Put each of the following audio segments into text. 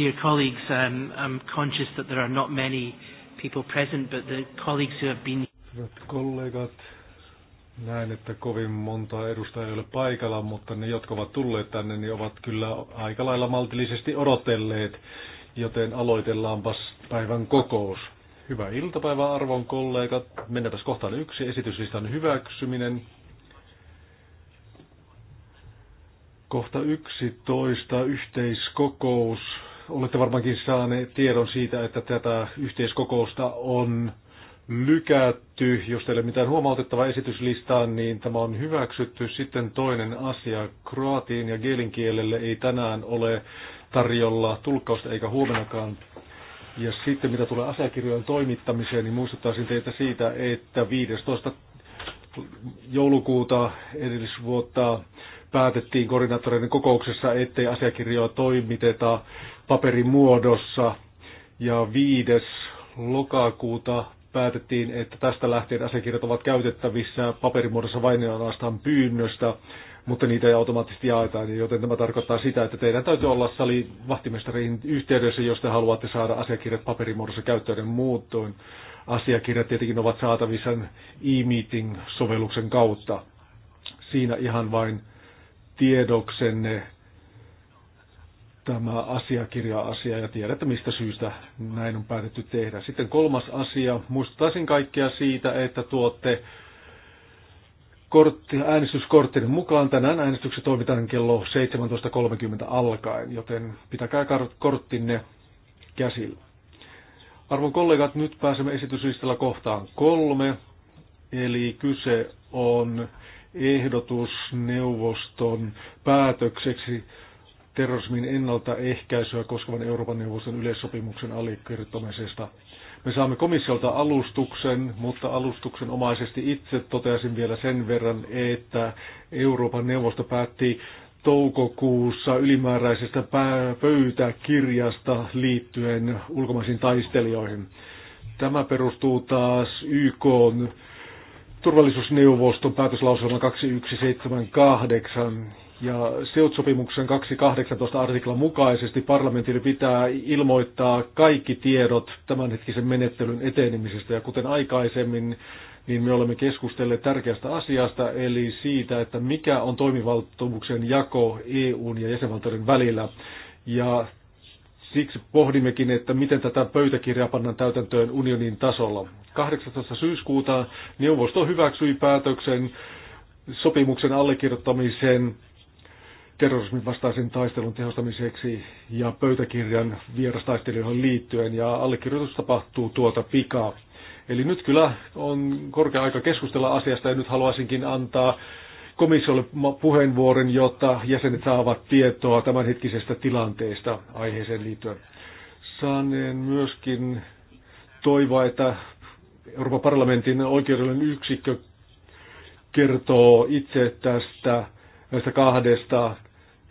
Dear colleagues, um, I'm conscious that there are not many people present, but the colleagues who have been... Hyvät kollegat, näen, että kovin monta edustajaa ei ole paikalla, mutta ne, jotka ovat tulleet tänne, niin ovat kyllä aika lailla maltillisesti odotelleet, joten aloitellaanpas päivän kokous. Hyvää iltapäivää arvon kollegat. Mennäpäs kohtaan yksi. Esityslistan hyväksyminen. Kohta 11. Yhteiskokous olette varmaankin saaneet tiedon siitä, että tätä yhteiskokousta on lykätty. Jos teille mitään huomautettavaa esityslistaa, niin tämä on hyväksytty. Sitten toinen asia. Kroatiin ja geelin kielelle ei tänään ole tarjolla tulkkausta eikä huomenakaan. Ja sitten mitä tulee asiakirjojen toimittamiseen, niin muistuttaisin teitä siitä, että 15. joulukuuta edellisvuotta päätettiin koordinaattoreiden kokouksessa, ettei asiakirjoja toimiteta paperimuodossa. Ja 5. lokakuuta päätettiin, että tästä lähtien asiakirjat ovat käytettävissä paperimuodossa vain ja ainoastaan pyynnöstä, mutta niitä ei automaattisesti jaeta, joten tämä tarkoittaa sitä, että teidän täytyy olla sali vahtimestarin yhteydessä, jos te haluatte saada asiakirjat paperimuodossa käyttöön muuttoon. Asiakirjat tietenkin ovat saatavissa e-meeting-sovelluksen kautta. Siinä ihan vain tiedoksenne tämä asiakirja-asia ja tiedätte mistä syystä näin on päätetty tehdä. Sitten kolmas asia. Muistuttaisin kaikkia siitä, että tuotte kortti, äänestyskorttien mukaan. Tänään äänestykset toimitaan kello 17.30 alkaen, joten pitäkää korttinne käsillä. Arvon kollegat, nyt pääsemme esityslistalla kohtaan kolme. Eli kyse on ehdotus neuvoston päätökseksi terrorismin ennaltaehkäisyä koskevan Euroopan neuvoston yleissopimuksen allekirjoittamisesta. Me saamme komissiolta alustuksen, mutta alustuksen omaisesti itse toteasin vielä sen verran, että Euroopan neuvosto päätti toukokuussa ylimääräisestä pöytäkirjasta liittyen ulkomaisiin taistelijoihin. Tämä perustuu taas YK turvallisuusneuvoston päätöslauselma 2178 ja SEUT-sopimuksen 218 artiklan mukaisesti parlamentille pitää ilmoittaa kaikki tiedot tämänhetkisen menettelyn etenemisestä. Ja kuten aikaisemmin, niin me olemme keskustelleet tärkeästä asiasta, eli siitä, että mikä on toimivaltuuksen jako EUn ja jäsenvaltioiden välillä. Ja siksi pohdimmekin, että miten tätä pöytäkirjaa pannaan täytäntöön unionin tasolla. 18. syyskuuta neuvosto hyväksyi päätöksen sopimuksen allekirjoittamisen terrorismin vastaisen taistelun tehostamiseksi ja pöytäkirjan vierastaistelijoihin liittyen ja allekirjoitus tapahtuu tuota pikaa. Eli nyt kyllä on korkea aika keskustella asiasta ja nyt haluaisinkin antaa komissiolle puheenvuoron, jotta jäsenet saavat tietoa tämänhetkisestä tilanteesta aiheeseen liittyen. Saaneen myöskin toivoa, että Euroopan parlamentin oikeudellinen yksikkö kertoo itse tästä näistä kahdesta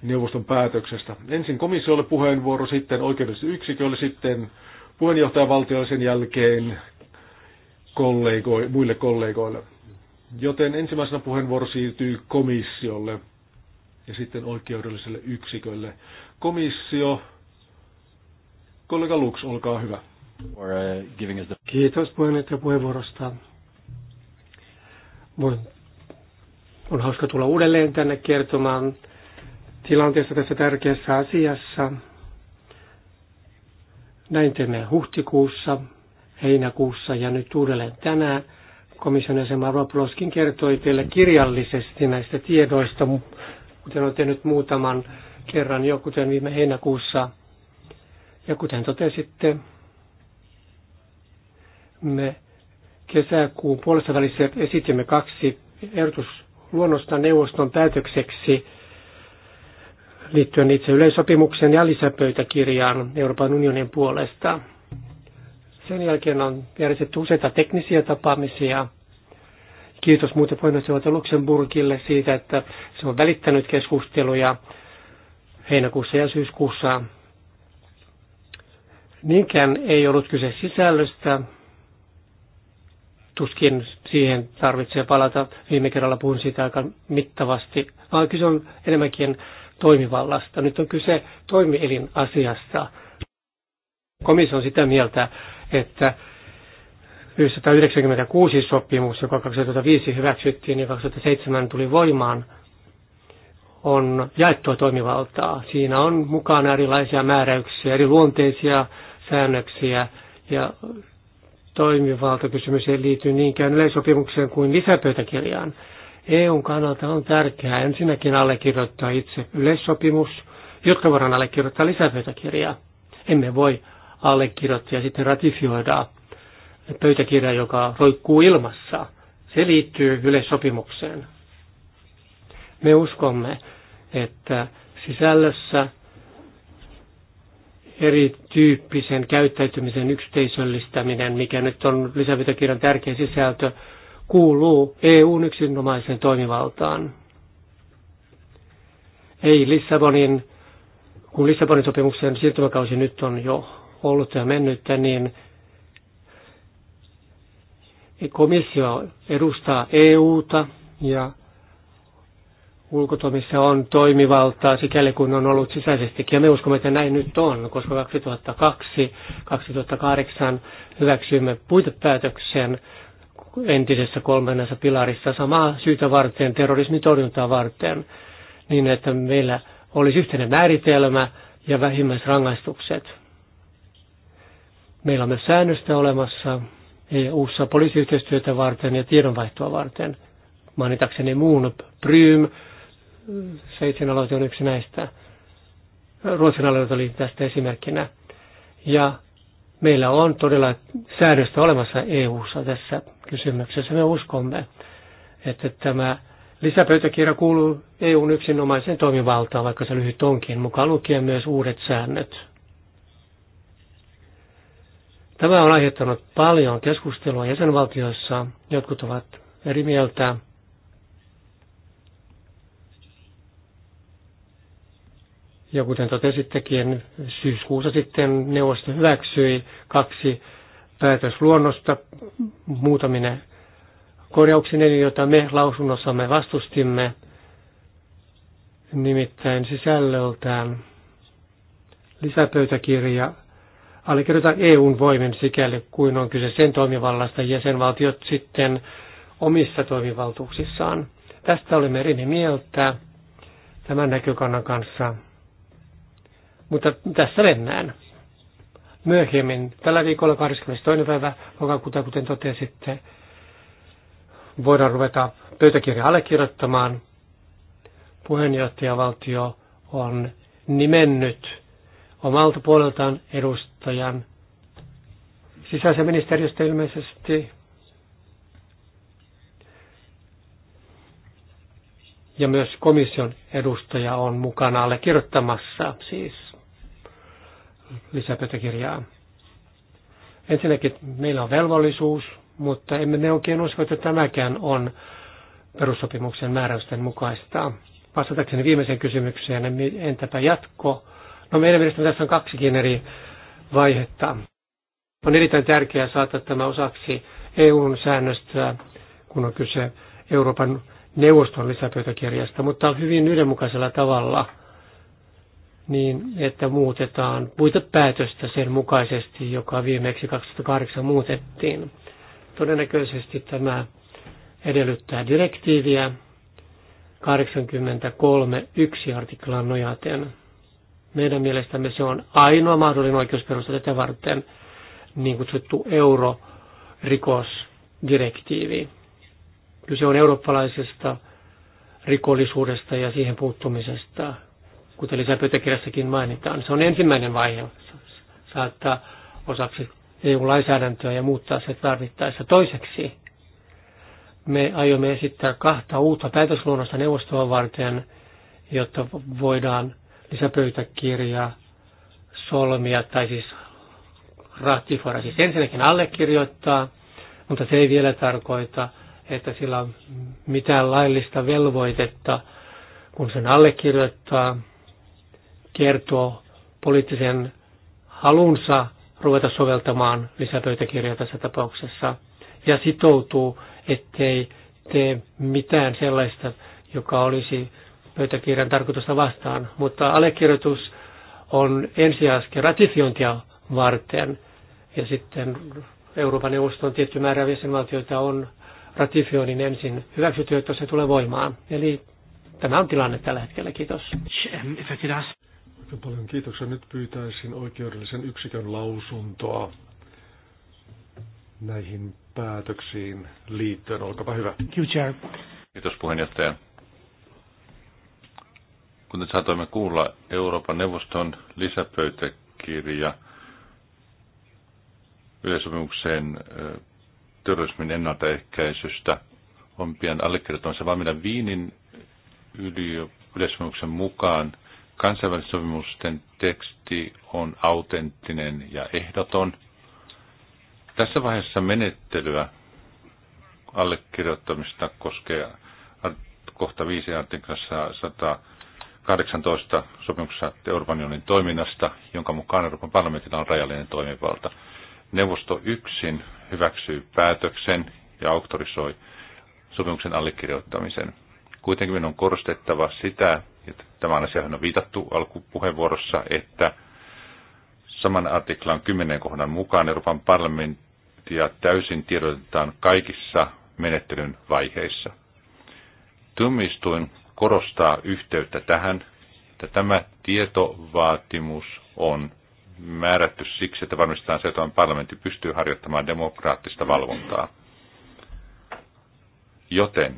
neuvoston päätöksestä. Ensin komissiolle puheenvuoro, sitten oikeudelliselle yksikölle, sitten puheenjohtajavaltiolle sen jälkeen kollego- muille kollegoille. Joten ensimmäisenä puheenvuoro siirtyy komissiolle ja sitten oikeudelliselle yksikölle. Komissio, kollega Lux, olkaa hyvä. Uh, Kiitos puheenjohtaja puheenvuorosta. on hauska tulla uudelleen tänne kertomaan tilanteessa tässä tärkeässä asiassa. Näin teemme huhtikuussa, heinäkuussa ja nyt uudelleen tänään. Komission jäsen Maroploskin kertoi teille kirjallisesti näistä tiedoista, kuten olette nyt muutaman kerran jo, kuten viime heinäkuussa. Ja kuten totesitte, me kesäkuun puolessa välissä esitimme kaksi ehdotusluonnosta neuvoston päätökseksi – liittyen itse yleissopimukseen ja lisäpöytäkirjaan Euroopan unionin puolesta. Sen jälkeen on järjestetty useita teknisiä tapaamisia. Kiitos muuten puheenjohtaja Luxemburgille siitä, että se on välittänyt keskusteluja heinäkuussa ja syyskuussa. Niinkään ei ollut kyse sisällöstä. Tuskin siihen tarvitsee palata. Viime kerralla puhun siitä aika mittavasti. Vaan kyse on enemmänkin toimivallasta. Nyt on kyse toimielin asiassa. Komissio on sitä mieltä, että 1996 sopimus, joka 2005 hyväksyttiin ja 2007 tuli voimaan, on jaettua toimivaltaa. Siinä on mukana erilaisia määräyksiä, eri luonteisia säännöksiä ja toimivaltakysymys ei liity niinkään yleisopimukseen kuin lisäpöytäkirjaan. EUn kannalta on tärkeää ensinnäkin allekirjoittaa itse yleissopimus, jotta voidaan allekirjoittaa lisäpöytäkirjaa. Emme voi allekirjoittaa ja sitten ratifioida pöytäkirjaa, joka roikkuu ilmassa. Se liittyy yleissopimukseen. Me uskomme, että sisällössä erityyppisen käyttäytymisen yksityisöllistäminen, mikä nyt on lisäpöytäkirjan tärkeä sisältö, kuuluu EUn yksinomaisen toimivaltaan. Ei Lissabonin, kun Lissabonin sopimuksen siirtymäkausi nyt on jo ollut ja mennyt, niin komissio edustaa EUta ja ulkotoimissa on toimivaltaa sikäli kun on ollut sisäisestikin. Ja me uskomme, että näin nyt on, koska 2002-2008 hyväksyimme puitepäätöksen entisessä kolmannessa pilarissa samaa syytä varten, terrorismin torjuntaa varten, niin että meillä olisi yhteinen määritelmä ja vähimmäisrangaistukset. Meillä on myös säännöstä olemassa EU-ssa poliisiyhteistyötä varten ja tiedonvaihtoa varten. Mainitakseni muun Prym, Sveitsin aloite on yksi näistä. Ruotsin aloite oli tästä esimerkkinä. Ja Meillä on todella säädöstä olemassa EU-ssa tässä kysymyksessä. Me uskomme, että tämä lisäpöytäkirja kuuluu EUn yksinomaiseen toimivaltaan, vaikka se lyhyt onkin, mukaan lukien myös uudet säännöt. Tämä on aiheuttanut paljon keskustelua jäsenvaltioissa. Jotkut ovat eri mieltä Ja kuten totesittekin, syyskuussa sitten neuvosto hyväksyi kaksi päätösluonnosta muutamine korjauksineen, joita me lausunnossamme vastustimme, nimittäin sisällöltään lisäpöytäkirja allekirjoita EUn voimin sikäli kuin on kyse sen toimivallasta jäsenvaltiot sitten omissa toimivaltuuksissaan. Tästä olemme eri mieltä tämän näkökannan kanssa. Mutta tässä mennään. Myöhemmin, tällä viikolla 22. päivä lokakuuta, kuten totesitte, voidaan ruveta pöytäkirja allekirjoittamaan. Puheenjohtajavaltio on nimennyt omalta puoleltaan edustajan ministeriöstä ilmeisesti. Ja myös komission edustaja on mukana allekirjoittamassa siis lisäpöytäkirjaa. Ensinnäkin meillä on velvollisuus, mutta emme me oikein usko, että tämäkään on perussopimuksen määräysten mukaista. Vastatakseni viimeiseen kysymykseen, niin entäpä jatko? No meidän mielestämme tässä on kaksikin eri vaihetta. On erittäin tärkeää saattaa tämä osaksi EUn säännöstöä, kun on kyse Euroopan neuvoston lisäpöytäkirjasta, mutta hyvin yhdenmukaisella tavalla – niin että muutetaan puitepäätöstä sen mukaisesti, joka viimeksi 2008 muutettiin. Todennäköisesti tämä edellyttää direktiiviä 83.1 artiklaan nojaten. Meidän mielestämme se on ainoa mahdollinen oikeusperusta tätä varten, niin kutsuttu eurorikosdirektiivi. Kyse on eurooppalaisesta rikollisuudesta ja siihen puuttumisesta kuten lisäpöytäkirjassakin mainitaan. Se on ensimmäinen vaihe saattaa osaksi EU-lainsäädäntöä ja muuttaa se tarvittaessa. Toiseksi me aiomme esittää kahta uutta päätösluonnosta neuvostoa varten, jotta voidaan lisäpöytäkirjaa solmia tai siis ratifoida, siis ensinnäkin allekirjoittaa, mutta se ei vielä tarkoita, että sillä on mitään laillista velvoitetta, kun sen allekirjoittaa, kertoo poliittisen halunsa ruveta soveltamaan lisäpöytäkirjaa tässä tapauksessa ja sitoutuu, ettei tee mitään sellaista, joka olisi pöytäkirjan tarkoitusta vastaan. Mutta allekirjoitus on ensiaskel ratifiointia varten ja sitten Euroopan neuvoston tietty määrä jäsenvaltioita on ratifioinnin ensin hyväksytty, se tulee voimaan. Eli tämä on tilanne tällä hetkellä. Kiitos. Paljon kiitoksia. Nyt pyytäisin oikeudellisen yksikön lausuntoa näihin päätöksiin liittyen. Olkaapa hyvä. Kiitos puheenjohtaja. nyt saatoimme kuulla, Euroopan neuvoston lisäpöytäkirja yleisopimukseen terrorismin ennaltaehkäisystä on pian allekirjoittamassa valmiina Viinin yliö, mukaan – kansainvälissopimusten teksti on autenttinen ja ehdoton. Tässä vaiheessa menettelyä allekirjoittamista koskee kohta 5 artiklassa 118 sopimuksessa Euroopan unionin toiminnasta, jonka mukaan Euroopan parlamentilla on rajallinen toimivalta. Neuvosto yksin hyväksyy päätöksen ja auktorisoi sopimuksen allekirjoittamisen. Kuitenkin on korostettava sitä, että tämä on asia, on viitattu alkupuheenvuorossa, että saman artiklan 10 kohdan mukaan Euroopan parlamenttia täysin tiedotetaan kaikissa menettelyn vaiheissa. Tuomioistuin korostaa yhteyttä tähän, että tämä tietovaatimus on määrätty siksi, että varmistetaan se, että parlamentti pystyy harjoittamaan demokraattista valvontaa. Joten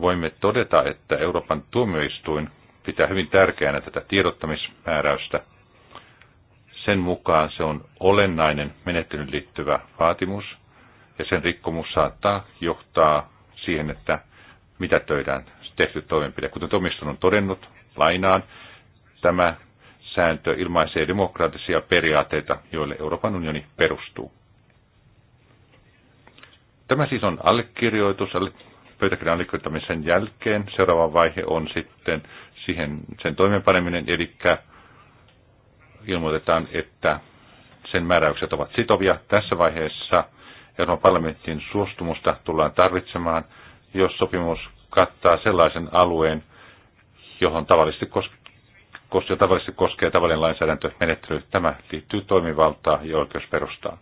voimme todeta, että Euroopan tuomioistuin pitää hyvin tärkeänä tätä tiedottamismääräystä. Sen mukaan se on olennainen menettelyyn liittyvä vaatimus, ja sen rikkomus saattaa johtaa siihen, että mitä töidään tehty toimenpide. Kuten tuomioistuin on todennut, lainaan, tämä sääntö ilmaisee demokraattisia periaatteita, joille Euroopan unioni perustuu. Tämä siis on allekirjoitus pöytäkirjan allekirjoittamisen jälkeen. Seuraava vaihe on sitten siihen, sen toimeenpaneminen, eli ilmoitetaan, että sen määräykset ovat sitovia. Tässä vaiheessa Euroopan parlamentin suostumusta tullaan tarvitsemaan, jos sopimus kattaa sellaisen alueen, johon tavallisesti koskee, tavallisesti koskee tavallinen lainsäädäntömenettely. Tämä liittyy toimivaltaan ja oikeusperustaan.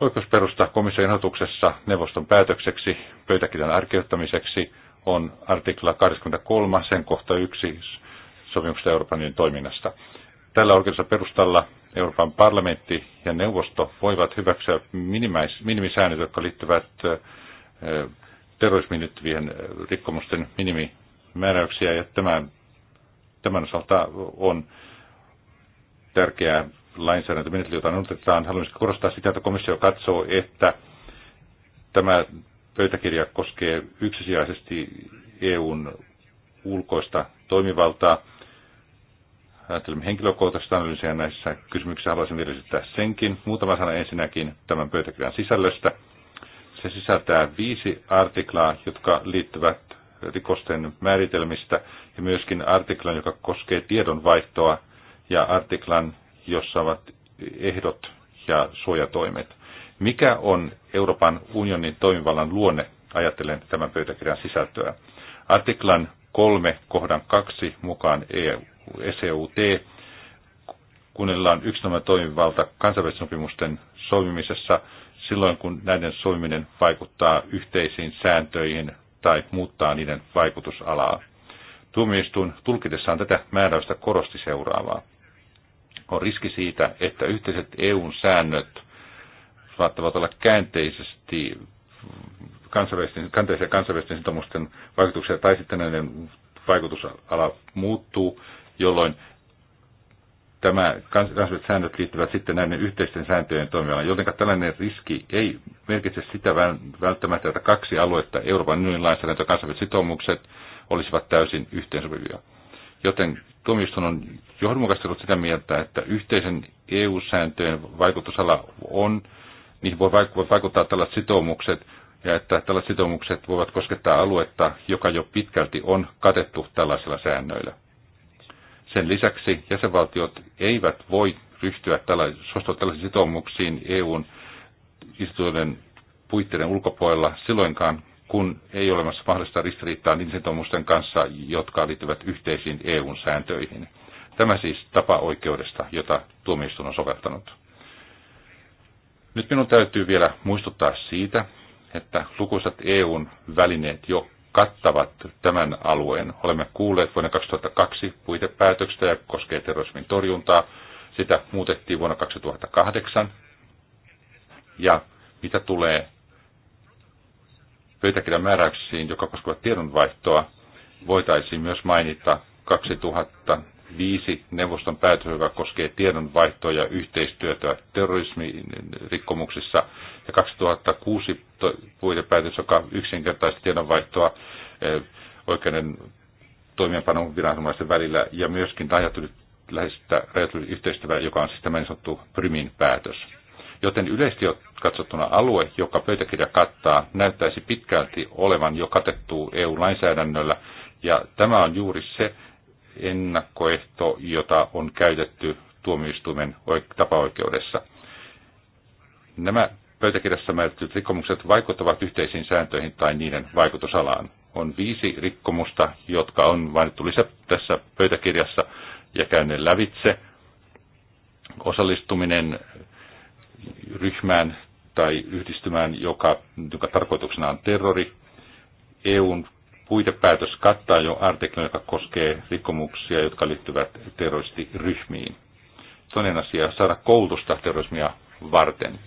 Oikeus perustaa komission ehdotuksessa neuvoston päätökseksi pöytäkirjan arkeuttamiseksi on artikla 23, sen kohta 1 sopimuksesta Euroopan unionin toiminnasta. Tällä oikeudessa perustalla Euroopan parlamentti ja neuvosto voivat hyväksyä minimäis, minimisäännöt, jotka liittyvät terrorismiin liittyvien rikkomusten minimimääräyksiä, ja tämän, tämän osalta on tärkeää lainsäädäntömenettely, jota noudatetaan. Haluaisin korostaa sitä, että komissio katsoo, että tämä pöytäkirja koskee yksisijaisesti EUn ulkoista toimivaltaa. Ajattelemme henkilökohtaisesti analyysiä näissä kysymyksissä. Haluaisin vielä esittää senkin. Muutama sana ensinnäkin tämän pöytäkirjan sisällöstä. Se sisältää viisi artiklaa, jotka liittyvät rikosten määritelmistä ja myöskin artiklan, joka koskee tiedonvaihtoa ja artiklan, jossa ovat ehdot ja suojatoimet. Mikä on Euroopan unionin toimivallan luonne, ajattelen tämän pöytäkirjan sisältöä? Artiklan 3 kohdan 2 mukaan ECUT e kunnilla on yksinomainen toimivalta kansainvälisten sopimusten solmimisessa silloin, kun näiden solminen vaikuttaa yhteisiin sääntöihin tai muuttaa niiden vaikutusalaa. Tuomioistuin tulkitessaan tätä määräystä korosti seuraavaa on riski siitä, että yhteiset EUn säännöt saattavat olla käänteisesti kansainvälisten, kanteisia kansainvälisten sitoumusten vaikutuksia, tai sitten näiden vaikutusala muuttuu, jolloin tämä kansainväliset säännöt liittyvät sitten näiden yhteisten sääntöjen toimialaan, joten tällainen riski ei merkitse sitä välttämättä, että kaksi aluetta, Euroopan unionin lainsäädäntö ja kansainväliset sitoumukset, olisivat täysin yhteensopivia. Joten Tuomioistuin on johdonmukaisesti ollut sitä mieltä, että yhteisen EU-sääntöjen vaikutusala on, niihin voi vaikuttaa tällaiset sitoumukset, ja että tällaiset sitoumukset voivat koskettaa aluetta, joka jo pitkälti on katettu tällaisilla säännöillä. Sen lisäksi jäsenvaltiot eivät voi ryhtyä tällaisiin, tällaisiin sitoumuksiin EUn instituutioiden puitteiden ulkopuolella silloinkaan, kun ei ole olemassa mahdollista ristiriitaa niiden sitoumusten kanssa, jotka liittyvät yhteisiin EU-sääntöihin. Tämä siis tapa oikeudesta, jota tuomioistuin on soveltanut. Nyt minun täytyy vielä muistuttaa siitä, että lukuisat EUn välineet jo kattavat tämän alueen. Olemme kuulleet vuonna 2002 puitepäätöksestä ja koskee terrorismin torjuntaa. Sitä muutettiin vuonna 2008. Ja mitä tulee pöytäkirjan määräyksiin, joka koskevat tiedonvaihtoa, voitaisiin myös mainita 2005 neuvoston päätös, joka koskee tiedonvaihtoa ja yhteistyötä terrorismi-rikkomuksissa, ja 2006 puitepäätös, joka yksinkertaisesti tiedonvaihtoa eh, oikeuden toimienpanon viranomaisten välillä ja myöskin rajatut läheistä rajatyli yhteistyötä, joka on siis tämä niin sanottu Prymin päätös. Joten yleisesti katsottuna alue, joka pöytäkirja kattaa, näyttäisi pitkälti olevan jo katettu EU-lainsäädännöllä, ja tämä on juuri se ennakkoehto, jota on käytetty tuomioistuimen tapaoikeudessa. Nämä pöytäkirjassa määrätyt rikkomukset vaikuttavat yhteisiin sääntöihin tai niiden vaikutusalaan. On viisi rikkomusta, jotka on mainittu lisä tässä pöytäkirjassa ja käyn lävitse. Osallistuminen ryhmään tai yhdistymään, joka, joka tarkoituksena on terrori. EUn puitepäätös kattaa jo artiklan, joka koskee rikkomuksia, jotka liittyvät terroristiryhmiin. Toinen asia, on saada koulutusta terrorismia varten.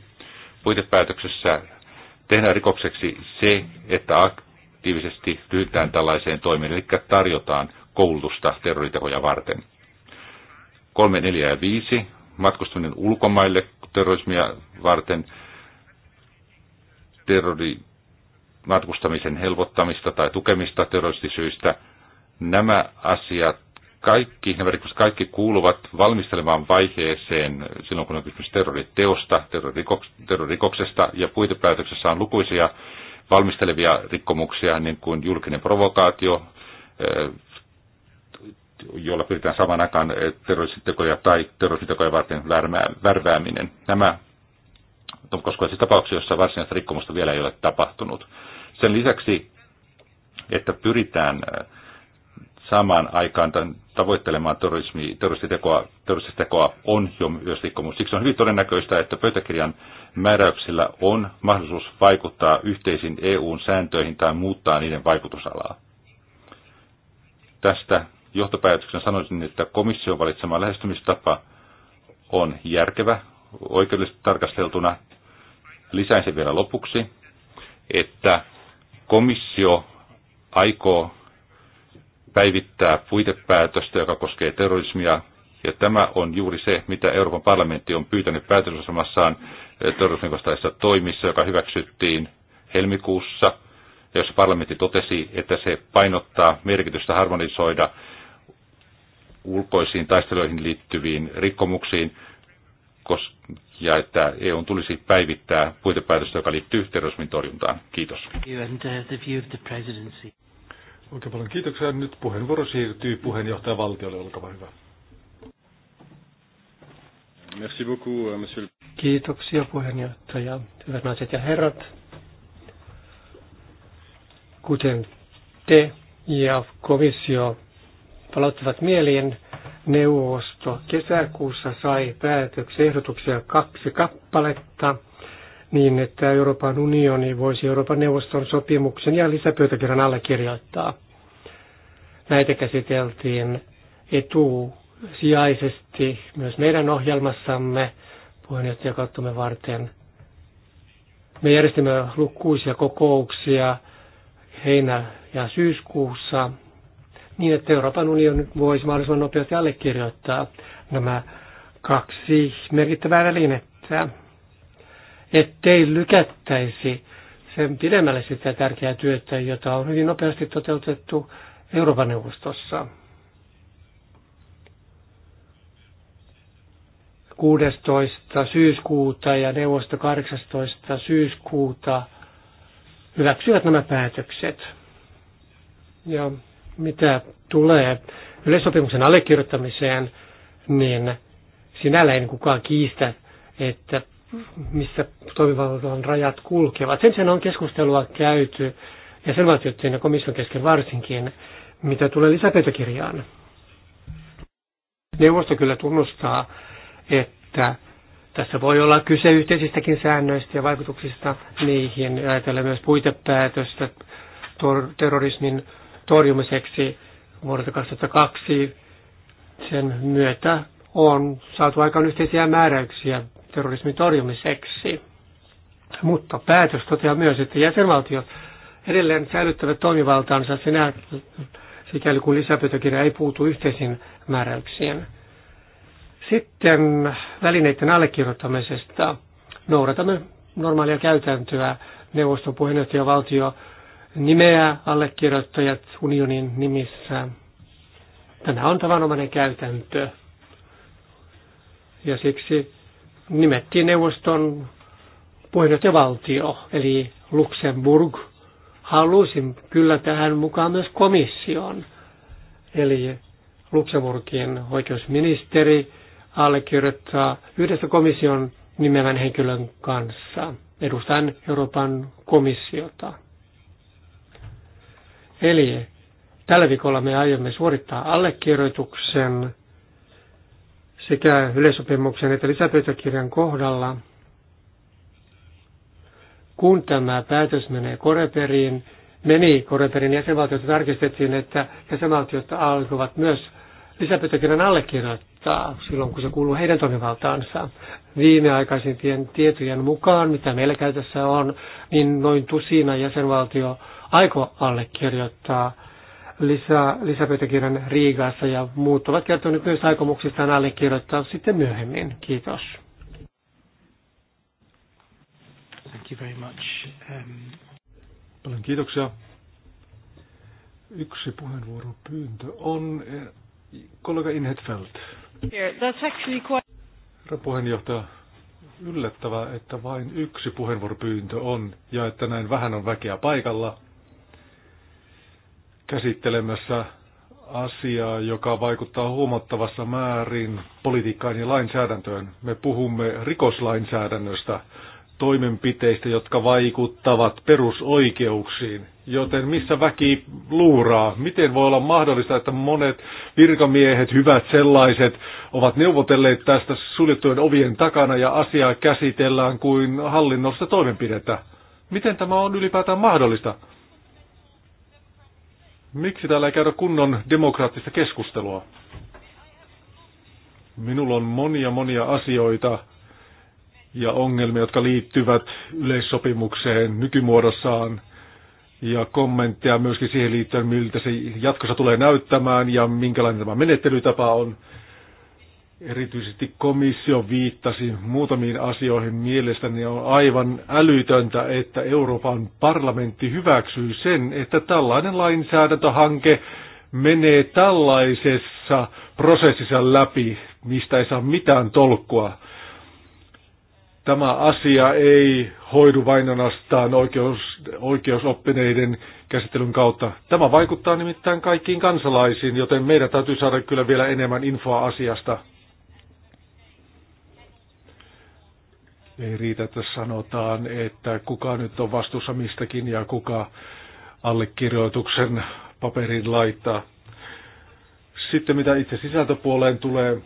Puitepäätöksessä tehdään rikokseksi se, että aktiivisesti ryhdytään tällaiseen toimeen, eli tarjotaan koulutusta terroritekoja varten. 3, 4 ja 5 matkustaminen ulkomaille terrorismia varten, terrori, matkustamisen helpottamista tai tukemista terroristisyistä. Nämä asiat kaikki, nämä rikokset kaikki kuuluvat valmistelemaan vaiheeseen silloin, kun on kysymys terroriteosta, terrorikoksesta ja puitepäätöksessä on lukuisia valmistelevia rikkomuksia, niin kuin julkinen provokaatio, jolla pyritään saman aikaan eh, terroristitekoja tai terroristitekoja varten värvääminen. Nämä koskaan siis tapauksia, joissa varsinaista rikkomusta vielä ei ole tapahtunut. Sen lisäksi, että pyritään eh, samaan aikaan tavoittelemaan terrorismi, terroristitekoa, terroristitekoa on jo myös rikkomus. Siksi on hyvin todennäköistä, että pöytäkirjan määräyksillä on mahdollisuus vaikuttaa yhteisiin EUn sääntöihin tai muuttaa niiden vaikutusalaa. Tästä johtopäätöksen sanoisin, että komission valitsema lähestymistapa on järkevä oikeudellisesti tarkasteltuna. Lisäisin vielä lopuksi, että komissio aikoo päivittää puitepäätöstä, joka koskee terrorismia, ja tämä on juuri se, mitä Euroopan parlamentti on pyytänyt päätösosamassaan eh, terrorismin toimissa, joka hyväksyttiin helmikuussa, jossa parlamentti totesi, että se painottaa merkitystä harmonisoida ulkoisiin taisteluihin liittyviin rikkomuksiin, ja että EU tulisi päivittää puitepäätöstä, joka liittyy terrorismin torjuntaan. Kiitos. Oikein paljon kiitoksia. Nyt puheenvuoro siirtyy puheenjohtaja valtiolle. Olkaa hyvä. Merci beaucoup, euh, monsieur. Kiitoksia puheenjohtaja. Hyvät naiset ja herrat. Kuten te ja komissio palauttivat mieliin neuvosto. Kesäkuussa sai päätöksiä ehdotuksia kaksi kappaletta niin, että Euroopan unioni voisi Euroopan neuvoston sopimuksen ja lisäpöytäkirjan allekirjoittaa. Näitä käsiteltiin etusijaisesti myös meidän ohjelmassamme puheenjohtajakauttamme varten. Me järjestimme lukuisia kokouksia heinä- ja syyskuussa niin, että Euroopan unioni voisi mahdollisimman nopeasti allekirjoittaa nämä kaksi merkittävää välinettä, ettei lykättäisi sen pidemmälle sitä tärkeää työtä, jota on hyvin nopeasti toteutettu Euroopan neuvostossa. 16. syyskuuta ja neuvosto 18. syyskuuta hyväksyvät nämä päätökset. Ja mitä tulee yleissopimuksen allekirjoittamiseen, niin sinälläin niin kukaan kiistä, että missä toimivallan rajat kulkevat. Sen sijaan on keskustelua käyty ja jäsenvaltioiden ja komission kesken varsinkin, mitä tulee lisäpöytäkirjaan. Neuvosto kyllä tunnustaa, että tässä voi olla kyse yhteisistäkin säännöistä ja vaikutuksista niihin. Ajatellaan myös puitepäätöstä terrorismin torjumiseksi vuodelta 2002. Sen myötä on saatu aikaan yhteisiä määräyksiä terrorismin torjumiseksi. Mutta päätös toteaa myös, että jäsenvaltiot edelleen säilyttävät toimivaltaansa sinä, sikäli kun lisäpöytäkirja ei puutu yhteisiin määräyksiin. Sitten välineiden allekirjoittamisesta noudatamme normaalia käytäntöä. Neuvoston puheenjohtajavaltio valtio nimeä allekirjoittajat unionin nimissä. Tämä on tavanomainen käytäntö. Ja siksi nimettiin neuvoston puheenjohtajavaltio, eli Luxemburg. Halusin kyllä tähän mukaan myös komission, eli Luxemburgin oikeusministeri allekirjoittaa yhdessä komission nimevän henkilön kanssa. Edustan Euroopan komissiota. Eli tällä viikolla me aiomme suorittaa allekirjoituksen sekä yleisopimuksen että lisäpöytäkirjan kohdalla. Kun tämä päätös menee Koreperiin, meni Koreperin jäsenvaltiota tarkistettiin, että jäsenvaltiot alkoivat myös lisäpöytäkirjan allekirjoittaa silloin, kun se kuuluu heidän toimivaltaansa. Viimeaikaisimpien tietojen mukaan, mitä meillä käytössä on, niin noin tusina jäsenvaltio aiko allekirjoittaa lisä, lisäpöytäkirjan Riigassa ja muut ovat kertoneet myös aikomuksistaan allekirjoittaa sitten myöhemmin. Kiitos. Thank you very much. Um... Paljon kiitoksia. Yksi puheenvuoropyyntö on eh, kollega Inhetfeld. Herra puheenjohtaja, yllättävää, että vain yksi puheenvuoropyyntö on ja että näin vähän on väkeä paikalla käsittelemässä asiaa, joka vaikuttaa huomattavassa määrin politiikkaan ja lainsäädäntöön. Me puhumme rikoslainsäädännöstä, toimenpiteistä, jotka vaikuttavat perusoikeuksiin. Joten missä väki luuraa? Miten voi olla mahdollista, että monet virkamiehet, hyvät sellaiset, ovat neuvotelleet tästä suljettujen ovien takana ja asiaa käsitellään kuin hallinnosta toimenpidettä? Miten tämä on ylipäätään mahdollista? Miksi täällä ei käydä kunnon demokraattista keskustelua? Minulla on monia monia asioita ja ongelmia, jotka liittyvät yleissopimukseen nykymuodossaan ja kommentteja myöskin siihen liittyen, miltä se jatkossa tulee näyttämään ja minkälainen tämä menettelytapa on. Erityisesti komissio viittasi muutamiin asioihin. Mielestäni on aivan älytöntä, että Euroopan parlamentti hyväksyy sen, että tällainen lainsäädäntöhanke menee tällaisessa prosessissa läpi, mistä ei saa mitään tolkkua. Tämä asia ei hoidu vain ainoastaan oikeus, oikeusoppineiden käsittelyn kautta. Tämä vaikuttaa nimittäin kaikkiin kansalaisiin, joten meidän täytyy saada kyllä vielä enemmän infoa asiasta. Ei riitä, että sanotaan, että kuka nyt on vastuussa mistäkin ja kuka allekirjoituksen paperin laittaa. Sitten mitä itse sisältöpuoleen tulee,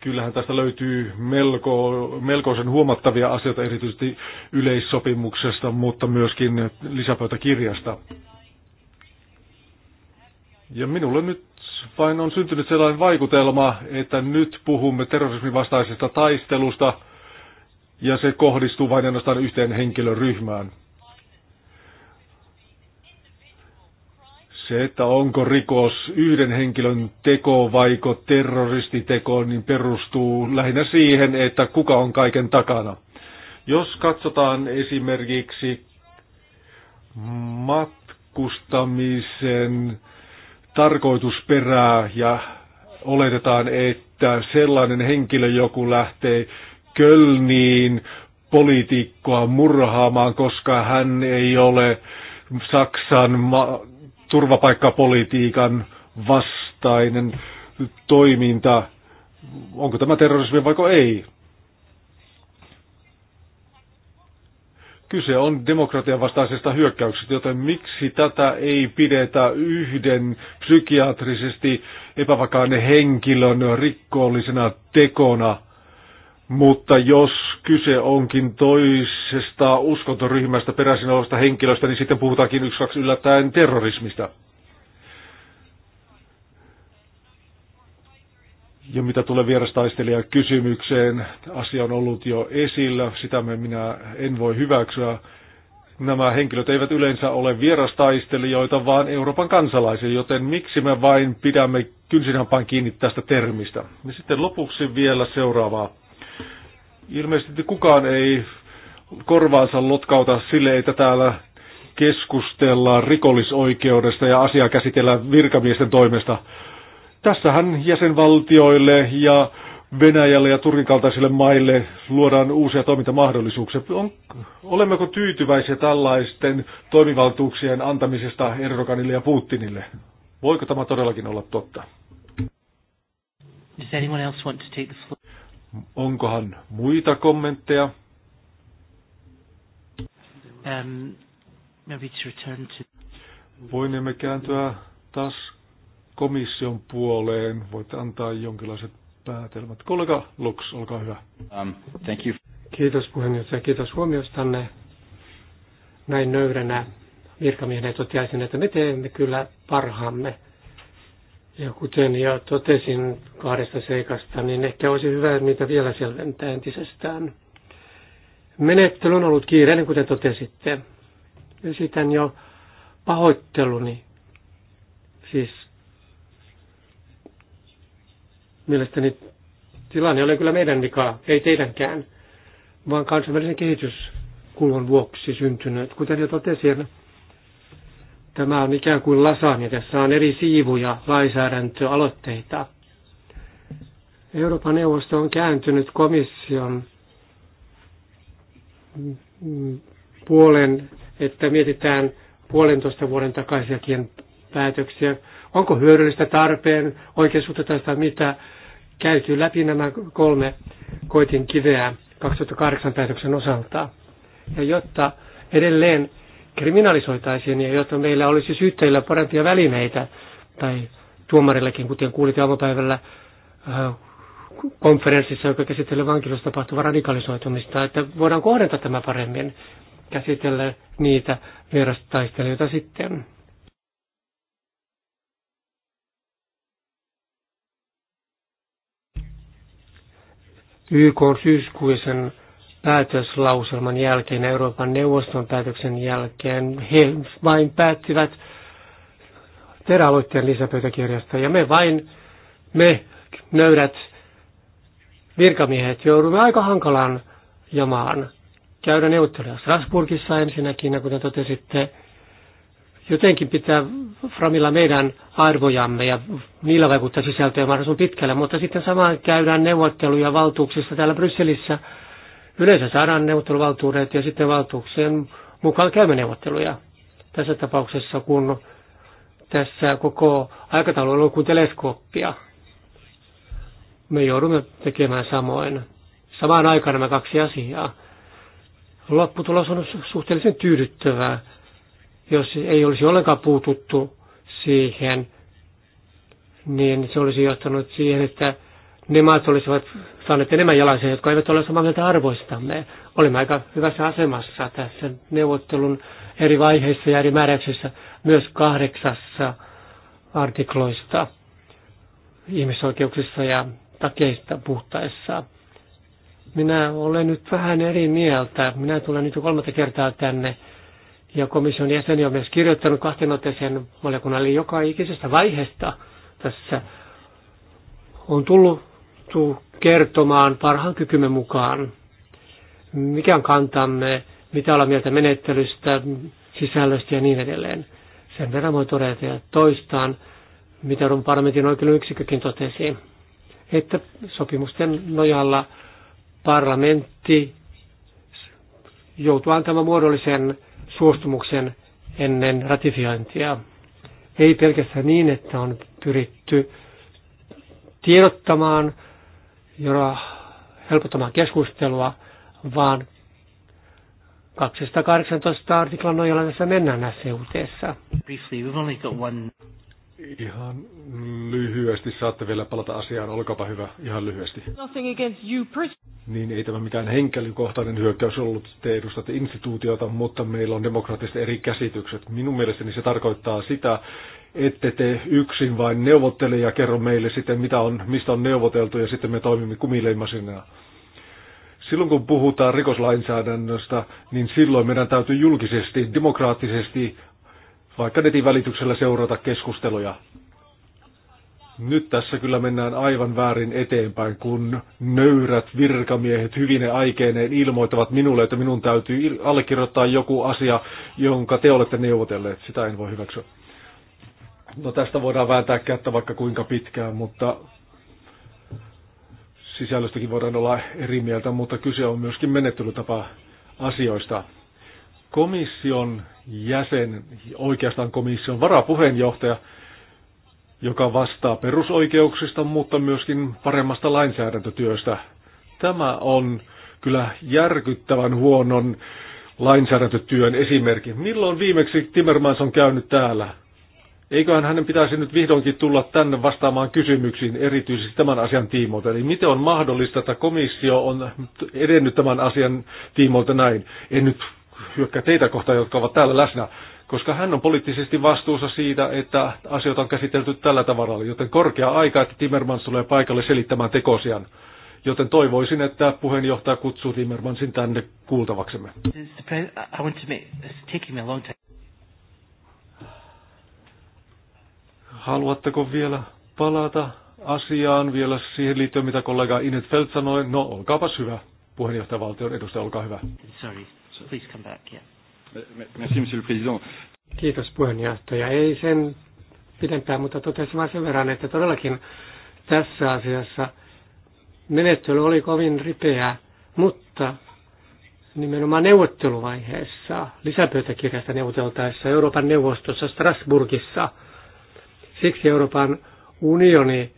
kyllähän tästä löytyy melko, melkoisen huomattavia asioita erityisesti yleissopimuksesta, mutta myöskin lisäpöytäkirjasta. Ja minulle nyt vain on syntynyt sellainen vaikutelma, että nyt puhumme terrorismin vastaisesta taistelusta ja se kohdistuu vain ainoastaan yhteen henkilöryhmään. Se, että onko rikos yhden henkilön teko vaiko terroristiteko, niin perustuu lähinnä siihen, että kuka on kaiken takana. Jos katsotaan esimerkiksi matkustamisen tarkoitusperää ja oletetaan, että sellainen henkilö joku lähtee Kölniin poliitikkoa murhaamaan, koska hän ei ole Saksan ma- turvapaikkapolitiikan vastainen toiminta. Onko tämä terrorismi vaiko ei? Kyse on demokratian vastaisesta hyökkäyksestä, joten miksi tätä ei pidetä yhden psykiatrisesti epävakaan henkilön rikollisena tekona, mutta jos kyse onkin toisesta uskontoryhmästä peräisin olevasta henkilöstä, niin sitten puhutaankin yksi kaksi yllättäen terrorismista. Ja mitä tulee vierastaistelijan kysymykseen, asia on ollut jo esillä, sitä minä en voi hyväksyä. Nämä henkilöt eivät yleensä ole vierastaistelijoita, vaan Euroopan kansalaisia, joten miksi me vain pidämme kynsinhampaan kiinni tästä termistä. Ja sitten lopuksi vielä seuraavaa. Ilmeisesti kukaan ei korvaansa lotkauta sille, että täällä keskustellaan rikollisoikeudesta ja asiaa käsitellään virkamiesten toimesta Tässähän jäsenvaltioille ja Venäjälle ja Turkin kaltaisille maille luodaan uusia toimintamahdollisuuksia. On, olemmeko tyytyväisiä tällaisten toimivaltuuksien antamisesta Erdoganille ja Putinille? Voiko tämä todellakin olla totta? Does anyone else want to take the floor? Onkohan muita kommentteja? Um, maybe to return to... Voinemme kääntyä taas komission puoleen. Voit antaa jonkinlaiset päätelmät. Kollega Lux, olkaa hyvä. Um, thank you. Kiitos puheenjohtaja, kiitos huomiostanne. Näin nöyränä virkamiehenä toteaisin, että me teemme kyllä parhaamme. Ja kuten jo totesin kahdesta seikasta, niin ehkä olisi hyvä niitä vielä selventää entisestään. Menettely on ollut kiireinen, kuten totesitte. Esitän jo pahoitteluni, siis Mielestäni tilanne oli kyllä meidän vika, ei teidänkään, vaan kansainvälisen kehityskulun vuoksi syntynyt. Kuten jo totesin, tämä on ikään kuin ja Tässä on eri siivuja, lainsäädäntöaloitteita. Euroopan neuvosto on kääntynyt komission puolen, että mietitään puolentoista vuoden takaisiakin päätöksiä. Onko hyödyllistä tarpeen, oikeasuhteista mitä, käyty läpi nämä kolme koitin kiveä 2008 päätöksen osalta. Ja jotta edelleen kriminalisoitaisiin ja jotta meillä olisi syyttäjillä parempia välineitä tai tuomarillakin, kuten kuulit aamupäivällä äh, konferenssissa, joka käsittelee vankilassa tapahtuvaa radikalisoitumista, että voidaan kohdentaa tämä paremmin, käsitellä niitä vierastaistelijoita sitten. YK syyskuisen päätöslauselman jälkeen, Euroopan neuvoston päätöksen jälkeen, he vain päättivät teräaloitteen lisäpöytäkirjasta ja me vain, me nöydät virkamiehet joudumme aika hankalaan jamaan käydä neuvotteluja Strasbourgissa ensinnäkin, ja kuten totesitte, jotenkin pitää framilla meidän arvojamme ja niillä vaikuttaa sisältöä mahdollisimman pitkälle, mutta sitten samaan käydään neuvotteluja valtuuksista täällä Brysselissä. Yleensä saadaan neuvotteluvaltuudet ja sitten valtuuksien mukaan käymme neuvotteluja. Tässä tapauksessa, kun tässä koko aikataulu on kuin teleskooppia, me joudumme tekemään samoin. Samaan aikaan nämä kaksi asiaa. Lopputulos on suhteellisen tyydyttävää jos ei olisi ollenkaan puututtu siihen, niin se olisi johtanut siihen, että ne maat olisivat saaneet enemmän jalansia, jotka eivät ole samaa mieltä arvoistamme. Olimme aika hyvässä asemassa tässä neuvottelun eri vaiheissa ja eri määräyksissä, myös kahdeksassa artikloista ihmisoikeuksissa ja takeista puhtaessa. Minä olen nyt vähän eri mieltä. Minä tulen nyt jo kolmatta kertaa tänne ja komission jäseni on myös kirjoittanut kahteen otteeseen valiokunnalle joka ikisestä vaiheesta tässä on tullut kertomaan parhaan kykymme mukaan, mikä on kantamme, mitä ollaan mieltä menettelystä, sisällöstä ja niin edelleen. Sen verran voi todeta ja toistaan, mitä Euroopan parlamentin oikeuden yksikökin totesi, että sopimusten nojalla parlamentti joutuu antamaan muodollisen suostumuksen ennen ratifiointia. Ei pelkästään niin, että on pyritty tiedottamaan ja helpottamaan keskustelua, vaan 218 artiklan nojalla tässä mennään näissä uuteissa. Ihan lyhyesti saatte vielä palata asiaan, olkaapa hyvä, ihan lyhyesti. Nothing against you, niin ei tämä mikään henkilökohtainen hyökkäys ollut, te edustatte instituutiota, mutta meillä on demokraattiset eri käsitykset. Minun mielestäni se tarkoittaa sitä, ette te yksin vain neuvottele ja kerro meille sitten, mitä on, mistä on neuvoteltu ja sitten me toimimme kumileimasina. Silloin kun puhutaan rikoslainsäädännöstä, niin silloin meidän täytyy julkisesti, demokraattisesti vaikka netin välityksellä seurata keskusteluja. Nyt tässä kyllä mennään aivan väärin eteenpäin, kun nöyrät virkamiehet hyvine aikeineen ilmoittavat minulle, että minun täytyy allekirjoittaa joku asia, jonka te olette neuvotelleet. Sitä en voi hyväksyä. No tästä voidaan vääntää kättä vaikka kuinka pitkään, mutta sisällöstäkin voidaan olla eri mieltä, mutta kyse on myöskin menettelytapa asioista komission jäsen, oikeastaan komission varapuheenjohtaja, joka vastaa perusoikeuksista, mutta myöskin paremmasta lainsäädäntötyöstä. Tämä on kyllä järkyttävän huonon lainsäädäntötyön esimerkki. Milloin viimeksi Timmermans on käynyt täällä? Eiköhän hänen pitäisi nyt vihdoinkin tulla tänne vastaamaan kysymyksiin, erityisesti tämän asian tiimoilta. Eli miten on mahdollista, että komissio on edennyt tämän asian tiimoilta näin? En nyt hyökkää teitä kohtaan, jotka ovat täällä läsnä, koska hän on poliittisesti vastuussa siitä, että asioita on käsitelty tällä tavalla, joten korkea aika, että Timmermans tulee paikalle selittämään tekosiaan. Joten toivoisin, että puheenjohtaja kutsuu Timmermansin tänne kuultavaksemme. Haluatteko vielä palata asiaan vielä siihen liittyen, mitä kollega Inet Felt sanoi? No, olkaapas hyvä. Puheenjohtajavaltion edustaja, olkaa hyvä. Sorry. So please come back, yeah. Merci, monsieur le président. Kiitos puheenjohtaja. Ei sen pidempään, mutta totesin vain sen verran, että todellakin tässä asiassa menettely oli kovin ripeä, mutta nimenomaan neuvotteluvaiheessa, lisäpöytäkirjasta neuvoteltaessa Euroopan neuvostossa Strasburgissa. Siksi Euroopan unioni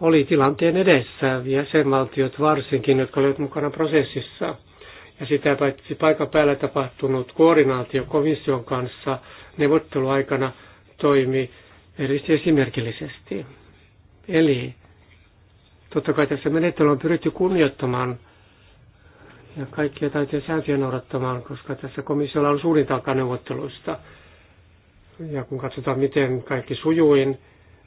oli tilanteen edessä, jäsenvaltiot varsinkin, jotka olivat mukana prosessissa – ja sitä paitsi paikan päällä tapahtunut koordinaatio komission kanssa neuvotteluaikana toimi esimerkillisesti. Eli totta kai tässä menettelyllä on pyritty kunnioittamaan ja kaikkia taiteen sääntöjä noudattamaan, koska tässä komissiolla on suurin taakka neuvotteluista. Ja kun katsotaan, miten kaikki sujuin,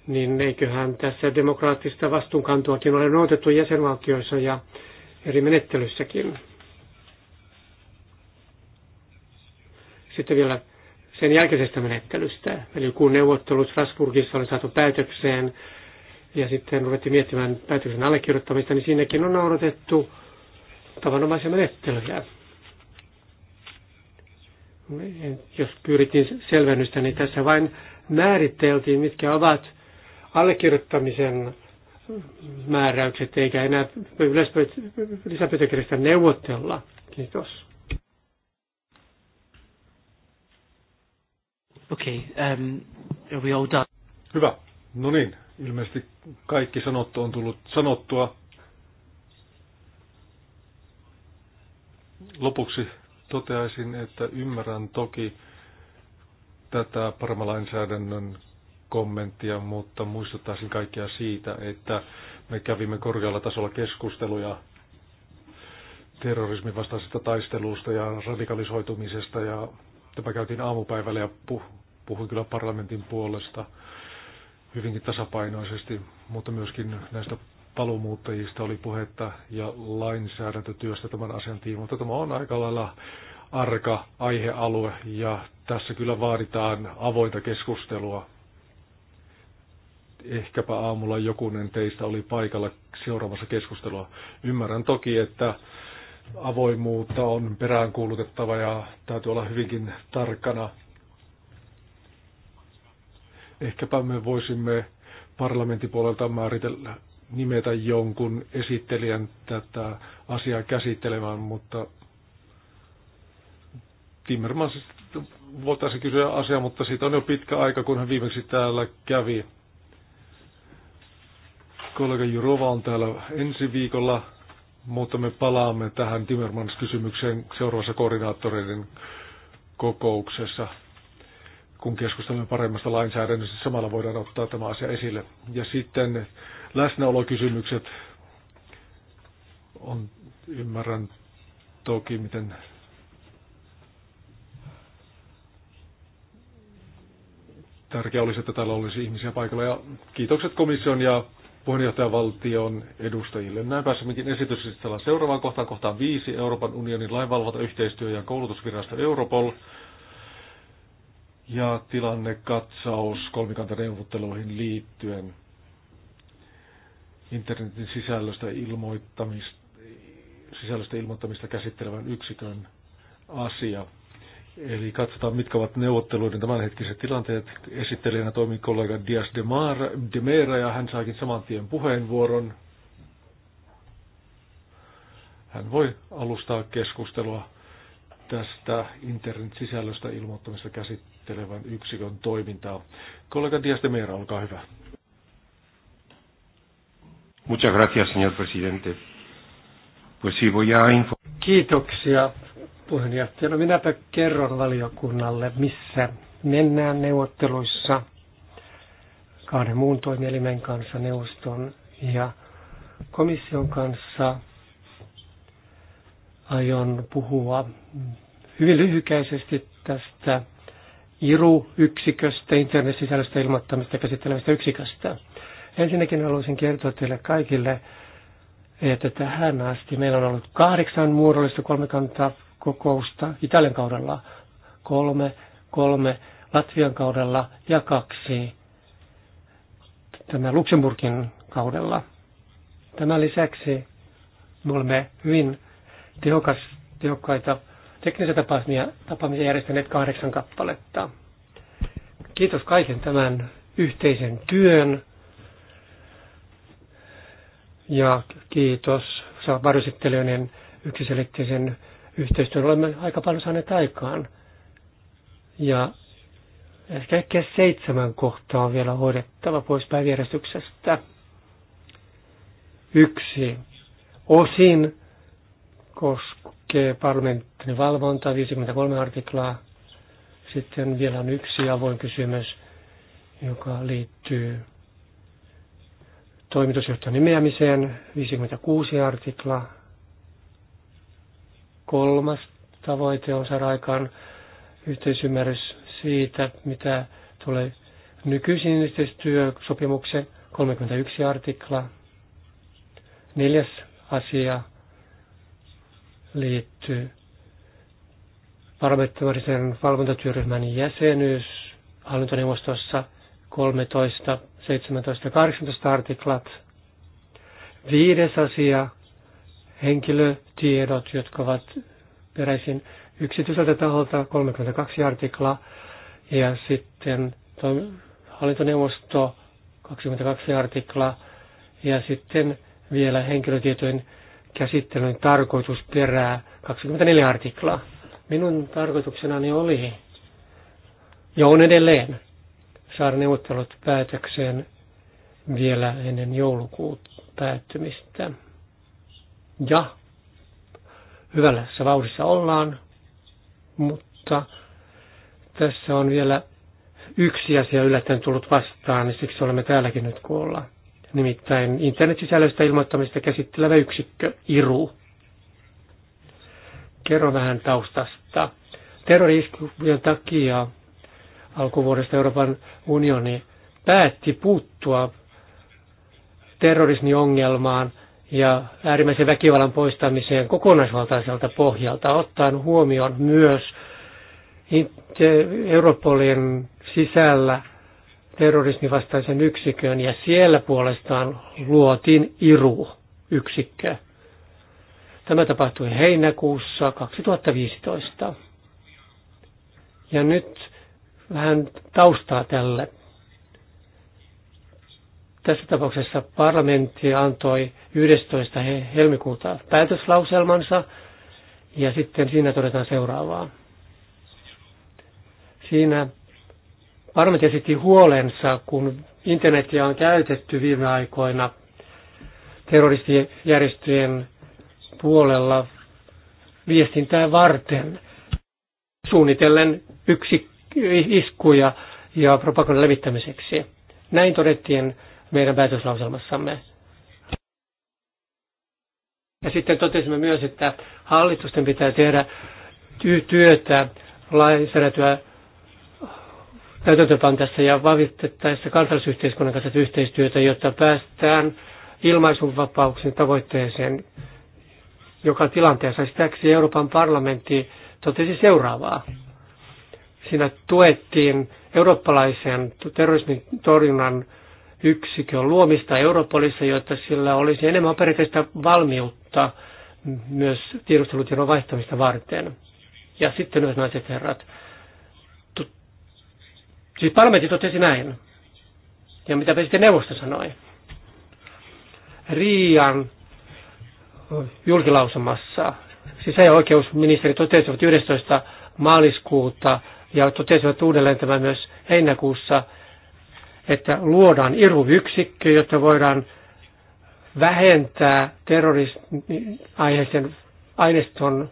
niin eiköhän tässä demokraattista vastuunkantoakin ole noudatettu jäsenvaltioissa ja eri menettelyssäkin? Sitten vielä sen jälkeisestä menettelystä. Eli kun neuvottelut Strasbourgissa oli saatu päätökseen ja sitten ruvettiin miettimään päätöksen allekirjoittamista, niin siinäkin on noudatettu tavanomaisia menettelyjä. Jos pyrittiin selvennystä, niin tässä vain määriteltiin, mitkä ovat allekirjoittamisen määräykset, eikä enää lisäpöytäkirjasta neuvotella. Kiitos. Okay, um, we all done? Hyvä. No niin, ilmeisesti kaikki sanottu on tullut sanottua. Lopuksi toteaisin, että ymmärrän toki tätä parmalainsäädännön kommenttia, mutta muistuttaisin kaikkia siitä, että me kävimme korkealla tasolla keskusteluja terrorismin vastaisesta taistelusta ja radikalisoitumisesta ja mä käytin aamupäivällä ja puh- puhuin kyllä parlamentin puolesta hyvinkin tasapainoisesti, mutta myöskin näistä palumuuttajista oli puhetta ja lainsäädäntötyöstä tämän asian tiimoilta. Tämä on aika lailla arka aihealue ja tässä kyllä vaaditaan avointa keskustelua. Ehkäpä aamulla jokunen teistä oli paikalla seuraamassa keskustelua. Ymmärrän toki, että avoimuutta on peräänkuulutettava ja täytyy olla hyvinkin tarkkana. Ehkäpä me voisimme parlamentin puolelta määritellä nimetä jonkun esittelijän tätä asiaa käsittelemään, mutta Timmermans voitaisiin kysyä asiaa, mutta siitä on jo pitkä aika, kun hän viimeksi täällä kävi. Kollega Jurova on täällä ensi viikolla mutta me palaamme tähän Timmermans-kysymykseen seuraavassa koordinaattoreiden kokouksessa. Kun keskustelemme paremmasta lainsäädännöstä, samalla voidaan ottaa tämä asia esille. Ja sitten läsnäolokysymykset. On, ymmärrän toki, miten tärkeää olisi, että täällä olisi ihmisiä paikalla. Ja kiitokset komission ja puheenjohtajavaltion edustajille. Näin pääsemmekin esityslistalla seuraavaan kohtaan, kohtaan viisi Euroopan unionin lainvalvontayhteistyö ja koulutusvirasto Europol. Ja tilannekatsaus kolmikantaneuvotteluihin liittyen internetin sisällöstä ilmoittamista, sisällöstä ilmoittamista käsittelevän yksikön asia. Eli katsotaan, mitkä ovat neuvotteluiden tämänhetkiset tilanteet. Esittelijänä toimii kollega Dias de, Mar, de Mera ja hän saakin saman tien puheenvuoron. Hän voi alustaa keskustelua tästä internet-sisällöstä ilmoittamista käsittelevän yksikön toimintaa. Kollega Dias de Mera, olkaa hyvä. Muchas gracias, señor presidente. Pues sí, voy a Kiitoksia, puheenjohtaja. No minäpä kerron valiokunnalle, missä mennään neuvotteluissa kahden muun toimielimen kanssa, neuvoston ja komission kanssa. Aion puhua hyvin lyhykäisesti tästä IRU-yksiköstä, internetsisällöstä ilmoittamista käsittelevästä yksiköstä. Ensinnäkin haluaisin kertoa teille kaikille, että tähän asti meillä on ollut kahdeksan muodollista kolmikantaa kokousta Italian kaudella, kolme, kolme Latvian kaudella ja kaksi tämä Luxemburgin kaudella. Tämän lisäksi me olemme hyvin tehokas, tehokkaita teknisiä tapaamisia, tapaamisia järjestäneet kahdeksan kappaletta. Kiitos kaiken tämän yhteisen työn ja kiitos varjosittelijöiden yksiselitteisen yhteistyön olemme aika paljon saaneet aikaan. Ja ehkä ehkä seitsemän kohtaa on vielä hoidettava pois päiväjärjestyksestä. Yksi. Osin koskee parlamentin valvontaa, 53 artiklaa. Sitten vielä on yksi avoin kysymys, joka liittyy toimitusjohtajan nimeämiseen, 56 artiklaa. Kolmas tavoite on saada aikaan yhteisymmärrys siitä, mitä tulee nykyisin yhteistyösopimuksen 31 artikla. Neljäs asia liittyy parlamentaarisen valvontatyöryhmän jäsenyys hallintoneuvostossa 13, 17 ja 18 artiklat. Viides asia henkilötiedot, jotka ovat peräisin yksityiseltä taholta, 32 artiklaa, ja sitten hallintoneuvosto, 22 artiklaa, ja sitten vielä henkilötietojen käsittelyn tarkoitusperää, 24 artiklaa. Minun tarkoituksenani oli, ja on edelleen, saada neuvottelut päätökseen vielä ennen joulukuun päättymistä ja hyvällä vauhdissa ollaan, mutta tässä on vielä yksi asia yllättäen tullut vastaan, niin siksi olemme täälläkin nyt kuolla. Nimittäin internetsisällöistä ilmoittamista käsittelevä yksikkö, IRU. Kerro vähän taustasta. Terroriiskujen takia alkuvuodesta Euroopan unioni päätti puuttua terrorismiongelmaan ja äärimmäisen väkivallan poistamiseen kokonaisvaltaiselta pohjalta, ottaen huomioon myös Europolin sisällä terrorismivastaisen yksikön ja siellä puolestaan luotiin IRU-yksikkö. Tämä tapahtui heinäkuussa 2015. Ja nyt vähän taustaa tälle. Tässä tapauksessa parlamentti antoi 11. helmikuuta päätöslauselmansa ja sitten siinä todetaan seuraavaa. Siinä parlamentti esitti huolensa, kun internetiä on käytetty viime aikoina terroristijärjestöjen puolella viestintää varten suunnitellen yksi iskuja ja propagandan levittämiseksi. Näin todettiin meidän päätöslauselmassamme. Ja sitten totesimme myös, että hallitusten pitää tehdä työtä lainsäädäntöä täytäntöpantaessa ja vahvistettaessa kansallisyhteiskunnan kanssa yhteistyötä, jotta päästään ilmaisunvapauksen tavoitteeseen joka tilanteessa. Sitäksi Euroopan parlamentti totesi seuraavaa. Siinä tuettiin eurooppalaisen terrorismin torjunnan yksikön luomista Europolissa, jotta sillä olisi enemmän operatiivista valmiutta myös tiedustelutiedon vaihtamista varten. Ja sitten myös naiset herrat. Tu- siis parlamentti totesi näin. Ja mitä sitten neuvosto sanoi? Riian julkilausumassa sisä- ja oikeusministeri totesivat 11. maaliskuuta ja totesivat uudelleen tämän myös heinäkuussa – että luodaan iruyksikkö, jotta voidaan vähentää terrorismin aiheisen aineiston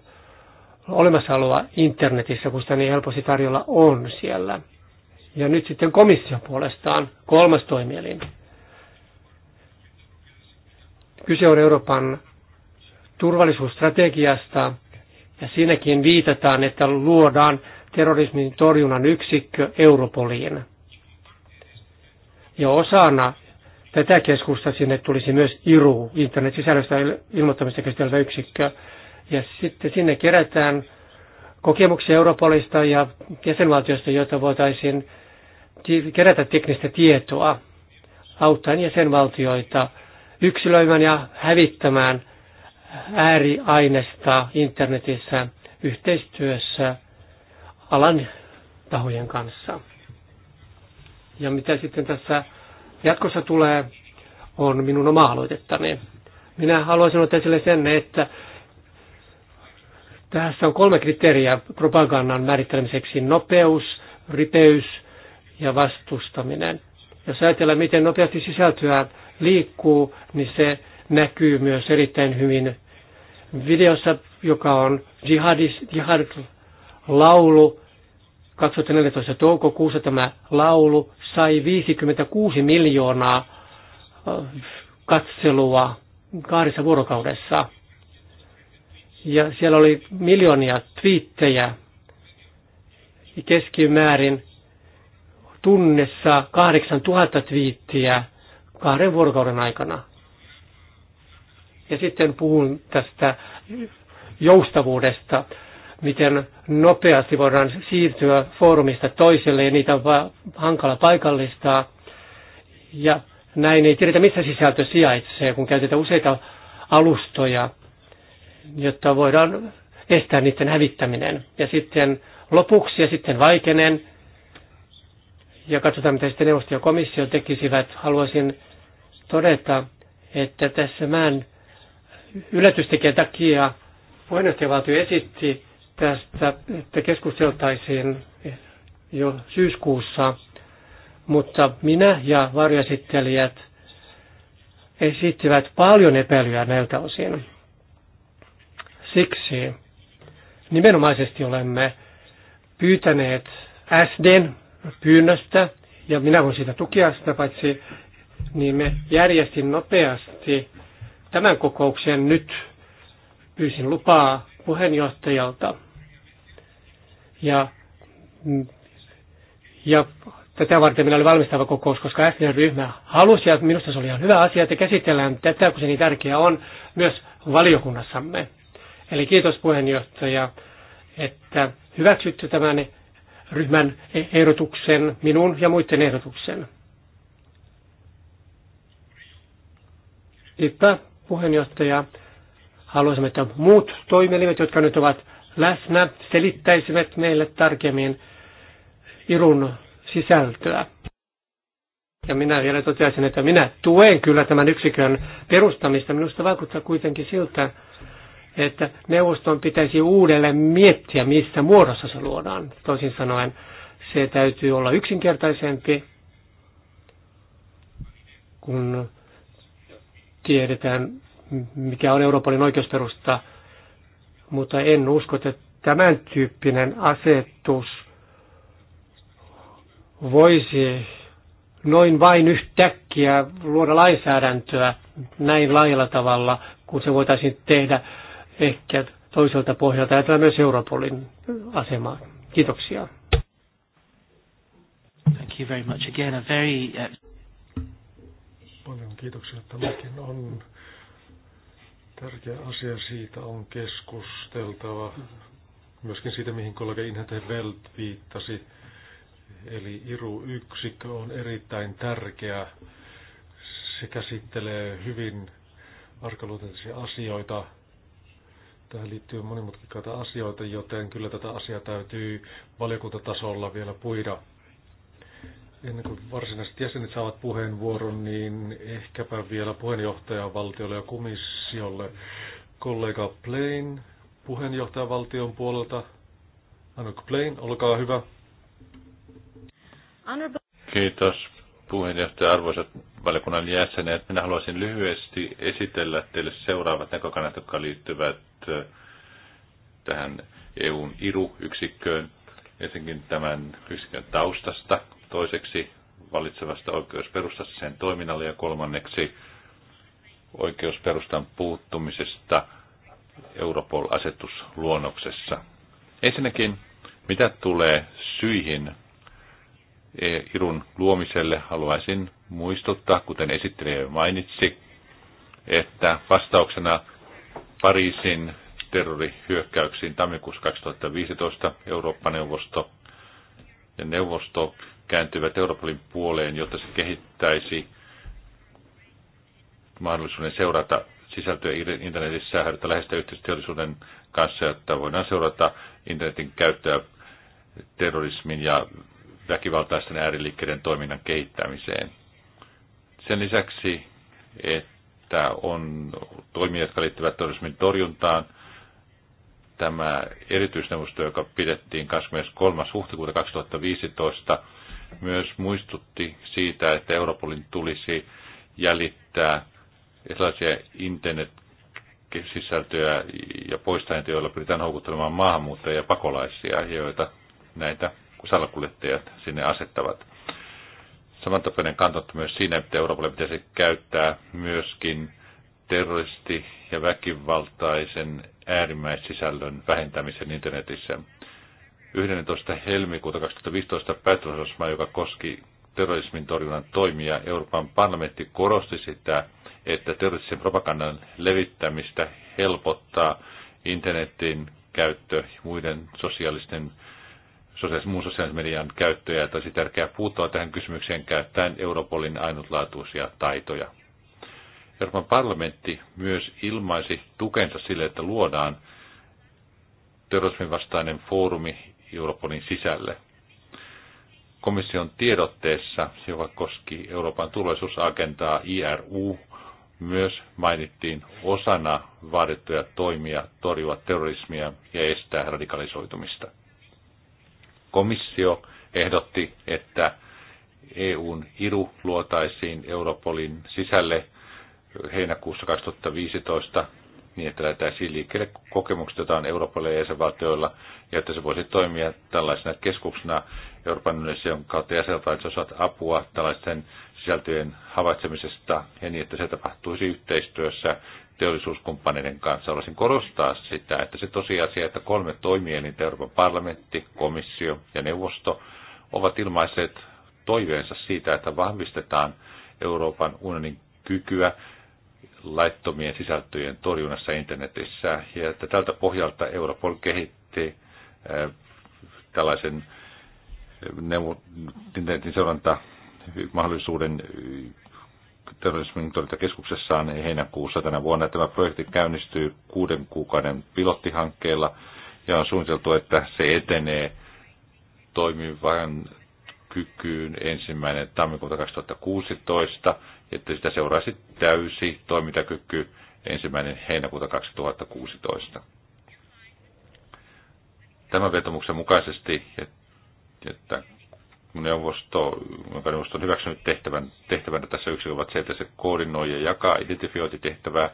olemassaoloa internetissä, kun sitä niin helposti tarjolla on siellä. Ja nyt sitten komissio puolestaan, kolmas toimielin. Kyse on Euroopan turvallisuusstrategiasta, ja siinäkin viitataan, että luodaan terrorismin torjunnan yksikkö Europoliin. Ja osana tätä keskusta sinne tulisi myös IRU, internet-sisällöstä ilmoittamista käsittelevä yksikkö. Ja sitten sinne kerätään kokemuksia Europolista ja jäsenvaltiosta, joita voitaisiin kerätä teknistä tietoa auttaen jäsenvaltioita yksilöimään ja hävittämään ääriainesta internetissä yhteistyössä alan tahojen kanssa. Ja mitä sitten tässä jatkossa tulee, on minun oma aloitettani. Minä haluaisin ottaa esille sen, että tässä on kolme kriteeriä propagandan määrittelemiseksi. Nopeus, ripeys ja vastustaminen. Jos ajatellaan, miten nopeasti sisältöä liikkuu, niin se näkyy myös erittäin hyvin videossa, joka on jihadis, jihad laulu, 2014 toukokuussa tämä laulu sai 56 miljoonaa katselua kahdessa vuorokaudessa. Ja siellä oli miljoonia twiittejä keskimäärin tunnissa 8000 twiittiä kahden vuorokauden aikana. Ja sitten puhun tästä joustavuudesta miten nopeasti voidaan siirtyä foorumista toiselle ja niitä on vaan hankala paikallistaa. Ja näin ei tiedetä, missä sisältö sijaitsee, kun käytetään useita alustoja, jotta voidaan estää niiden hävittäminen. Ja sitten lopuksi ja sitten vaikenen, ja katsotaan mitä sitten neuvosto ja komissio tekisivät, haluaisin todeta, että tässä mään yllätystekijän takia puheenjohtajavaltio esitti tästä, että keskusteltaisiin jo syyskuussa, mutta minä ja varjasittelijät esittivät paljon epäilyä näiltä osin. Siksi nimenomaisesti olemme pyytäneet SDn pyynnöstä, ja minä voin sitä tukea sitä paitsi, niin me järjestin nopeasti tämän kokouksen nyt. Pyysin lupaa puheenjohtajalta ja, mm, ja tätä varten meillä oli valmistava kokous, koska SD-ryhmä halusi, ja minusta se oli ihan hyvä asia, että käsitellään tätä, kun se niin tärkeää on myös valiokunnassamme. Eli kiitos puheenjohtaja, että hyväksytte tämän ryhmän ehdotuksen, minun ja muiden ehdotuksen. Sitten puheenjohtaja, haluaisimme, että muut toimielimet, jotka nyt ovat läsnä selittäisivät meille tarkemmin irun sisältöä. Ja minä vielä toteaisin, että minä tuen kyllä tämän yksikön perustamista. Minusta vaikuttaa kuitenkin siltä, että neuvoston pitäisi uudelleen miettiä, missä muodossa se luodaan. Toisin sanoen, se täytyy olla yksinkertaisempi, kun tiedetään, mikä on Euroopan oikeusperusta mutta en usko, että tämän tyyppinen asetus voisi noin vain yhtäkkiä luoda lainsäädäntöä näin lailla tavalla, kun se voitaisiin tehdä ehkä toiselta pohjalta. tämä myös Europolin asemaa. Kiitoksia. Thank you very much again. A very, uh... Paljon kiitoksia. että on Tärkeä asia siitä on keskusteltava. Myöskin siitä, mihin kollega Inhete Welt viittasi. Eli IRU-yksikkö on erittäin tärkeä. Se käsittelee hyvin arkaluonteisia asioita. Tähän liittyy monimutkikaita asioita, joten kyllä tätä asiaa täytyy valiokuntatasolla vielä puida. Ennen kuin varsinaiset jäsenet saavat puheenvuoron, niin ehkäpä vielä puheenjohtajavaltiolle ja komissiolle kollega Plain puheenjohtajavaltion puolelta. Anuk Plain, olkaa hyvä. Kiitos puheenjohtaja, arvoisat valiokunnan jäsenet. Minä haluaisin lyhyesti esitellä teille seuraavat näkökannat, jotka liittyvät eh, tähän EUn IRU-yksikköön. Ensinnäkin tämän yksikön taustasta, toiseksi valitsevasta oikeusperustasta sen toiminnalle ja kolmanneksi oikeusperustan puuttumisesta Europol-asetusluonnoksessa. Ensinnäkin, mitä tulee syihin e, Irun luomiselle, haluaisin muistuttaa, kuten esittelijä mainitsi, että vastauksena Pariisin terrorihyökkäyksiin tammikuussa 2015 Eurooppa-neuvosto ja neuvosto kääntyvät Europolin puoleen, jotta se kehittäisi mahdollisuuden seurata sisältöä internetissä, harjoittaa läheistä yhteistyöteollisuuden kanssa, jotta voidaan seurata internetin käyttöä terrorismin ja väkivaltaisten ääriliikkeiden toiminnan kehittämiseen. Sen lisäksi, että on toimia, jotka liittyvät terrorismin torjuntaan, tämä erityisneuvosto, joka pidettiin 23. huhtikuuta 2015, myös muistutti siitä, että Europolin tulisi jäljittää sellaisia internet-sisältöjä ja poistajia, joilla pyritään houkuttelemaan maahanmuuttajia ja pakolaisia, joita näitä salakuljettajat sinne asettavat. Samantapainen kantotta myös siinä, että Euroopalle pitäisi käyttää myöskin terroristi- ja väkivaltaisen äärimmäissisällön vähentämisen internetissä. 11. helmikuuta 2015 päätösosma, joka koski terrorismin torjunnan toimia, Euroopan parlamentti korosti sitä, että terroristisen propagandan levittämistä helpottaa internetin käyttö ja muiden sosiaalisten sosiaalisen, muun sosiaalisen median käyttöjä, että olisi tärkeää puuttua tähän kysymykseen käyttäen Europolin ainutlaatuisia taitoja. Euroopan parlamentti myös ilmaisi tukensa sille, että luodaan terrorismin vastainen foorumi Europolin sisälle. Komission tiedotteessa, joka koski Euroopan turvallisuusagentaa IRU, myös mainittiin osana vaadittuja toimia torjua terrorismia ja estää radikalisoitumista. Komissio ehdotti, että EUn IRU luotaisiin Europolin sisälle heinäkuussa 2015 niin, että lähdetään siis liikkeelle kokemukset, joita on Euroopalle ja jäsenvaltioilla, ja että se voisi toimia tällaisena keskuksena Euroopan unionin kautta jäsenvaltiot osat apua tällaisten sisältöjen havaitsemisesta, ja niin, että se tapahtuisi yhteistyössä teollisuuskumppaneiden kanssa. Haluaisin korostaa sitä, että se tosiasia, että kolme niin Euroopan parlamentti, komissio ja neuvosto ovat ilmaiset toiveensa siitä, että vahvistetaan Euroopan unionin kykyä laittomien sisältöjen torjunnassa internetissä. Ja että tältä pohjalta Europol kehitti eh, tällaisen eh, internetin seuranta mahdollisuuden eh, terrorismin keskuksessaan heinäkuussa tänä vuonna. Tämä projekti käynnistyy kuuden kuukauden pilottihankkeella ja on suunniteltu, että se etenee toimivan kykyyn ensimmäinen tammikuuta 2016 että sitä seuraisi täysi toimintakyky ensimmäinen heinäkuuta 2016. Tämän vetomuksen mukaisesti, että neuvosto, jonka neuvosto on hyväksynyt tehtävän, tehtävänä tässä yksikö ovat se, että se koordinoi ja jakaa identifiointitehtävää,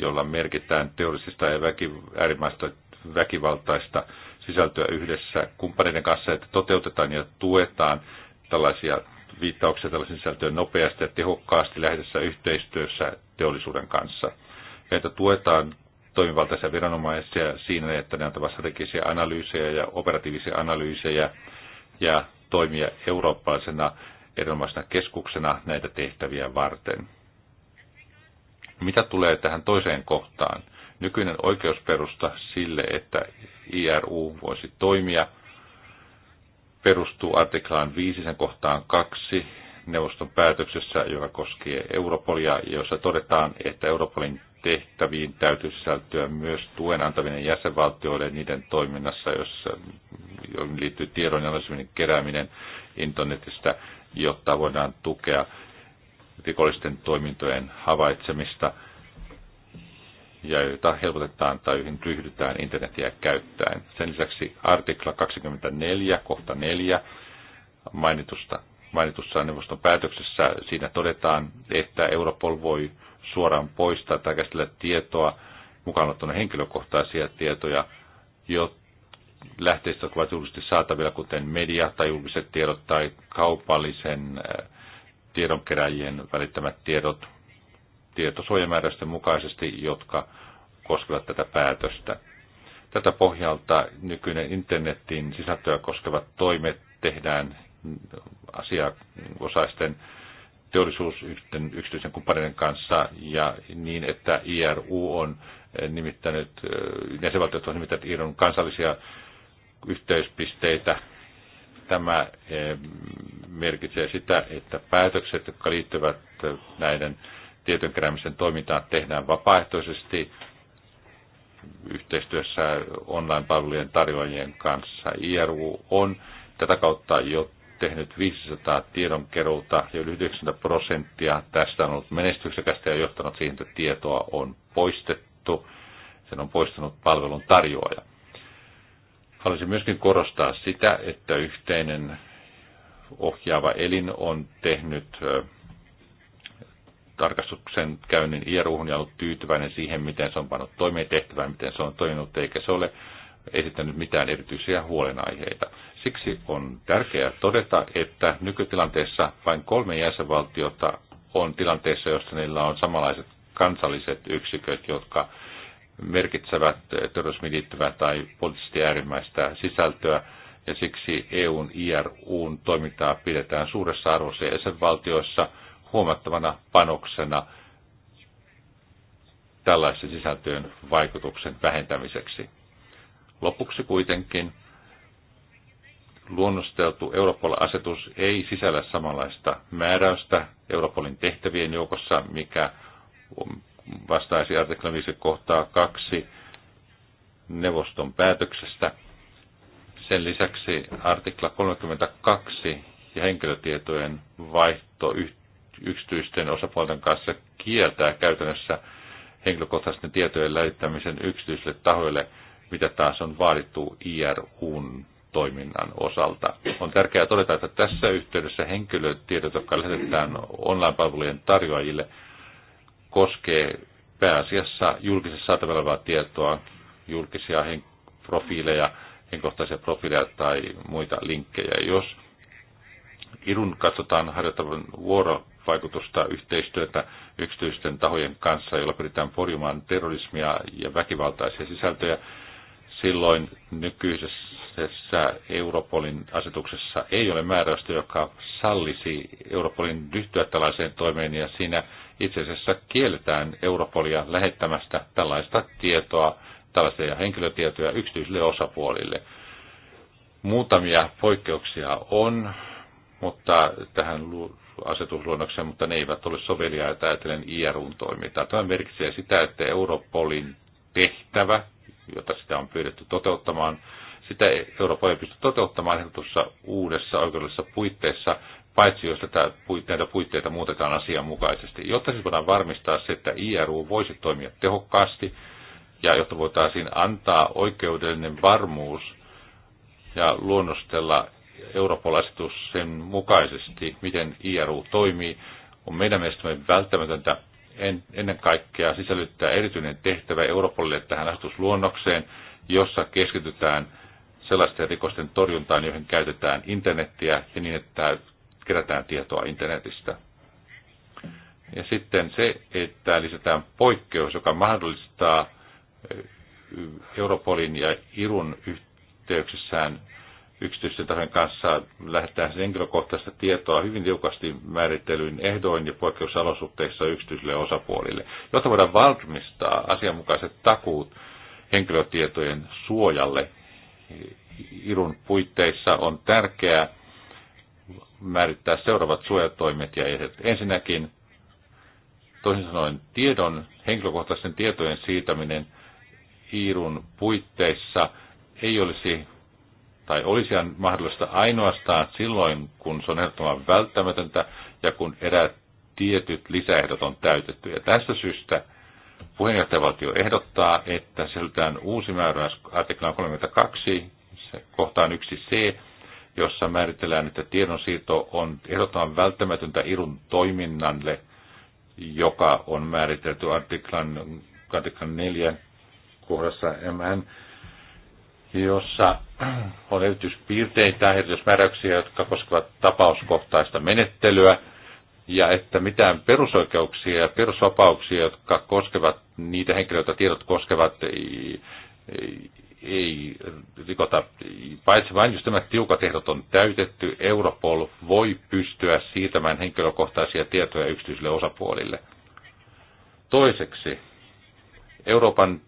jolla merkitään teollisista ja väki, äärimmäistä väkivaltaista sisältöä yhdessä kumppaneiden kanssa, että toteutetaan ja tuetaan tällaisia viittauksia tällaisen sisältöön nopeasti ja tehokkaasti lähdessä yhteistyössä teollisuuden kanssa. Ja että tuetaan toimivaltaisia viranomaisia siinä, että ne antavat strategisia analyysejä ja operatiivisia analyysejä ja toimia eurooppalaisena erinomaisena keskuksena näitä tehtäviä varten. Mitä tulee tähän toiseen kohtaan? Nykyinen oikeusperusta sille, että IRU voisi toimia – perustuu artiklaan 5 sen kohtaan 2 neuvoston päätöksessä, joka koskee Europolia, jossa todetaan, että Europolin tehtäviin täytyy sisältyä myös tuen antaminen jäsenvaltioille niiden toiminnassa, jossa liittyy tiedon ja kerääminen internetistä, jotta voidaan tukea rikollisten toimintojen havaitsemista – ja joita helpotetaan tai joihin ryhdytään internetiä käyttäen. Sen lisäksi artikla 24, kohta 4 mainitusta, mainitussa neuvoston päätöksessä siinä todetaan, että Europol voi suoraan poistaa tai käsitellä tietoa, mukaan ottuna henkilökohtaisia tietoja, jo lähteistä ovat julkisesti saatavilla, kuten media tai julkiset tiedot tai kaupallisen äh, tiedonkeräjien välittämät tiedot, tietosuojamääräysten mukaisesti, jotka koskevat tätä päätöstä. Tätä pohjalta nykyinen internetin sisältöä koskevat toimet tehdään asiakosaisten teollisuusyhtiön yksityisen kumppaneiden kanssa ja niin, että IRU on nimittänyt, jäsenvaltiot on nimittänyt IRUn kansallisia yhteyspisteitä. Tämä eh, merkitsee sitä, että päätökset, jotka liittyvät näiden tietojen keräämisen toimintaa tehdään vapaaehtoisesti yhteistyössä online-palvelujen tarjoajien kanssa. IRU on tätä kautta jo tehnyt 500 tiedonkeruuta ja yli 90 prosenttia tästä on ollut menestyksekästä ja johtanut siihen, että tietoa on poistettu. Sen on poistanut palvelun tarjoaja. Haluaisin myöskin korostaa sitä, että yhteinen ohjaava elin on tehnyt tarkastuksen käynnin Ieruuhun ja ollut tyytyväinen siihen, miten se on pannut toimeen tehtävään, miten se on toiminut, eikä se ole esittänyt mitään erityisiä huolenaiheita. Siksi on tärkeää todeta, että nykytilanteessa vain kolme jäsenvaltiota on tilanteessa, jossa niillä on samanlaiset kansalliset yksiköt, jotka merkitsevät terrorismiin liittyvää tai poliittisesti äärimmäistä sisältöä, ja siksi EUn IRUn toimintaa pidetään suuressa arvossa jäsenvaltioissa – huomattavana panoksena tällaisen sisältöön vaikutuksen vähentämiseksi. Lopuksi kuitenkin luonnosteltu Europol-asetus ei sisällä samanlaista määräystä Europolin tehtävien joukossa, mikä vastaisi artiklan 5 kohtaa 2 neuvoston päätöksestä. Sen lisäksi artikla 32 ja henkilötietojen vaihto yksityisten osapuolten kanssa kieltää käytännössä henkilökohtaisten tietojen lähettämisen yksityisille tahoille, mitä taas on vaadittu IRUn toiminnan osalta. On tärkeää todeta, että tässä yhteydessä henkilötiedot, jotka lähetetään online-palvelujen tarjoajille, koskee pääasiassa julkisessa saatavilla olevaa tietoa, julkisia profiileja, henkilökohtaisia profiileja tai muita linkkejä. Jos IRUn katsotaan harjoittavan vuoro vaikutusta yhteistyötä yksityisten tahojen kanssa, jolla pyritään porjumaan terrorismia ja väkivaltaisia sisältöjä. Silloin nykyisessä Europolin asetuksessa ei ole määräystä, joka sallisi Europolin ryhtyä tällaiseen toimeen, ja siinä itse asiassa kielletään Europolia lähettämästä tällaista tietoa, tällaisia henkilötietoja yksityisille osapuolille. Muutamia poikkeuksia on, mutta tähän asetusluonnoksen, mutta ne eivät ole soveliaita ajatellen IRUn toimintaa. Tämä merkitsee sitä, että Europolin tehtävä, jota sitä on pyydetty toteuttamaan, sitä Eurooppa ei pysty toteuttamaan ehdotussa uudessa oikeudellisessa puitteessa, paitsi jos tätä, näitä puitteita muutetaan asianmukaisesti. Jotta siis voidaan varmistaa se, että IRU voisi toimia tehokkaasti ja jotta voitaisiin antaa oikeudellinen varmuus ja luonnostella eurooppalaistus sen mukaisesti, miten IRU toimii, on meidän mielestämme välttämätöntä en, ennen kaikkea sisällyttää erityinen tehtävä Europolille tähän asetusluonnokseen, jossa keskitytään sellaisten rikosten torjuntaan, joihin käytetään internettiä ja niin, että kerätään tietoa internetistä. Ja sitten se, että lisätään poikkeus, joka mahdollistaa Europolin ja Irun yhteyksissään yksityisten tahojen kanssa lähettää henkilökohtaista tietoa hyvin tiukasti määrittelyyn ehdoin ja poikkeusolosuhteissa yksityisille osapuolille, jotta voidaan valmistaa asianmukaiset takuut henkilötietojen suojalle. Irun puitteissa on tärkeää määrittää seuraavat suojatoimet ja ehdot. Ensinnäkin, toisin sanoen, tiedon, henkilökohtaisten tietojen siitäminen Irun puitteissa ei olisi tai olisi mahdollista ainoastaan silloin, kun se on ehdottoman välttämätöntä ja kun eräät tietyt lisäehdot on täytetty. Ja tästä syystä puheenjohtajavaltio ehdottaa, että sisällytään uusi määräys artikla 32, se kohtaan 1c, jossa määritellään, että tiedonsiirto on ehdottoman välttämätöntä irun toiminnalle, joka on määritelty artiklan, artiklan 4 kohdassa MN jossa on erityispiirteitä, erityismääräyksiä, jotka koskevat tapauskohtaista menettelyä, ja että mitään perusoikeuksia ja perusvapauksia, jotka koskevat niitä henkilöitä, tiedot koskevat, ei, ei, ei rikota. Paitsi vain jos tämä tiukat ehdot on täytetty, Europol voi pystyä siirtämään henkilökohtaisia tietoja yksityisille osapuolille. Toiseksi, Euroopan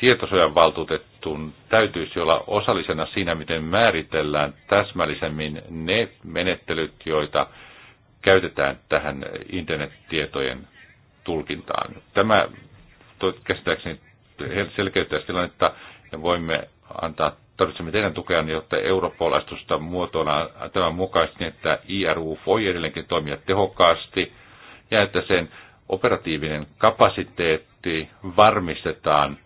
tietosuojan valtuutetun täytyisi olla osallisena siinä, miten määritellään täsmällisemmin ne menettelyt, joita käytetään tähän internettietojen tulkintaan. Tämä käsittääkseni selkeyttää tilannetta ja voimme antaa tarvitsemme teidän tukea, jotta europolaistusta muotona tämän mukaisesti, että IRU voi edelleenkin toimia tehokkaasti ja että sen operatiivinen kapasiteetti varmistetaan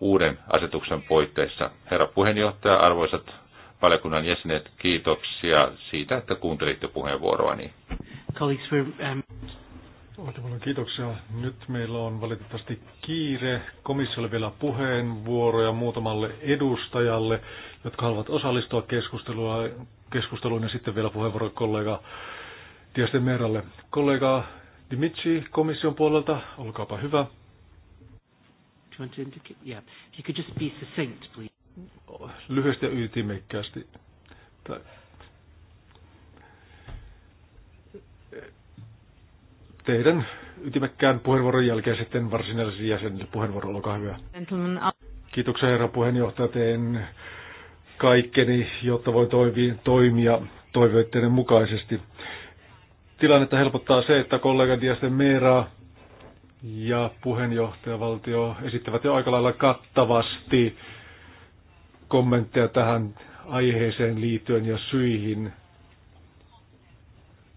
uuden asetuksen puitteissa. Herra puheenjohtaja, arvoisat valiokunnan jäsenet, kiitoksia siitä, että kuuntelitte puheenvuoroani. Um, kiitoksia. Nyt meillä on valitettavasti kiire. Komissiolle vielä puheenvuoroja muutamalle edustajalle, jotka haluavat osallistua keskusteluun ja sitten vielä puheenvuoro kollega Tiesten Meralle. Kollega Dimitri komission puolelta, olkaapa hyvä you want to indicate? Yeah. If you could just be succinct, please. Lyhyesti ja ytimekkäästi. Teidän ytimekkään puheenvuoron jälkeen sitten varsinaisen jäsenille puheenvuoro, olkaa hyvä. Kiitoksia herra puheenjohtaja, teen kaikkeni, jotta voi toimia toiveitteiden mukaisesti. Tilannetta helpottaa se, että kollega Diasten Meeraa ja puheenjohtajavaltio esittävät jo aika lailla kattavasti kommentteja tähän aiheeseen liittyen ja syihin,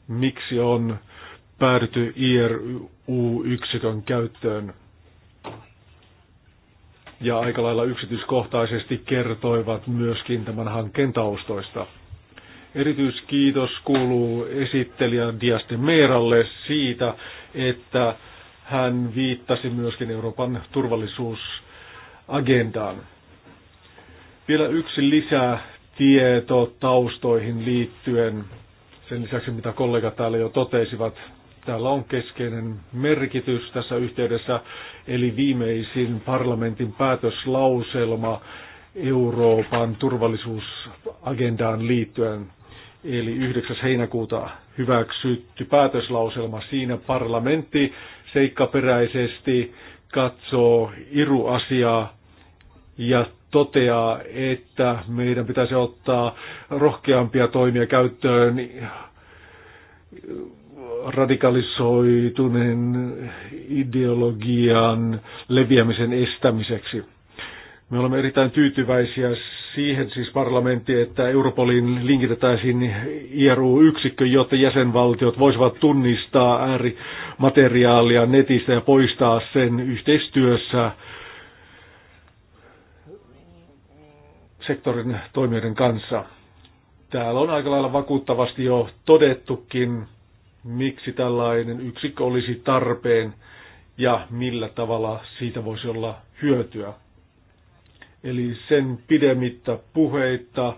miksi on päädytty IRU-yksikön käyttöön. Ja aika lailla yksityiskohtaisesti kertoivat myöskin tämän hankkeen taustoista. Erityiskiitos kuuluu esittelijän Diaste Meeralle siitä, että hän viittasi myöskin Euroopan turvallisuusagendaan. Vielä yksi lisää tieto taustoihin liittyen. Sen lisäksi, mitä kollegat täällä jo totesivat, täällä on keskeinen merkitys tässä yhteydessä, eli viimeisin parlamentin päätöslauselma Euroopan turvallisuusagendaan liittyen. Eli 9. heinäkuuta hyväksytty päätöslauselma. Siinä parlamentti seikkaperäisesti katsoo iruasiaa ja toteaa, että meidän pitäisi ottaa rohkeampia toimia käyttöön radikalisoituneen ideologian leviämisen estämiseksi. Me olemme erittäin tyytyväisiä siihen siis parlamentti, että Europoliin linkitetäisiin IRU-yksikkö, jotta jäsenvaltiot voisivat tunnistaa äärimateriaalia netistä ja poistaa sen yhteistyössä sektorin toimijoiden kanssa. Täällä on aika lailla vakuuttavasti jo todettukin, miksi tällainen yksikkö olisi tarpeen ja millä tavalla siitä voisi olla hyötyä. Eli sen pidemmittä puheitta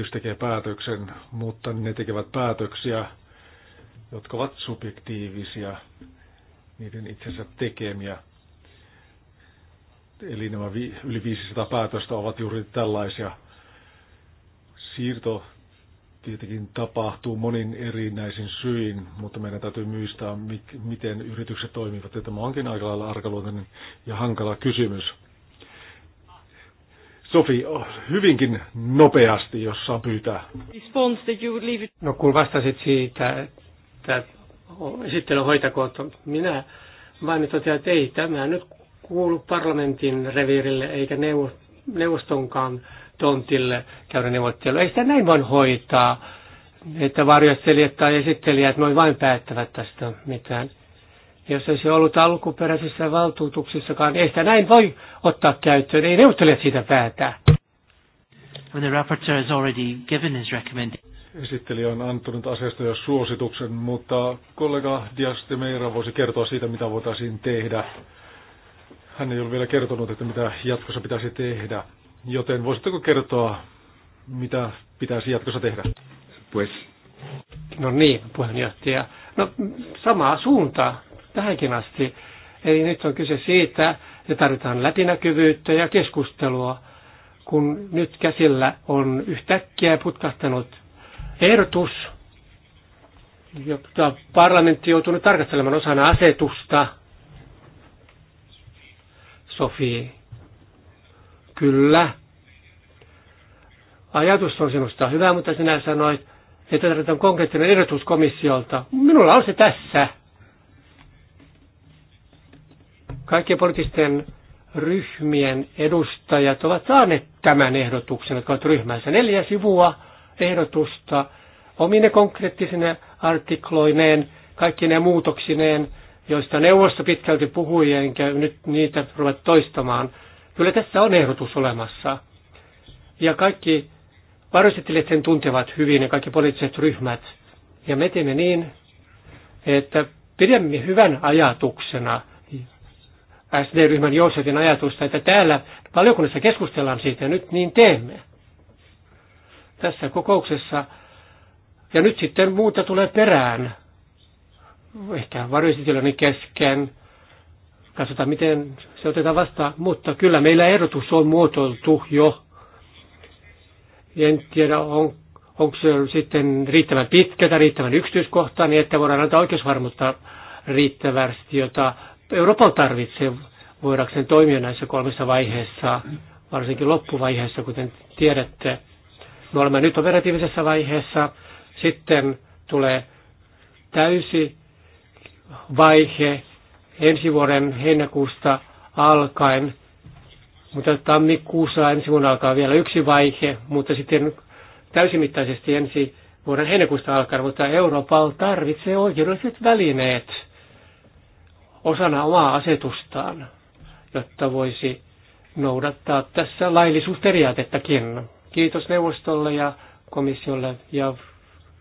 yritys tekee päätöksen, mutta ne tekevät päätöksiä, jotka ovat subjektiivisia, niiden itsensä tekemiä. Eli nämä yli 500 päätöstä ovat juuri tällaisia. Siirto tietenkin tapahtuu monin erinäisin syin, mutta meidän täytyy muistaa, miten yritykset toimivat. Ja tämä onkin aika lailla arkaluontoinen ja hankala kysymys. Sofi, hyvinkin nopeasti, jos saa pyytää. No kun vastasit siitä, että esittely hoitakoot, minä vain totean, että ei tämä nyt kuulu parlamentin reviirille eikä neuvostonkaan tontille käydä neuvottelua. Ei sitä näin vaan hoitaa, että varjostelijat tai esittelijät noin vain päättävät tästä mitään jos ei se ollut alkuperäisissä valtuutuksissakaan. Ei sitä näin voi ottaa käyttöön, ei neuvottelijat siitä päätä. When the rapporteur has already given his recommendation. Esittelijä on antanut asiasta jo suosituksen, mutta kollega Dias de Meira voisi kertoa siitä, mitä voitaisiin tehdä. Hän ei ole vielä kertonut, että mitä jatkossa pitäisi tehdä. Joten voisitteko kertoa, mitä pitäisi jatkossa tehdä? Pues. No niin, puheenjohtaja. No samaa suuntaa tähänkin asti. Eli nyt on kyse siitä, että tarvitaan läpinäkyvyyttä ja keskustelua, kun nyt käsillä on yhtäkkiä putkahtanut ehdotus, jota parlamentti on nyt tarkastelemaan osana asetusta. Sofi, kyllä, ajatus on sinusta hyvä, mutta sinä sanoit, että tarvitaan konkreettinen ehdotus komissiolta. Minulla on se tässä. Kaikkien poliittisten ryhmien edustajat ovat saaneet tämän ehdotuksen, jotka ovat ryhmänsä neljä sivua ehdotusta omine konkreettisine artikloineen, ne muutoksineen, joista neuvosto pitkälti puhui, enkä nyt niitä ruveta toistamaan. Kyllä tässä on ehdotus olemassa. Ja kaikki varustettelijat sen tuntevat hyvin ja kaikki poliittiset ryhmät. Ja me teemme niin, että pidämme hyvän ajatuksena SD-ryhmän Joosefin ajatusta, että täällä valiokunnassa keskustellaan siitä ja nyt niin teemme. Tässä kokouksessa. Ja nyt sitten muuta tulee perään. Ehkä varjoesitelloni kesken. Katsotaan, miten se otetaan vastaan. Mutta kyllä meillä ehdotus on muotoiltu jo. En tiedä, on, onko se sitten riittävän pitkä tai riittävän yksityiskohtainen, niin että voidaan antaa oikeusvarmuutta riittävästi, jota Eurooppa tarvitsee voidakseen toimia näissä kolmessa vaiheessa, varsinkin loppuvaiheessa, kuten tiedätte. Me olemme nyt operatiivisessa vaiheessa, sitten tulee täysi vaihe ensi vuoden heinäkuusta alkaen, mutta tammikuussa ensi vuonna alkaa vielä yksi vaihe, mutta sitten täysimittaisesti ensi vuoden heinäkuusta alkaen, mutta Euroopan tarvitsee oikeudelliset välineet – osana omaa asetustaan, jotta voisi noudattaa tässä laillisuusperiaatettakin. Kiitos neuvostolle ja komissiolle ja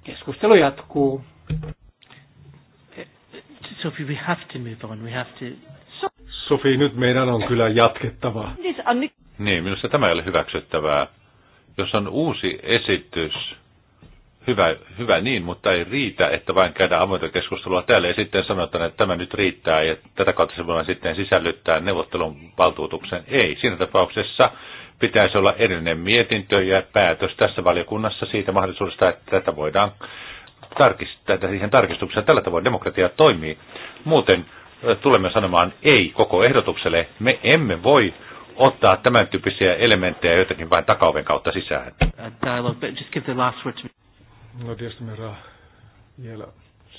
keskustelu jatkuu. Sophie, we have to move on. We have to... Sophie, nyt meidän on kyllä jatkettava. Niin, minusta tämä ei ole hyväksyttävää. Jos on uusi esitys, hyvä, hyvä niin, mutta ei riitä, että vain käydään avointa keskustelua täällä ja sitten sanotaan, että tämä nyt riittää ja tätä kautta se voidaan sitten sisällyttää neuvottelun valtuutuksen. Ei, siinä tapauksessa pitäisi olla erillinen mietintö ja päätös tässä valiokunnassa siitä mahdollisuudesta, että tätä voidaan tarkistaa, että siihen tarkistukseen tällä tavoin demokratia toimii. Muuten tulemme sanomaan ei koko ehdotukselle. Me emme voi ottaa tämän tyyppisiä elementtejä jotenkin vain takaoven kautta sisään. No Diestemera vielä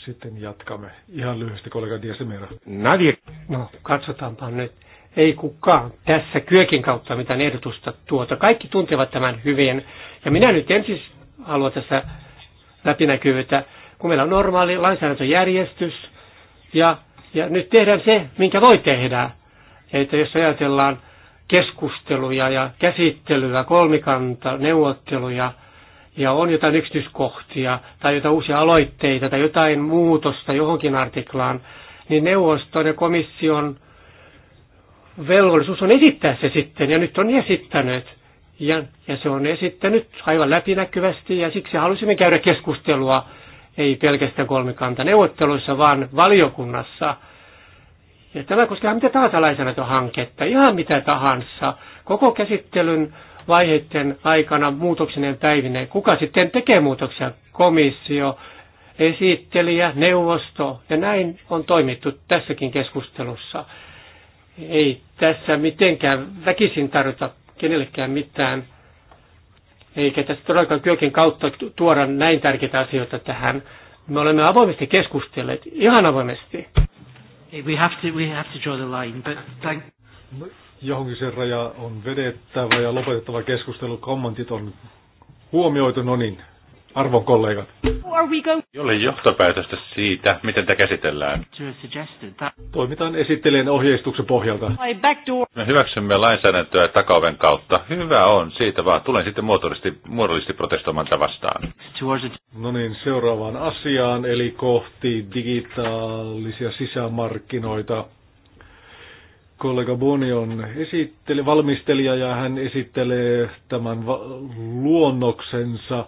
sitten jatkamme. Ihan lyhyesti kollega Diestemera. Nadie. No katsotaanpa nyt. Ei kukaan tässä kyökin kautta mitään ehdotusta tuota. Kaikki tuntevat tämän hyvin. Ja minä nyt ensin siis haluan tässä läpinäkyvyyttä, kun meillä on normaali lainsäädäntöjärjestys ja, ja nyt tehdään se, minkä voi tehdä. Että jos ajatellaan keskusteluja ja käsittelyä, kolmikanta, neuvotteluja, ja on jotain yksityiskohtia tai jotain uusia aloitteita tai jotain muutosta johonkin artiklaan, niin neuvoston ja komission velvollisuus on esittää se sitten, ja nyt on esittänyt. Ja, ja se on esittänyt aivan läpinäkyvästi, ja siksi halusimme käydä keskustelua, ei pelkästään neuvotteluissa, vaan valiokunnassa. Ja tämä koskee mitä tahansa lainsäädäntöhanketta, ihan mitä tahansa. Koko käsittelyn vaiheiden aikana muutoksineen päivineen. Kuka sitten tekee muutoksia? Komissio, esittelijä, neuvosto ja näin on toimittu tässäkin keskustelussa. Ei tässä mitenkään väkisin tarjota kenellekään mitään, eikä tässä todellakaan kyökin kautta tuoda näin tärkeitä asioita tähän. Me olemme avoimesti keskustelleet, ihan avoimesti. We have to, we have to draw the line, but thank johonkin se raja on vedettävä ja lopetettava keskustelu. Kommentit on huomioitu, no niin, arvon kollegat. Jolle johtopäätöstä siitä, miten tämä käsitellään. Toimitaan esittelijän ohjeistuksen pohjalta. Me hyväksymme lainsäädäntöä takaoven kautta. Hyvä on, siitä vaan. Tulen sitten muodollisesti, muodollisesti protestoimaan tätä vastaan. No niin, seuraavaan asiaan, eli kohti digitaalisia sisämarkkinoita kollega Boni on esitteli, valmistelija ja hän esittelee tämän luonnoksensa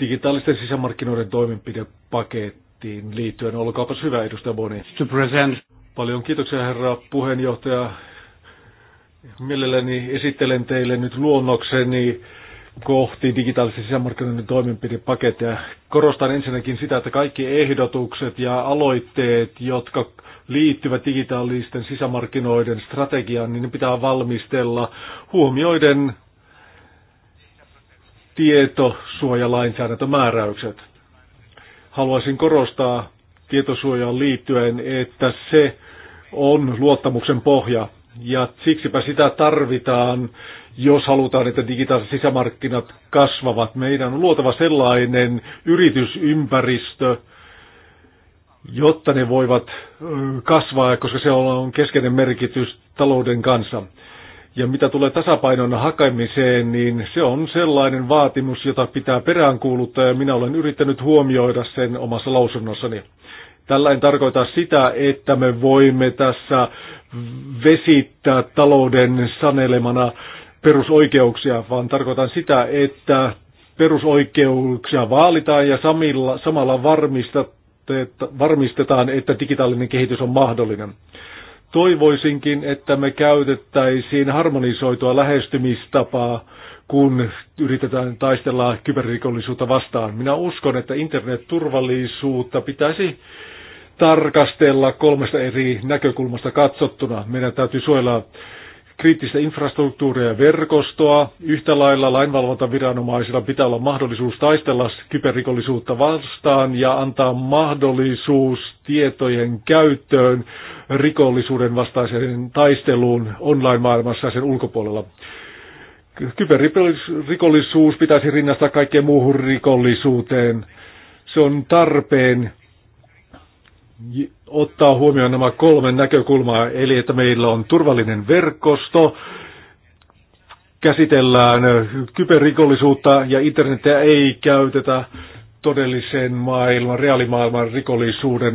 digitaalisten sisämarkkinoiden toimenpidepakettiin liittyen. Olkaapas hyvä, edustaja Boni. To present. Paljon kiitoksia, herra puheenjohtaja. Mielelläni esittelen teille nyt luonnokseni kohti digitaalisen sisämarkkinoiden toimenpidepaketteja. Korostan ensinnäkin sitä, että kaikki ehdotukset ja aloitteet, jotka liittyvät digitaalisten sisämarkkinoiden strategiaan, niin ne pitää valmistella huomioiden tietosuojalainsäädäntömääräykset. Haluaisin korostaa tietosuojaan liittyen, että se on luottamuksen pohja ja siksipä sitä tarvitaan, jos halutaan, että digitaaliset sisämarkkinat kasvavat. Meidän on luotava sellainen yritysympäristö, jotta ne voivat kasvaa, koska se on keskeinen merkitys talouden kanssa. Ja mitä tulee tasapainon hakemiseen, niin se on sellainen vaatimus, jota pitää peräänkuuluttaa ja minä olen yrittänyt huomioida sen omassa lausunnossani. Tällä en tarkoita sitä, että me voimme tässä vesittää talouden sanelemana perusoikeuksia, vaan tarkoitan sitä, että perusoikeuksia vaalitaan ja samilla, samalla varmistetaan, varmistetaan, että digitaalinen kehitys on mahdollinen. Toivoisinkin, että me käytettäisiin harmonisoitua lähestymistapaa, kun yritetään taistella kyberrikollisuutta vastaan. Minä uskon, että internetturvallisuutta pitäisi tarkastella kolmesta eri näkökulmasta katsottuna. Meidän täytyy suojella kriittistä infrastruktuuria ja verkostoa. Yhtä lailla lainvalvontaviranomaisilla pitää olla mahdollisuus taistella kyberrikollisuutta vastaan ja antaa mahdollisuus tietojen käyttöön rikollisuuden vastaiseen taisteluun online-maailmassa ja sen ulkopuolella. Kyberrikollisuus pitäisi rinnastaa kaikkeen muuhun rikollisuuteen. Se on tarpeen ottaa huomioon nämä kolme näkökulmaa, eli että meillä on turvallinen verkosto, käsitellään kyberrikollisuutta ja internetiä ei käytetä todellisen maailman, reaalimaailman rikollisuuden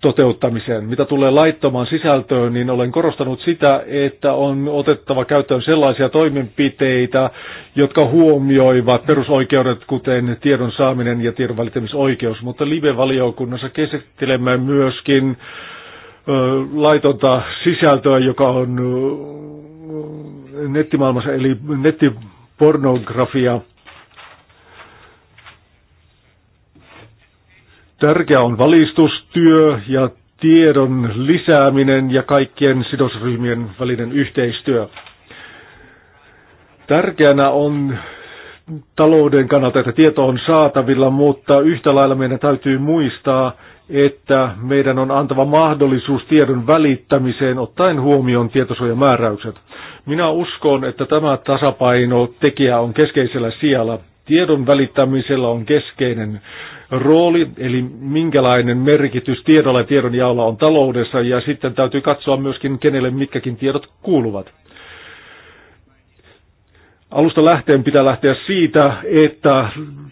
toteuttamiseen. Mitä tulee laittomaan sisältöön, niin olen korostanut sitä, että on otettava käyttöön sellaisia toimenpiteitä, jotka huomioivat perusoikeudet, kuten tiedon saaminen ja tiedon välittämisoikeus. Mutta live-valiokunnassa käsittelemme myöskin laitonta sisältöä, joka on nettimaailmassa, eli nettipornografia. Tärkeää on valistustyö ja tiedon lisääminen ja kaikkien sidosryhmien välinen yhteistyö. Tärkeänä on talouden kannalta, että tieto on saatavilla, mutta yhtä lailla meidän täytyy muistaa, että meidän on antava mahdollisuus tiedon välittämiseen ottaen huomioon tietosuojamääräykset. Minä uskon, että tämä tasapaino tekijä on keskeisellä sijalla. Tiedon välittämisellä on keskeinen rooli, eli minkälainen merkitys tiedolla ja tiedonjaolla on taloudessa, ja sitten täytyy katsoa myöskin, kenelle mitkäkin tiedot kuuluvat. Alusta lähteen pitää lähteä siitä, että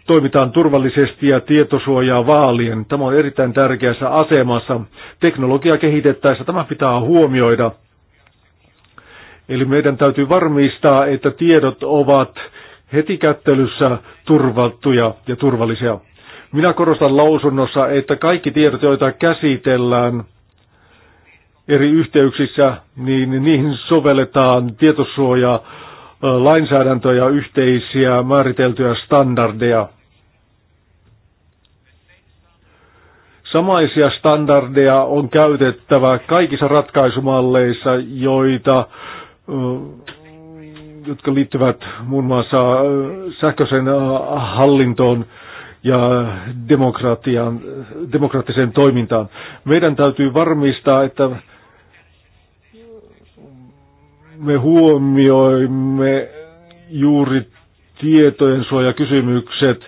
toimitaan turvallisesti ja tietosuojaa vaalien. Tämä on erittäin tärkeässä asemassa. Teknologiaa kehitettäessä tämä pitää huomioida. Eli meidän täytyy varmistaa, että tiedot ovat heti kättelyssä turvattuja ja turvallisia. Minä korostan lausunnossa, että kaikki tiedot, joita käsitellään eri yhteyksissä, niin niihin sovelletaan tietosuoja, lainsäädäntöä ja yhteisiä määriteltyjä standardeja. Samaisia standardeja on käytettävä kaikissa ratkaisumalleissa, joita, jotka liittyvät muun muassa sähköisen hallintoon ja demokratian, demokraattiseen toimintaan. Meidän täytyy varmistaa, että me huomioimme juuri tietojen suojakysymykset,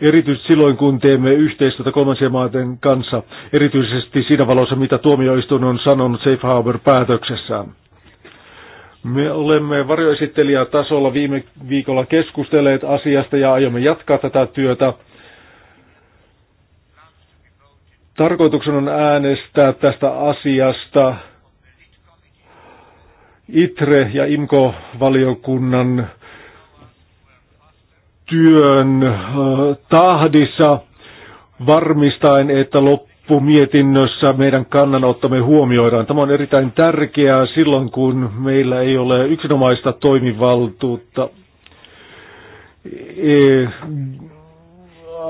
erityisesti silloin kun teemme yhteistyötä kolmansien maiden kanssa, erityisesti siinä valossa, mitä tuomioistuin on sanonut Safe Harbor-päätöksessään. Me olemme varjoesittelijätasolla viime viikolla keskustelleet asiasta ja aiomme jatkaa tätä työtä. Tarkoituksena on äänestää tästä asiasta ITRE- ja IMKO-valiokunnan työn tahdissa varmistaen, että loppumietinnössä meidän kannanottomme huomioidaan. Tämä on erittäin tärkeää silloin, kun meillä ei ole yksinomaista toimivaltuutta e,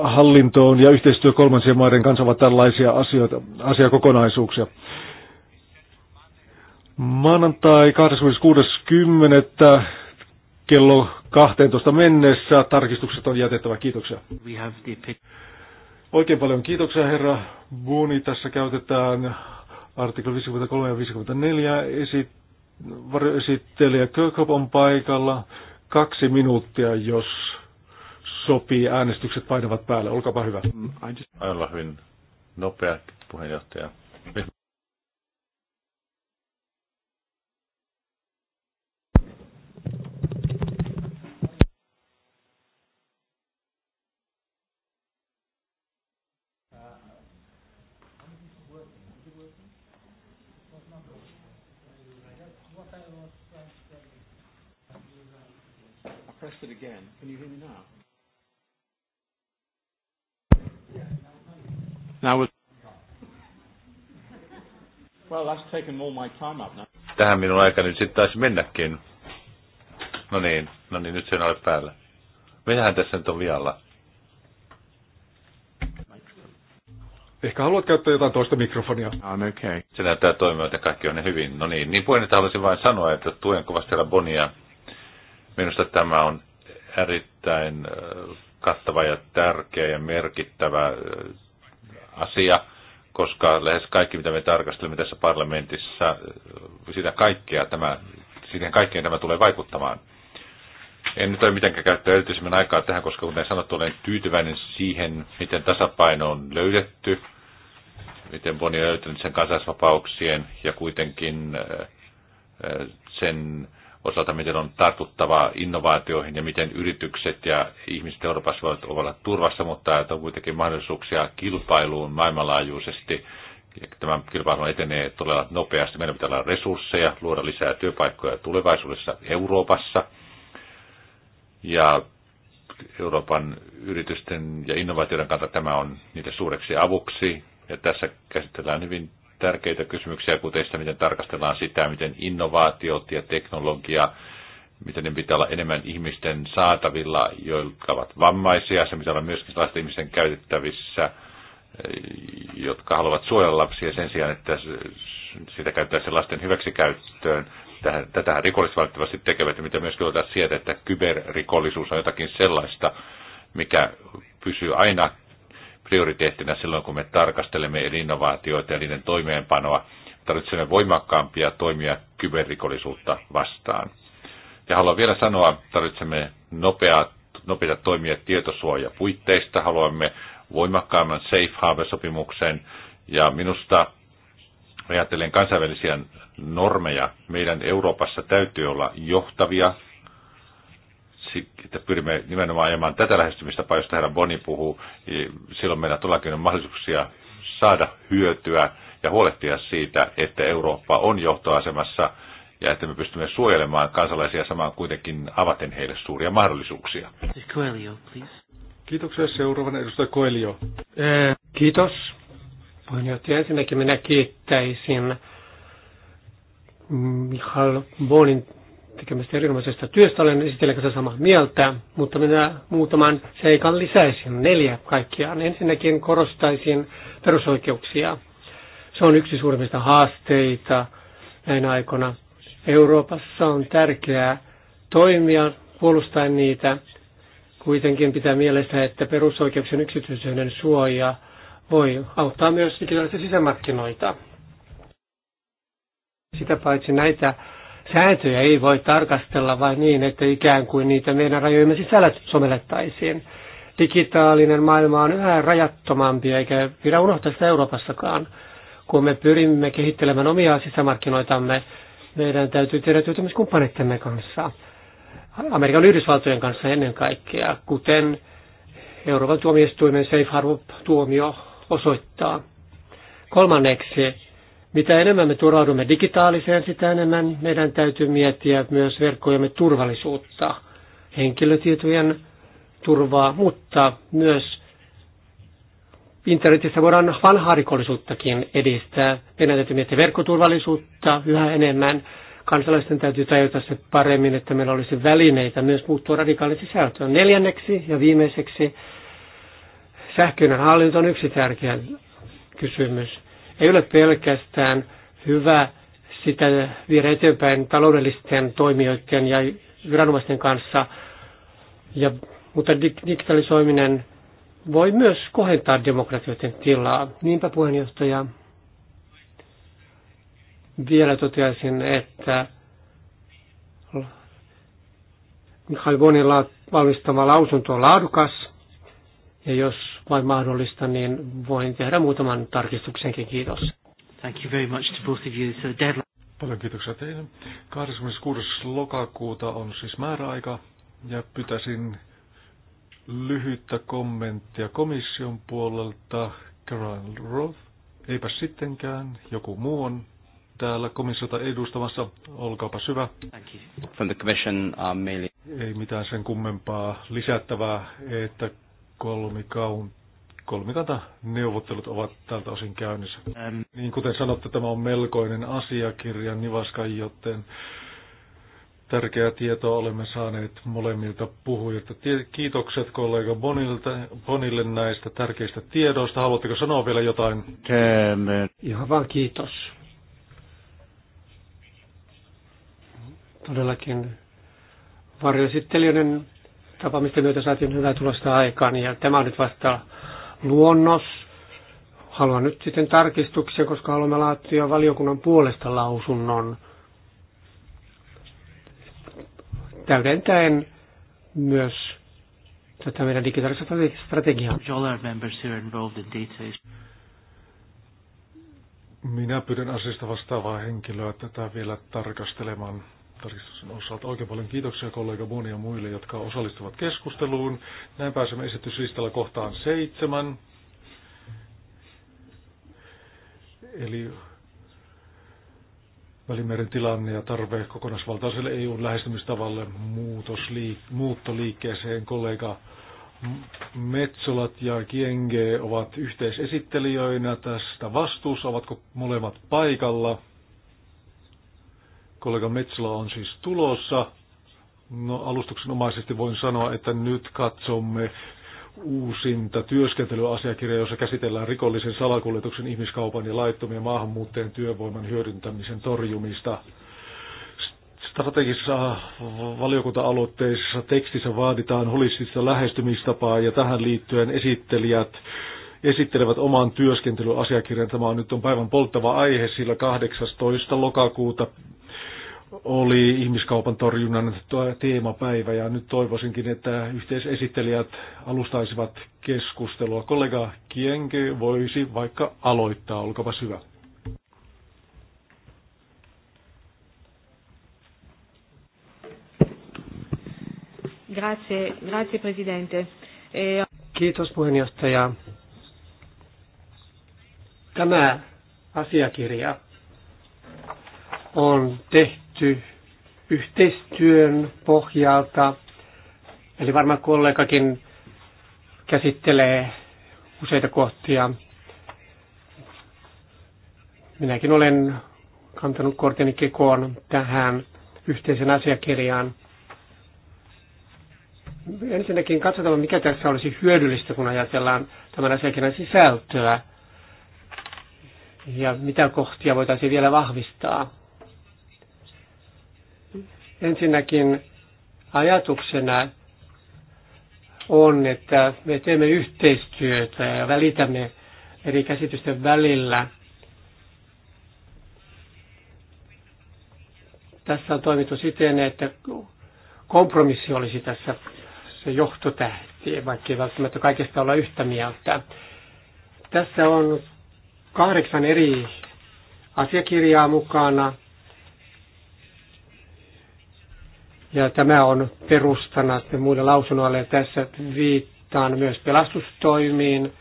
hallintoon ja yhteistyö kolmansien maiden kanssa ovat tällaisia asioita, asiakokonaisuuksia. Maanantai 26.10. kello 12 mennessä tarkistukset on jätettävä. Kiitoksia. Oikein paljon kiitoksia herra Buuni. Tässä käytetään artikla 53 ja 54. Esi- varjoesittelijä Kirkhope on paikalla. Kaksi minuuttia, jos sopii, äänestykset painavat päälle. Olkaapa hyvä. Mm, Aivan hyvin nopea puheenjohtaja. pressed it again. Can you hear me now? Well, that's taken all my time up now. Tähän minun aikani nyt sitten taisi mennäkin. No niin, no niin, nyt sen ole päällä. Mitähän tässä nyt on vialla? Ehkä haluat käyttää jotain toista mikrofonia. On okay. Se näyttää toimia, että kaikki on ne hyvin. No niin, niin puheen, haluaisin vain sanoa, että tuen kovasti Bonia. Minusta tämä on erittäin äh, kattava ja tärkeä ja merkittävä äh, asia, koska lähes kaikki, mitä me tarkastelemme tässä parlamentissa, sitä kaikkea tämä, siihen kaikkeen tämä tulee vaikuttamaan. En nyt ole mitenkään käyttää erityisemmin aikaa tähän, koska kuten sanottu, olen tyytyväinen siihen, miten tasapaino on löydetty, miten Boni on löytänyt sen kansallisvapauksien ja kuitenkin äh, äh, sen osalta, miten on tartuttava innovaatioihin ja miten yritykset ja ihmiset Euroopassa voivat olla turvassa, mutta että on kuitenkin mahdollisuuksia kilpailuun maailmanlaajuisesti. Tämä kilpailu etenee todella nopeasti. Meidän pitää olla resursseja, luoda lisää työpaikkoja tulevaisuudessa Euroopassa. Ja Euroopan yritysten ja innovaatioiden kannalta tämä on niitä suureksi avuksi. Ja tässä käsitellään hyvin tärkeitä kysymyksiä, kuten sitä, miten tarkastellaan sitä, miten innovaatiot ja teknologia, miten ne pitää olla enemmän ihmisten saatavilla, jotka ovat vammaisia. Se pitää olla myöskin sellaisten ihmisten käytettävissä, eh, jotka haluavat suojella lapsia sen sijaan, että sitä käyttäisiin lasten hyväksikäyttöön. Tätähän rikolliset valitettavasti tekevät, ja mitä myöskin voidaan sieltä, että kyberrikollisuus on jotakin sellaista, mikä pysyy aina prioriteettina silloin, kun me tarkastelemme eri innovaatioita ja niiden toimeenpanoa. Tarvitsemme voimakkaampia toimia kyberrikollisuutta vastaan. Ja haluan vielä sanoa, tarvitsemme nopeaa, nopeita toimia tietosuojapuitteista. Haluamme voimakkaamman Safe Harbor-sopimuksen. Ja minusta ajattelen kansainvälisiä normeja. Meidän Euroopassa täytyy olla johtavia että pyrimme nimenomaan ajamaan tätä lähestymistapaa, josta herra Boni puhuu, niin silloin meillä todellakin on mahdollisuuksia saada hyötyä ja huolehtia siitä, että Eurooppa on johtoasemassa ja että me pystymme suojelemaan kansalaisia samaan kuitenkin avaten heille suuria mahdollisuuksia. Coelho, Kiitoksia seuraavana edustaja Koelio. Eh, Kiitos. Puheenjohtaja, ensinnäkin minä kiittäisin Mikhail Bonin tekemästä erinomaisesta työstä. Olen esitelläksä samaa mieltä, mutta minä muutaman seikan lisäisin, neljä kaikkiaan. Ensinnäkin korostaisin perusoikeuksia. Se on yksi suurimmista haasteita näinä aikoina. Euroopassa on tärkeää toimia puolustaen niitä. Kuitenkin pitää mielessä, että perusoikeuksien yksityisyyden suoja voi auttaa myös digitaalisia sisämarkkinoita. Sitä paitsi näitä sääntöjä ei voi tarkastella vain niin, että ikään kuin niitä meidän rajojemme sisällä sovellettaisiin. Digitaalinen maailma on yhä rajattomampi, eikä pidä unohtaa sitä Euroopassakaan. Kun me pyrimme kehittelemään omia sisämarkkinoitamme, meidän täytyy tehdä työtä myös kumppaneittemme kanssa. Amerikan Yhdysvaltojen kanssa ennen kaikkea, kuten Euroopan tuomioistuimen Safe Harbor-tuomio osoittaa. Kolmanneksi mitä enemmän me turvaudumme digitaaliseen, sitä enemmän meidän täytyy miettiä myös verkkojemme turvallisuutta, henkilötietojen turvaa, mutta myös internetissä voidaan vanhaa rikollisuuttakin edistää. Meidän täytyy miettiä verkkoturvallisuutta yhä enemmän. Kansalaisten täytyy tajuta se paremmin, että meillä olisi välineitä myös muuttua radikaalin sisältöön. Neljänneksi ja viimeiseksi sähköinen hallinto on yksi tärkeä kysymys ei ole pelkästään hyvä sitä viedä eteenpäin taloudellisten toimijoiden ja viranomaisten kanssa, ja, mutta digitalisoiminen voi myös kohentaa demokratioiden tilaa. Niinpä puheenjohtaja vielä toteaisin, että Mikhail Bonin valmistama lausunto on laadukas, ja jos vain mahdollista, niin voin tehdä muutaman tarkistuksenkin. Kiitos. Thank you very much to both of you. So deadline... Paljon kiitoksia teille. 26. lokakuuta on siis määräaika ja pyytäisin lyhyttä kommenttia komission puolelta. Karen Roth, eipä sittenkään, joku muu on täällä komissiota edustamassa. Olkaapa syvä. From the commission, uh, Ei mitään sen kummempaa lisättävää, että kolmikanta neuvottelut ovat tältä osin käynnissä. Ähm. Niin kuten sanotte, tämä on melkoinen asiakirja Nivaska, joten tärkeää tietoa olemme saaneet molemmilta puhujilta. Kiitokset kollega Bonilta, Bonille näistä tärkeistä tiedoista. Haluatteko sanoa vielä jotain? Käänneen. Ihan vaan kiitos. Todellakin varjoesittelijöiden tapaamisten myötä saatiin hyvää tulosta aikaan ja tämä on nyt vasta luonnos. Haluan nyt sitten tarkistuksia, koska haluamme laatia valiokunnan puolesta lausunnon täydentäen myös tätä meidän digitaalista strategiaa. Minä pyydän asiasta vastaavaa henkilöä tätä vielä tarkastelemaan tarkistuksen osalta. Oikein paljon kiitoksia kollega Boni ja muille, jotka osallistuvat keskusteluun. Näin pääsemme esityslistalla kohtaan seitsemän. Eli Välimeren tilanne ja tarve kokonaisvaltaiselle EUn lähestymistavalle muutos, muuttoliikkeeseen. Kollega Metsolat ja Kienge ovat yhteisesittelijöinä tästä vastuussa. Ovatko molemmat paikalla? Kollega Metsola on siis tulossa. No alustuksenomaisesti voin sanoa, että nyt katsomme uusinta työskentelyasiakirjaa, jossa käsitellään rikollisen salakuljetuksen, ihmiskaupan ja laittomien maahanmuuttajien työvoiman hyödyntämisen torjumista. Strategisessa valiokunta-aloitteessa tekstissä vaaditaan holistista lähestymistapaa ja tähän liittyen esittelijät esittelevät oman työskentelyasiakirjan. Tämä on nyt on päivän polttava aihe, sillä 18. lokakuuta oli ihmiskaupan torjunnan teemapäivä ja nyt toivoisinkin, että yhteisesittelijät alustaisivat keskustelua. Kollega Kienke voisi vaikka aloittaa, olkapa hyvä. Grazie, grazie presidente. E... Kiitos puheenjohtaja. Tämä asiakirja on tehty tehty yhteistyön pohjalta. Eli varmaan kollegakin käsittelee useita kohtia. Minäkin olen kantanut korteni kekoon tähän yhteisen asiakirjaan. Ensinnäkin katsotaan, mikä tässä olisi hyödyllistä, kun ajatellaan tämän asiakirjan sisältöä ja mitä kohtia voitaisiin vielä vahvistaa. Ensinnäkin ajatuksena on, että me teemme yhteistyötä ja välitämme eri käsitysten välillä. Tässä on toimittu siten, että kompromissi olisi tässä se johtotähti, vaikka ei välttämättä kaikesta olla yhtä mieltä. Tässä on kahdeksan eri asiakirjaa mukana, Ja tämä on perustana sitten muille lausunnoille. Tässä viittaan myös pelastustoimiin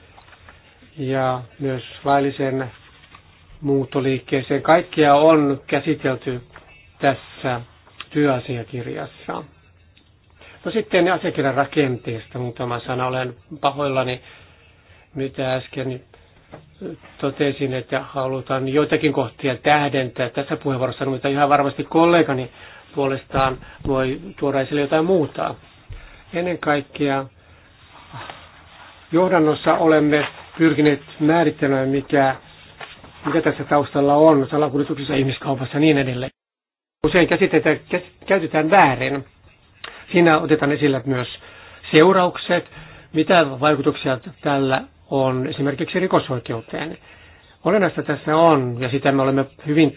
ja myös lailliseen muuttoliikkeeseen. Kaikkia on käsitelty tässä työasiakirjassa. No sitten asiakirjan rakenteesta muutama sana. Olen pahoillani, mitä äsken totesin, että halutaan joitakin kohtia tähdentää tässä puheenvuorossa, mutta ihan varmasti kollegani puolestaan voi tuoda esille jotain muuta. Ennen kaikkea johdannossa olemme pyrkineet määrittämään, mikä, mikä tässä taustalla on salakuljetuksessa, ihmiskaupassa ja niin edelleen. Usein käsitetään, käs, käytetään väärin. Siinä otetaan esille myös seuraukset, mitä vaikutuksia tällä on esimerkiksi rikosoikeuteen. Olennaista tässä on, ja sitä me olemme hyvin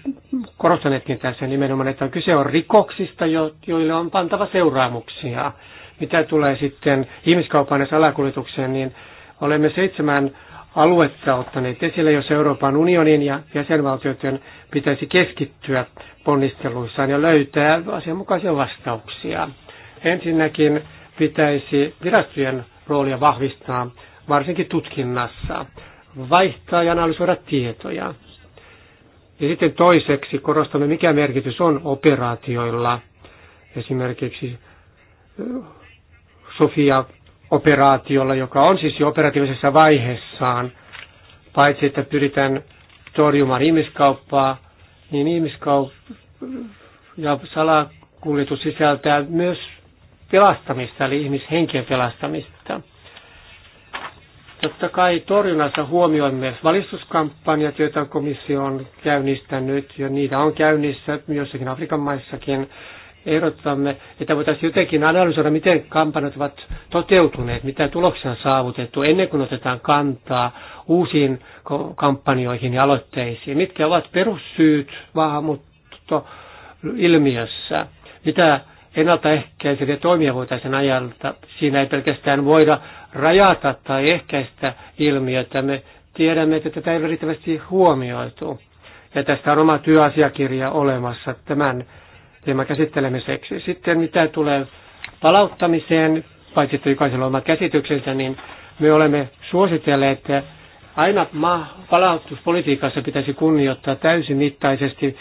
korostaneetkin tässä nimenomaan, että kyse on rikoksista, joille on pantava seuraamuksia. Mitä tulee sitten ihmiskaupan ja salakuljetukseen, niin olemme seitsemän aluetta ottaneet esille, jos Euroopan unionin ja jäsenvaltioiden pitäisi keskittyä ponnisteluissaan ja löytää asianmukaisia vastauksia. Ensinnäkin pitäisi virastojen roolia vahvistaa, varsinkin tutkinnassa vaihtaa ja analysoida tietoja. Ja sitten toiseksi korostamme, mikä merkitys on operaatioilla. Esimerkiksi eh, Sofia-operaatiolla, joka on siis jo operatiivisessa vaiheessaan, paitsi että pyritään torjumaan ihmiskauppaa, niin ihmiskauppa ja salakuljetus sisältää myös pelastamista, eli ihmishenkien pelastamista. Totta kai torjunnassa huomioimme valistuskampanjat, joita komissio on käynnistänyt, ja niitä on käynnissä jossakin Afrikan maissakin. Ehdotamme, että voitaisiin jotenkin analysoida, miten kampanjat ovat toteutuneet, mitä tuloksia on saavutettu, ennen kuin otetaan kantaa uusiin kampanjoihin ja aloitteisiin. Mitkä ovat perussyyt maahanmuutto ilmiössä? Mitä ennaltaehkäiseviä toimia voitaisiin ajalta. Siinä ei pelkästään voida rajata tai ehkäistä ilmiötä. Me tiedämme, että tätä ei ole riittävästi huomioitu. Ja tästä on oma työasiakirja olemassa tämän teeman käsittelemiseksi. Sitten mitä tulee palauttamiseen, paitsi että jokaisella on oma käsityksensä, niin me olemme suositelleet, että aina maa- palautuspolitiikassa pitäisi kunnioittaa täysin mittaisesti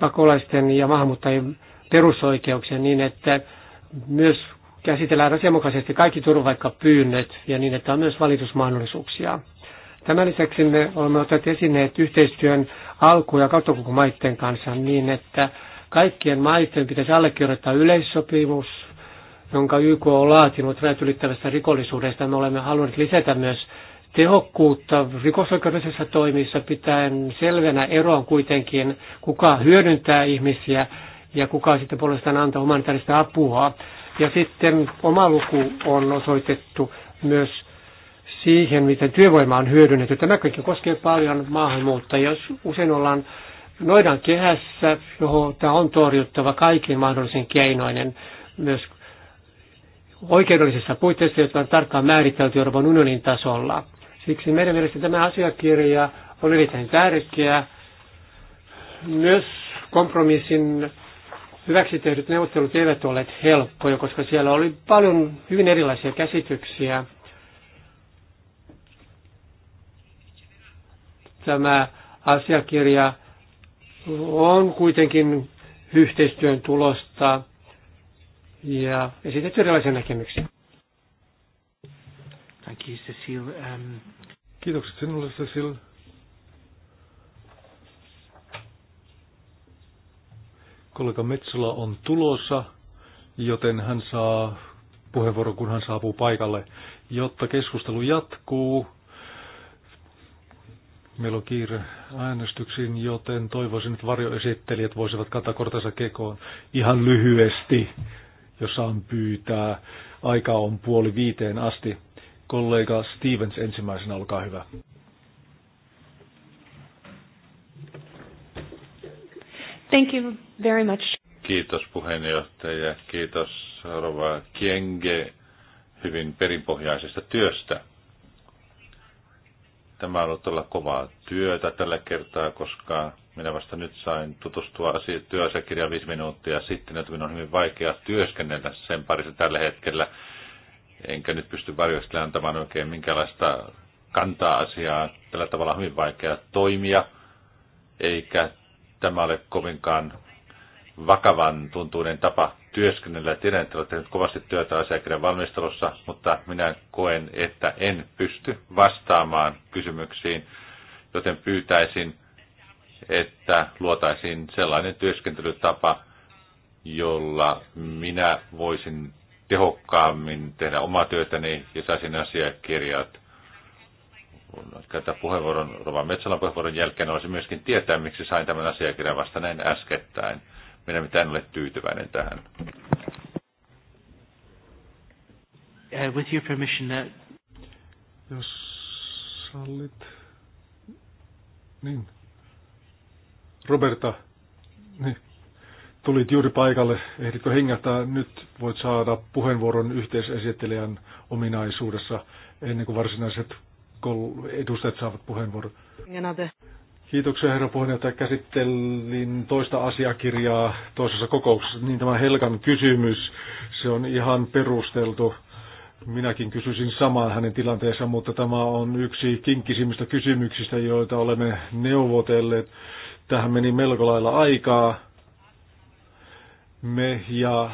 pakolaisten ja maahanmuuttajien perusoikeuksia niin, että myös käsitellään asianmukaisesti kaikki turvapaikkapyynnöt ja niin, että on myös valitusmahdollisuuksia. Tämän lisäksi me olemme ottaneet esineet yhteistyön alku- ja kauttakulkumaiden kanssa niin, että kaikkien maiden pitäisi allekirjoittaa yleissopimus, jonka YK on laatinut rajat ylittävästä rikollisuudesta. Me olemme halunneet lisätä myös tehokkuutta rikosoikeudellisessa toimissa pitäen selvänä eroon kuitenkin, kuka hyödyntää ihmisiä ja kuka sitten puolestaan antaa humanitaarista apua. Ja sitten oma luku on osoitettu myös siihen, miten työvoima on hyödynnetty. Tämä kaikki koskee paljon maahanmuuttajia. Jos usein ollaan noidan kehässä, johon tämä on torjuttava kaikin mahdollisen keinoinen, myös oikeudellisissa puitteissa, jotka on tarkkaan määritelty Euroopan unionin tasolla. Siksi meidän mielestä tämä asiakirja on erittäin tärkeä. Myös kompromissin hyväksi tehdyt neuvottelut eivät olleet helppoja, koska siellä oli paljon hyvin erilaisia käsityksiä. Tämä asiakirja on kuitenkin yhteistyön tulosta ja esitetty erilaisia näkemyksiä. Thank Cecil. Um, Kiitokset sinulle, Cecil. Kollega Metsola on tulossa, joten hän saa puheenvuoron, kun hän saapuu paikalle. Jotta keskustelu jatkuu, meillä on kiire äänestyksiin, joten toivoisin, että varjoesittelijät voisivat kantaa kortensa kekoon ihan lyhyesti, jos saan pyytää. Aika on puoli viiteen asti. Kollega Stevens ensimmäisenä, olkaa hyvä. Thank you very much. Kiitos puheenjohtaja, kiitos Rova Kienge hyvin perinpohjaisesta työstä. Tämä on ollut todella kovaa työtä tällä kertaa, koska minä vasta nyt sain tutustua työasiakirjaan viisi minuuttia sitten, että minun on hyvin vaikea työskennellä sen parissa tällä hetkellä. Enkä nyt pysty varjoisille antamaan oikein minkälaista kantaa asiaa. Tällä tavalla on hyvin vaikea toimia, eikä tämä ole kovinkaan vakavan tuntuinen tapa työskennellä. Tiedän, että olette nyt kovasti työtä asiakirjan valmistelussa, mutta minä koen, että en pysty vastaamaan kysymyksiin, joten pyytäisin, että luotaisiin sellainen työskentelytapa, jolla minä voisin tehokkaammin tehdä omaa työtäni ja saisin asiakirjat käyttää puheenvuoron, Rovan Metsälän puheenvuoron jälkeen, olisi myöskin tietää, miksi sain tämän asiakirjan vasta näin äskettäin. Minä mitään ole tyytyväinen tähän. Uh, with your permission, uh... Jos sallit. Niin. Roberta, niin. tulit juuri paikalle. Ehditkö hengähtää? Nyt voit saada puheenvuoron yhteisesittelijän ominaisuudessa ennen kuin varsinaiset edustajat saavat puheenvuoron. Kiitoksia herra puheenjohtaja. Käsittelin toista asiakirjaa toisessa kokouksessa. Niin tämä Helkan kysymys, se on ihan perusteltu. Minäkin kysyisin samaan hänen tilanteensa, mutta tämä on yksi kinkkisimmistä kysymyksistä, joita olemme neuvotelleet. Tähän meni melko lailla aikaa. Me ja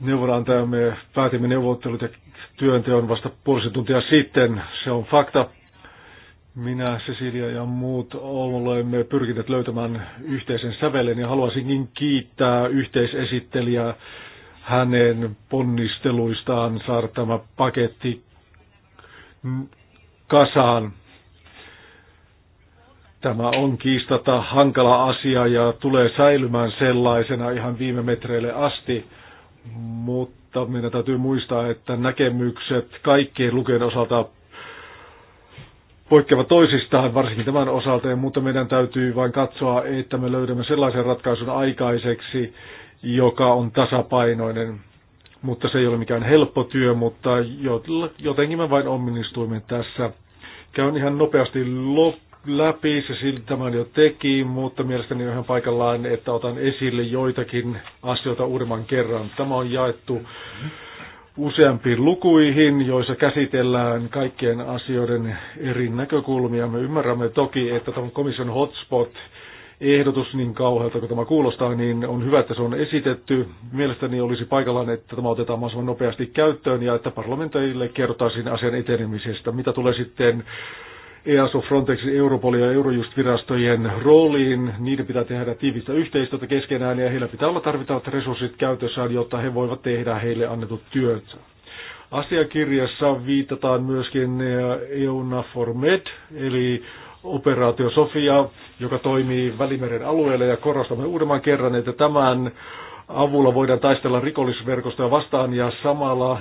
neuvonantajamme päätimme neuvottelut ja työnteon vasta puolisen tuntia sitten. Se on fakta. Minä, Cecilia ja muut olemme pyrkineet löytämään yhteisen sävelen ja haluaisinkin kiittää yhteisesittelijää hänen ponnisteluistaan saada tämä paketti kasaan. Tämä on kiistata hankala asia ja tulee säilymään sellaisena ihan viime metreille asti mutta meidän täytyy muistaa, että näkemykset kaikkien lukien osalta poikkeavat toisistaan, varsinkin tämän osalta, mutta meidän täytyy vain katsoa, että me löydämme sellaisen ratkaisun aikaiseksi, joka on tasapainoinen. Mutta se ei ole mikään helppo työ, mutta jotenkin me vain onnistuimme tässä. Käyn ihan nopeasti loppuun läpi, se silti tämän jo teki, mutta mielestäni on ihan paikallaan, että otan esille joitakin asioita uudemman kerran. Tämä on jaettu useampiin lukuihin, joissa käsitellään kaikkien asioiden eri näkökulmia. Me ymmärrämme toki, että tämä komission hotspot ehdotus niin kauhealta kuin tämä kuulostaa, niin on hyvä, että se on esitetty. Mielestäni olisi paikallaan, että tämä otetaan mahdollisimman nopeasti käyttöön ja että parlamenteille kerrotaan asian etenemisestä. Mitä tulee sitten EASO, Frontex, Europol ja Eurojust-virastojen rooliin. Niiden pitää tehdä tiivistä yhteistyötä keskenään ja heillä pitää olla tarvittavat resurssit käytössään, jotta he voivat tehdä heille annetut työt. Asiakirjassa viitataan myöskin EUNAFOR MED, eli operaatio Sofia, joka toimii Välimeren alueella ja korostamme uudemman kerran, että tämän avulla voidaan taistella rikollisverkostoja vastaan ja samalla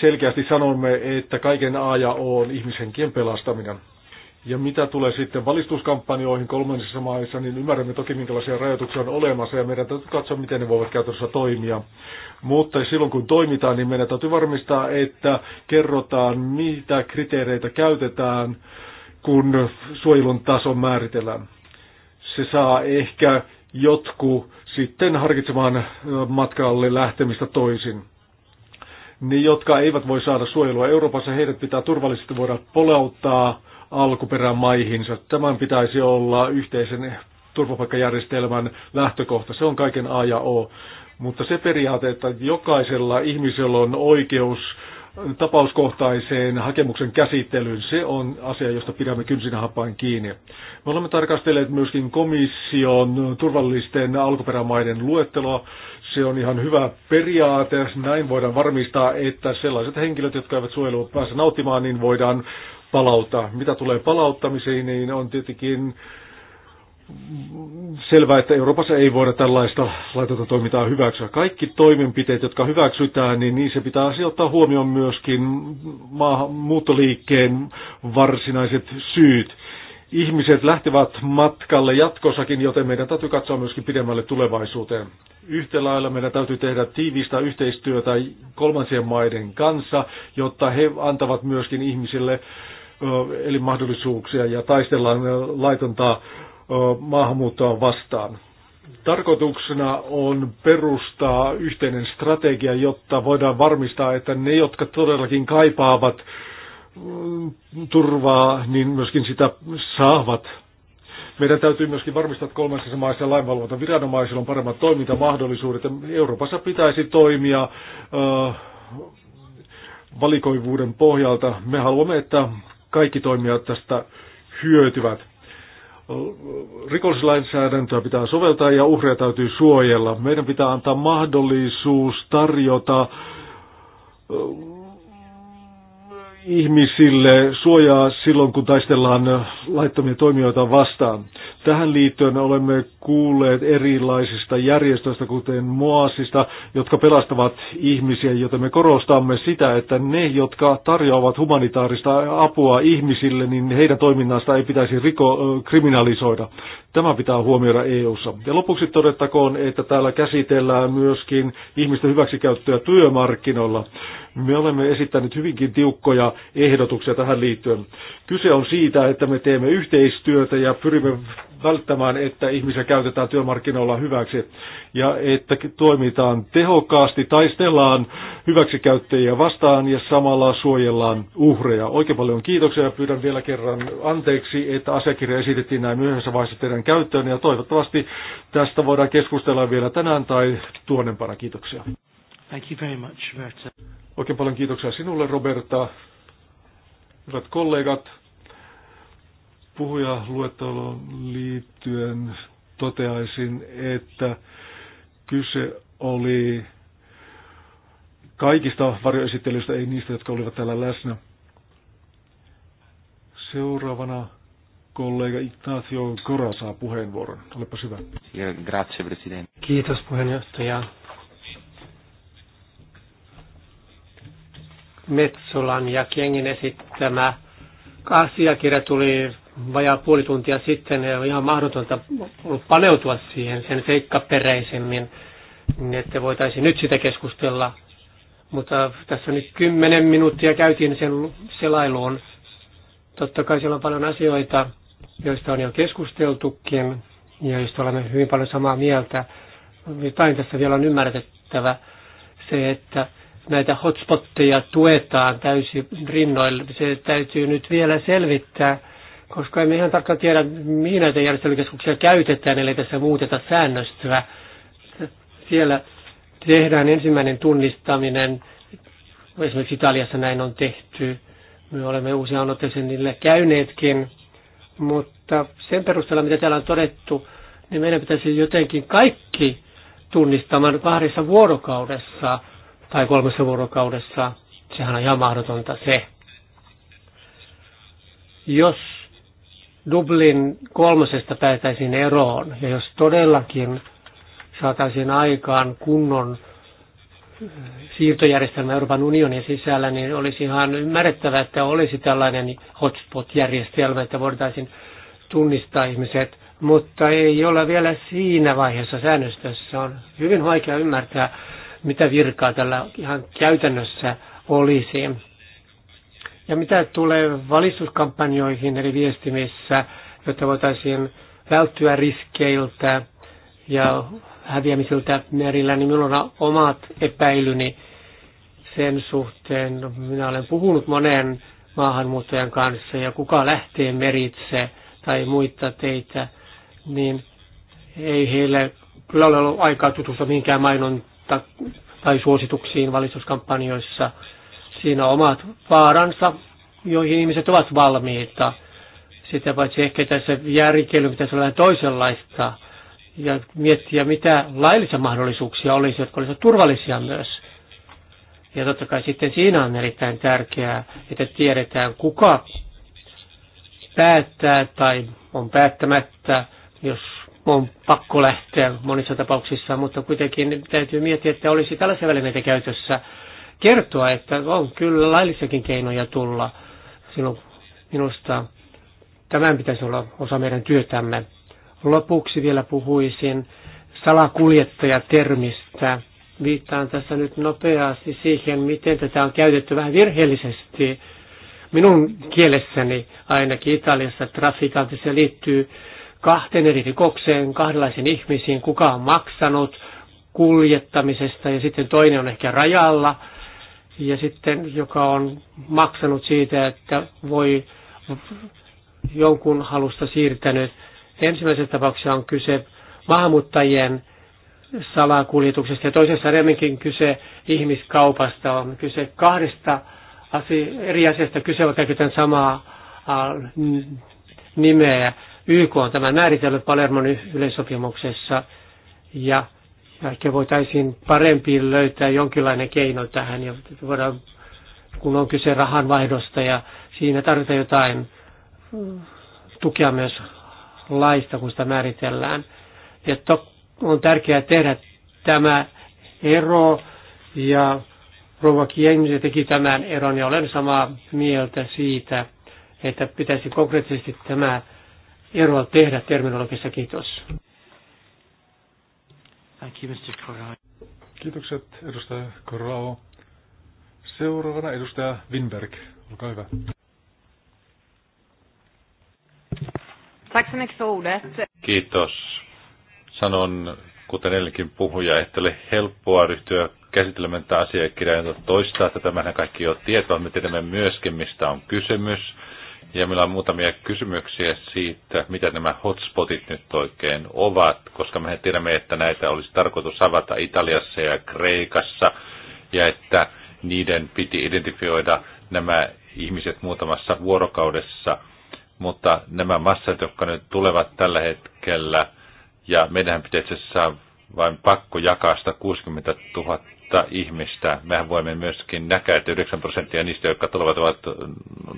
selkeästi sanomme, että kaiken A ja O on ihmishenkien pelastaminen. Ja mitä tulee sitten valistuskampanjoihin kolmannessa maissa, niin ymmärrämme toki minkälaisia rajoituksia on olemassa ja meidän täytyy katsoa, miten ne voivat käytännössä toimia. Mutta silloin kun toimitaan, niin meidän täytyy varmistaa, että kerrotaan, mitä kriteereitä käytetään, kun suojelun taso määritellään. Se saa ehkä jotkut sitten harkitsemaan matkalle lähtemistä toisin. Ne, jotka eivät voi saada suojelua Euroopassa, heidät pitää turvallisesti voida polauttaa maihinsa. Tämän pitäisi olla yhteisen turvapaikkajärjestelmän lähtökohta. Se on kaiken A ja O. Mutta se periaate, että jokaisella ihmisellä on oikeus tapauskohtaiseen hakemuksen käsittelyyn. Se on asia, josta pidämme hapain kiinni. Me olemme tarkastelleet myöskin komission turvallisten alkuperämaiden luetteloa. Se on ihan hyvä periaate. Näin voidaan varmistaa, että sellaiset henkilöt, jotka eivät suojelua pääse nauttimaan, niin voidaan palauttaa. Mitä tulee palauttamiseen, niin on tietenkin äh, selvää, että Euroopassa ei voida tällaista laitonta toimintaa hyväksyä. Kaikki toimenpiteet, jotka hyväksytään, niin niissä pitää ottaa huomioon myöskin muuttoliikkeen varsinaiset syyt. Ihmiset lähtevät matkalle jatkossakin, joten meidän täytyy katsoa myöskin pidemmälle tulevaisuuteen. Yhtä lailla meidän täytyy tehdä tiivistä yhteistyötä kolmansien maiden kanssa, jotta he antavat myöskin ihmisille eli mahdollisuuksia ja taistellaan laitonta maahanmuuttoa vastaan. Tarkoituksena on perustaa yhteinen strategia, jotta voidaan varmistaa, että ne, jotka todellakin kaipaavat mm, turvaa, niin myöskin sitä saavat. Meidän täytyy myöskin varmistaa, että kolmansissa maissa lainvalvontaviranomaisilla on paremmat toimintamahdollisuudet. Euroopassa pitäisi toimia valikoivuuden pohjalta. Me haluamme, että kaikki toimijat tästä hyötyvät rikollislainsäädäntöä pitää soveltaa ja uhreja täytyy suojella. Meidän pitää antaa mahdollisuus tarjota ihmisille suojaa silloin, kun taistellaan laittomia toimijoita vastaan. Tähän liittyen olemme kuulleet erilaisista järjestöistä, kuten Moasista, jotka pelastavat ihmisiä, joten me korostamme sitä, että ne, jotka tarjoavat humanitaarista apua ihmisille, niin heidän toiminnasta ei pitäisi riko, kriminalisoida. Tämä pitää huomioida EU-ssa. Ja lopuksi todettakoon, että täällä käsitellään myöskin ihmisten hyväksikäyttöä työmarkkinoilla. Me olemme esittäneet hyvinkin tiukkoja ehdotuksia tähän liittyen. Kyse on siitä, että me teemme yhteistyötä ja pyrimme välttämään, että ihmisiä käytetään työmarkkinoilla hyväksi ja että toimitaan tehokkaasti, taistellaan hyväksikäyttäjiä vastaan ja samalla suojellaan uhreja. Oikein paljon kiitoksia ja pyydän vielä kerran anteeksi, että asiakirja esitettiin näin myöhemmässä vaiheessa teidän käyttöön ja toivottavasti tästä voidaan keskustella vielä tänään tai tuonnempana. Kiitoksia. Thank you very much, Roberta. Oikein paljon kiitoksia sinulle, Roberta. Hyvät kollegat, puhujaluetteloon liittyen toteaisin, että kyse oli kaikista varjoesittelyistä, ei niistä, jotka olivat täällä läsnä. Seuraavana kollega Ignacio Cora saa puheenvuoron. Olepa hyvä. Grazie, presidente. Kiitos puheenjohtaja. Metsolan ja Kengin esittämä asiakirja tuli vajaa puoli tuntia sitten ja on ihan mahdotonta ollut paneutua siihen sen seikkaperäisemmin, niin että voitaisiin nyt sitä keskustella. Mutta tässä nyt kymmenen minuuttia käytiin sen selailuun. Totta kai siellä on paljon asioita, joista on jo keskusteltukin ja joista olemme hyvin paljon samaa mieltä. Jotain tässä vielä on ymmärrettävä se, että näitä hotspotteja tuetaan täysin rinnoille. Se täytyy nyt vielä selvittää, koska emme ihan tarkkaan tiedä, mihin näitä järjestelykeskuksia käytetään, eli tässä muuteta säännöstöä. Siellä tehdään ensimmäinen tunnistaminen, esimerkiksi Italiassa näin on tehty. Me olemme useaan otteeseen niille käyneetkin, mutta sen perusteella, mitä täällä on todettu, niin meidän pitäisi jotenkin kaikki tunnistamaan kahdessa vuorokaudessa – tai kolmessa vuorokaudessa. Sehän on ihan mahdotonta se. Jos Dublin kolmosesta päätäisiin eroon ja jos todellakin saataisiin aikaan kunnon siirtojärjestelmä Euroopan unionin sisällä, niin olisi ihan ymmärrettävä, että olisi tällainen hotspot-järjestelmä, että voitaisiin tunnistaa ihmiset, mutta ei ole vielä siinä vaiheessa säännöstössä. On hyvin vaikea ymmärtää, mitä virkaa tällä ihan käytännössä olisi. Ja mitä tulee valistuskampanjoihin eli viestimissä, jotta voitaisiin välttyä riskeiltä ja häviämisiltä merillä, niin minulla on omat epäilyni sen suhteen. Minä olen puhunut monen maahanmuuttajan kanssa ja kuka lähtee meritse tai muita teitä, niin ei heille kyllä ole ollut aikaa tutustua mihinkään mainon tai suosituksiin valistuskampanjoissa. Siinä on omat vaaransa, joihin ihmiset ovat valmiita. Sitä paitsi ehkä tässä järkeily pitäisi olla toisenlaista ja miettiä, mitä laillisia mahdollisuuksia olisi, jotka olisivat turvallisia myös. Ja totta kai sitten siinä on erittäin tärkeää, että tiedetään kuka päättää tai on päättämättä, jos on pakko lähteä monissa tapauksissa, mutta kuitenkin täytyy miettiä, että olisi tällaisia välineitä käytössä kertoa, että on kyllä laillisiakin keinoja tulla. Silloin minusta tämän pitäisi olla osa meidän työtämme. Lopuksi vielä puhuisin salakuljettajatermistä. Viittaan tässä nyt nopeasti siihen, miten tätä on käytetty vähän virheellisesti. Minun kielessäni ainakin Italiassa trafikantissa se liittyy kahteen eri rikokseen, kahdenlaisiin ihmisiin, kuka on maksanut kuljettamisesta ja sitten toinen on ehkä rajalla ja sitten joka on maksanut siitä, että voi jonkun halusta siirtänyt. Ensimmäisessä tapauksessa on kyse maahanmuuttajien salakuljetuksesta ja toisessa enemmänkin kyse ihmiskaupasta. On kyse kahdesta asia, eri asiasta, kyse vaikka kaiken samaa nimeä. YK on tämä määritellyt Palermon yleissopimuksessa ja ehkä voitaisiin parempi löytää jonkinlainen keino tähän, voidaan, kun on kyse rahanvaihdosta ja siinä tarvitaan jotain mm, tukea myös laista, kun sitä määritellään. Ja to, on tärkeää tehdä tämä ero ja Rova Kiengse teki tämän eron ja olen samaa mieltä siitä, että pitäisi konkreettisesti tämä eroa tehdä terminologissa. Kiitos. Thank you, Mr. Kiitokset, edustaja Corrao. Seuraavana edustaja Winberg, olkaa hyvä. Kiitos. Sanon, kuten ennenkin puhuja, että oli helppoa ryhtyä käsittelemään tätä asiakirjaa ja toistaa, että tämähän kaikki jo tietoa. Me tiedämme myöskin, mistä on kysymys. Ja meillä on muutamia kysymyksiä siitä, mitä nämä hotspotit nyt oikein ovat, koska mehän tiedämme, että näitä olisi tarkoitus avata Italiassa ja Kreikassa, ja että niiden piti identifioida nämä ihmiset muutamassa vuorokaudessa. Mutta nämä massat, jotka nyt tulevat tällä hetkellä, ja meidän pitäisi saada vain pakko jakaa 160 000 ihmistä. Mehän voimme myöskin näkää, että 9 prosenttia niistä, jotka tulevat, ovat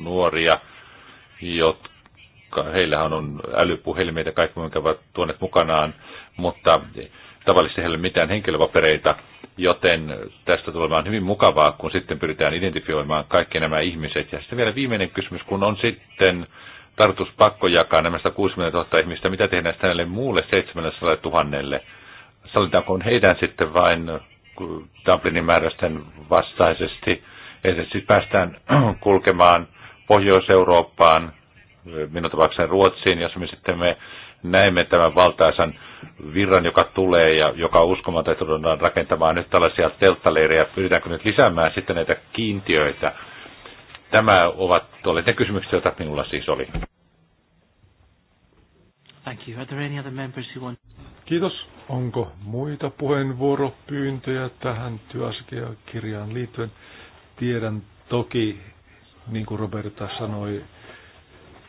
nuoria, jotka, heillähän on älypuhelimeita kaikki, jotka ovat tuoneet mukanaan, mutta tavallisesti heillä ei ole mitään henkilöpapereita, joten tästä tulee vaan hyvin mukavaa, kun sitten pyritään identifioimaan kaikki nämä ihmiset. Ja sitten vielä viimeinen kysymys, kun on sitten tartuspakko jakaa nämä 160 000 ihmistä, mitä tehdään sitten näille muulle 700 000? Sallitaanko heidän sitten vain Dublinin määrästen vastaisesti, että siis päästään kulkemaan Pohjois-Eurooppaan, minun tapaukseni Ruotsiin, jos me sitten me näemme tämän valtaisan virran, joka tulee ja joka on uskomata, että tullaan rakentamaan nyt tällaisia telttaleirejä. Pyritäänkö nyt lisäämään sitten näitä kiintiöitä? Tämä ovat olleet ne kysymykset, joita minulla siis oli. Thank you. Are there any other members who want... Kiitos. Onko muita puheenvuoropyyntöjä tähän työasiakirjaan liittyen? Tiedän toki, niin kuin Roberta sanoi,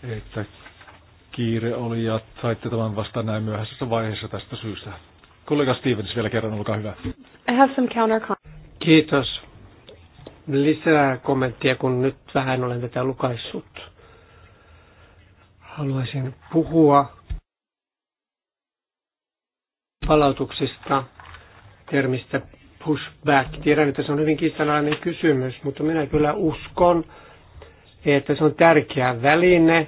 että kiire oli ja saitte tämän vasta näin myöhäisessä vaiheessa tästä syystä. Kollega Stevens vielä kerran, olkaa hyvä. I have some counter Kiitos. Lisää kommenttia, kun nyt vähän olen tätä lukaissut. Haluaisin puhua palautuksista termistä pushback. Tiedän, että se on hyvin kiistanalainen kysymys, mutta minä kyllä uskon, että se on tärkeä väline,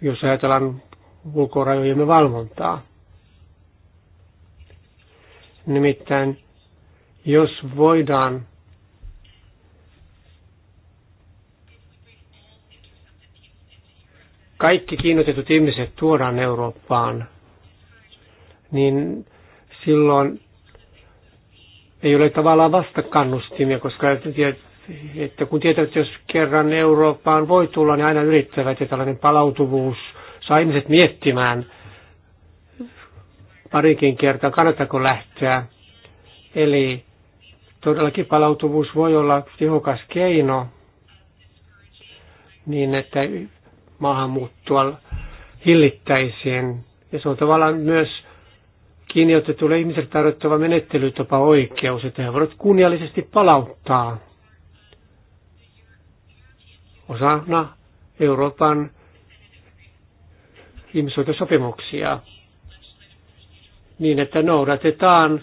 jos ajatellaan ulkorajojemme valvontaa. Nimittäin, jos voidaan kaikki kiinnotetut ihmiset tuodaan Eurooppaan, niin silloin ei ole tavallaan vastakannustimia, koska että kun tietävät, että jos kerran Eurooppaan voi tulla, niin aina yrittävät, ja tällainen palautuvuus saa ihmiset miettimään parinkin kertaa, kannattaako lähteä. Eli todellakin palautuvuus voi olla tehokas keino niin, että maahanmuuttoa hillittäisiin. Ja se on tavallaan myös kiinniotetulle ihmiselle tarjottava menettelytapa oikeus, että he voivat kunniallisesti palauttaa osana Euroopan ihmisoikeussopimuksia niin, että noudatetaan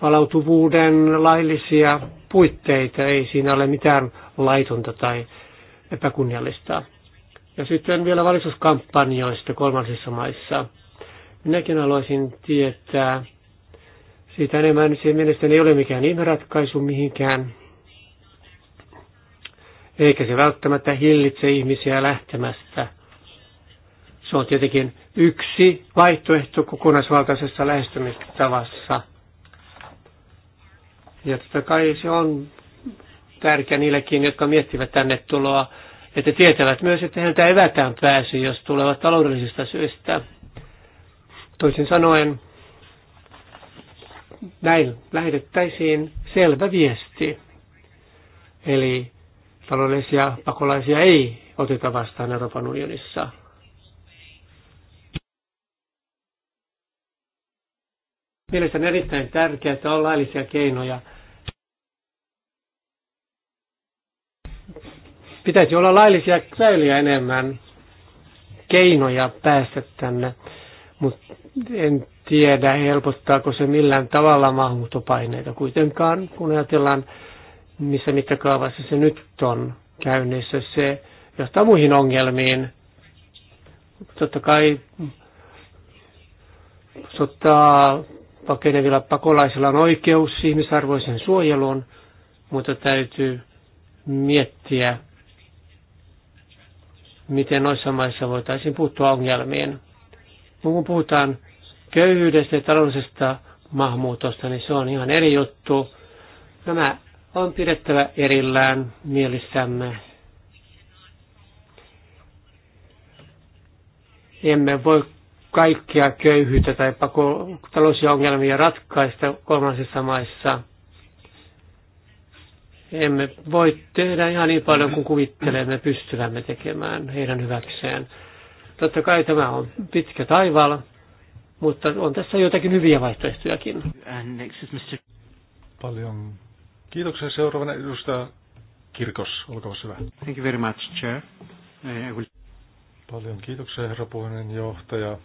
palautuvuuden laillisia puitteita, ei siinä ole mitään laitonta tai epäkunniallista. Ja sitten vielä valistuskampanjoista kolmansissa maissa – Minäkin haluaisin tietää, siitä enemmän se mielestäni ei ole mikään ihmeratkaisu mihinkään, eikä se välttämättä hillitse ihmisiä lähtemästä. Se on tietenkin yksi vaihtoehto kokonaisvaltaisessa lähestymistavassa. Ja totta kai se on tärkeä niillekin, jotka miettivät tänne tuloa, että tietävät myös, että heiltä evätään pääsy, jos tulevat taloudellisista syistä. Toisin sanoen näin lähetettäisiin selvä viesti. Eli taloudellisia pakolaisia ei oteta vastaan Euroopan unionissa. Mielestäni on erittäin tärkeää, että on laillisia keinoja. Pitäisi olla laillisia väyliä enemmän keinoja päästä tänne mutta en tiedä helpottaako se millään tavalla maahanmuuttopaineita kuitenkaan, kun ajatellaan missä mittakaavassa se nyt on käynnissä. Se johtaa muihin ongelmiin. Totta kai sottaa pakenevilla pakolaisilla on oikeus ihmisarvoisen suojeluun, mutta täytyy miettiä, miten noissa maissa voitaisiin puuttua ongelmiin kun puhutaan köyhyydestä ja taloudellisesta maahanmuutosta, niin se on ihan eri juttu. Nämä on pidettävä erillään mielissämme. Emme voi kaikkia köyhyyttä tai taloudellisia ongelmia ratkaista kolmansissa maissa. Emme voi tehdä ihan niin paljon kuin kuvittelemme pystyvämme tekemään heidän hyväkseen. Totta kai tämä on pitkä taivaalla, mutta on tässä jotakin hyviä vaihtoehtojakin. Paljon kiitoksia. Seuraavana edustaja Kirkos, olkaa hyvä. Thank you very much, Chair. Eh, will... Paljon kiitoksia, herra puheenjohtaja.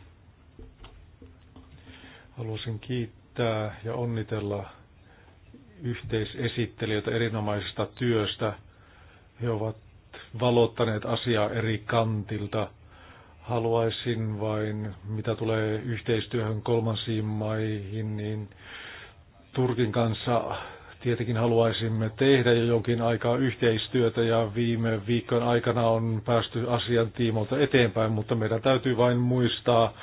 Haluaisin kiittää ja onnitella yhteisesittelijöitä erinomaisesta työstä. He ovat valottaneet asiaa eri kantilta – Haluaisin vain, mitä tulee yhteistyöhön kolmansiin maihin, niin Turkin kanssa tietenkin haluaisimme tehdä jo jonkin aikaa yhteistyötä ja viime viikon aikana on päästy asian tiimolta eteenpäin, mutta meidän täytyy vain muistaa,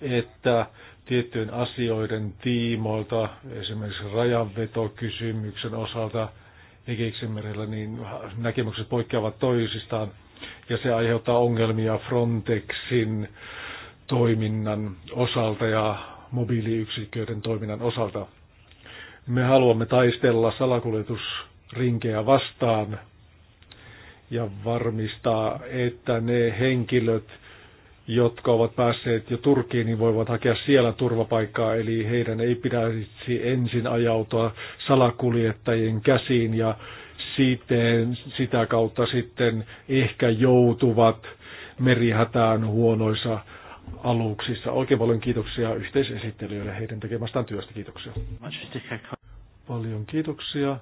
että tiettyjen asioiden tiimoilta, esimerkiksi rajanvetokysymyksen osalta Egeiksen merellä, niin näkemykset poikkeavat toisistaan ja se aiheuttaa ongelmia Frontexin toiminnan osalta ja mobiiliyksiköiden toiminnan osalta. Me haluamme taistella salakuljetusrinkeä vastaan ja varmistaa, että ne henkilöt, jotka ovat päässeet jo Turkiin, niin voivat hakea siellä turvapaikkaa, eli heidän ei pitäisi ensin ajautua salakuljettajien käsiin ja sitten sitä kautta sitten ehkä joutuvat merihätään huonoissa aluksissa. Oikein paljon kiitoksia yhteisesittelijöille heidän tekemästään työstä. Kiitoksia. Paljon kiitoksia.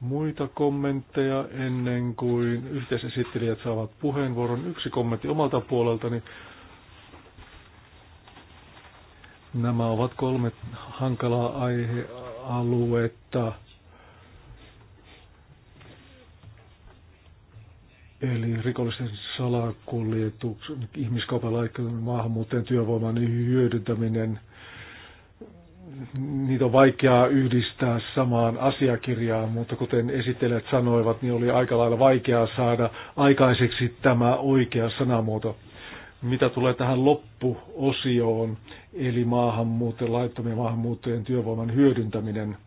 Muita kommentteja ennen kuin yhteisesittelijät saavat puheenvuoron. Yksi kommentti omalta puoleltani. Nämä ovat kolme hankalaa aihealuetta eli rikollisten salakuljetuksen, ihmiskaupan laittaminen, maahanmuuttajien työvoiman hyödyntäminen, niitä on vaikeaa yhdistää samaan asiakirjaan, mutta kuten esittelijät sanoivat, niin oli aika lailla vaikeaa saada aikaiseksi tämä oikea sanamuoto. Mitä tulee tähän loppuosioon, eli maahanmuuttajien, laittomien maahanmuuttajien työvoiman hyödyntäminen –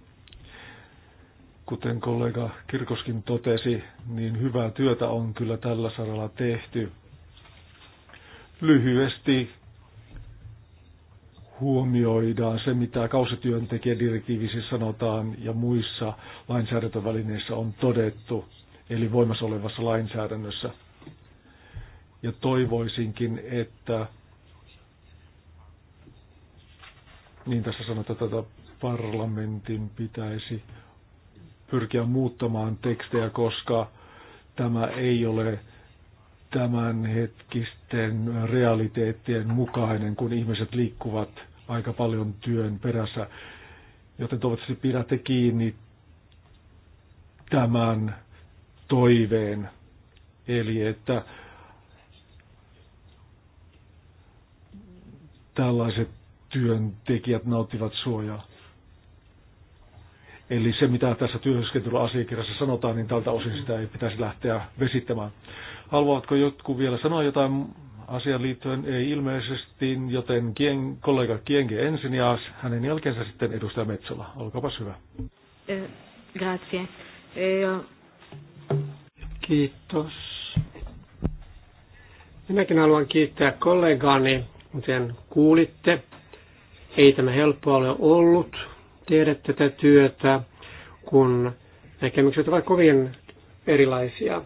Kuten kollega Kirkoskin totesi, niin hyvää työtä on kyllä tällä saralla tehty. Lyhyesti huomioidaan se, mitä kausityöntekijädirektiivissä siis sanotaan ja muissa lainsäädäntövälineissä on todettu, eli voimassa olevassa lainsäädännössä. Ja toivoisinkin, että niin tässä sanotaan, että tätä parlamentin pitäisi pyrkiä muuttamaan tekstejä, koska tämä ei ole tämänhetkisten realiteettien mukainen, kun ihmiset liikkuvat aika paljon työn perässä. Joten toivottavasti pidätte kiinni tämän toiveen, eli että tällaiset työntekijät nauttivat suojaa. Eli se, mitä tässä työskentelyasiakirjassa sanotaan, niin tältä osin sitä ei pitäisi lähteä vesittämään. Haluatko jotkut vielä sanoa jotain asian liittyen? Ei ilmeisesti, joten Kien, kollega Kienke ensin ja hänen jälkeensä sitten edustaja Metsola. Olkaapas hyvä. Eh, grazie. Eh, Kiitos. Minäkin haluan kiittää kollegaani, kuten kuulitte. Ei tämä helppoa ole ollut tehdä tätä työtä, kun näkemykset ovat kovin erilaisia.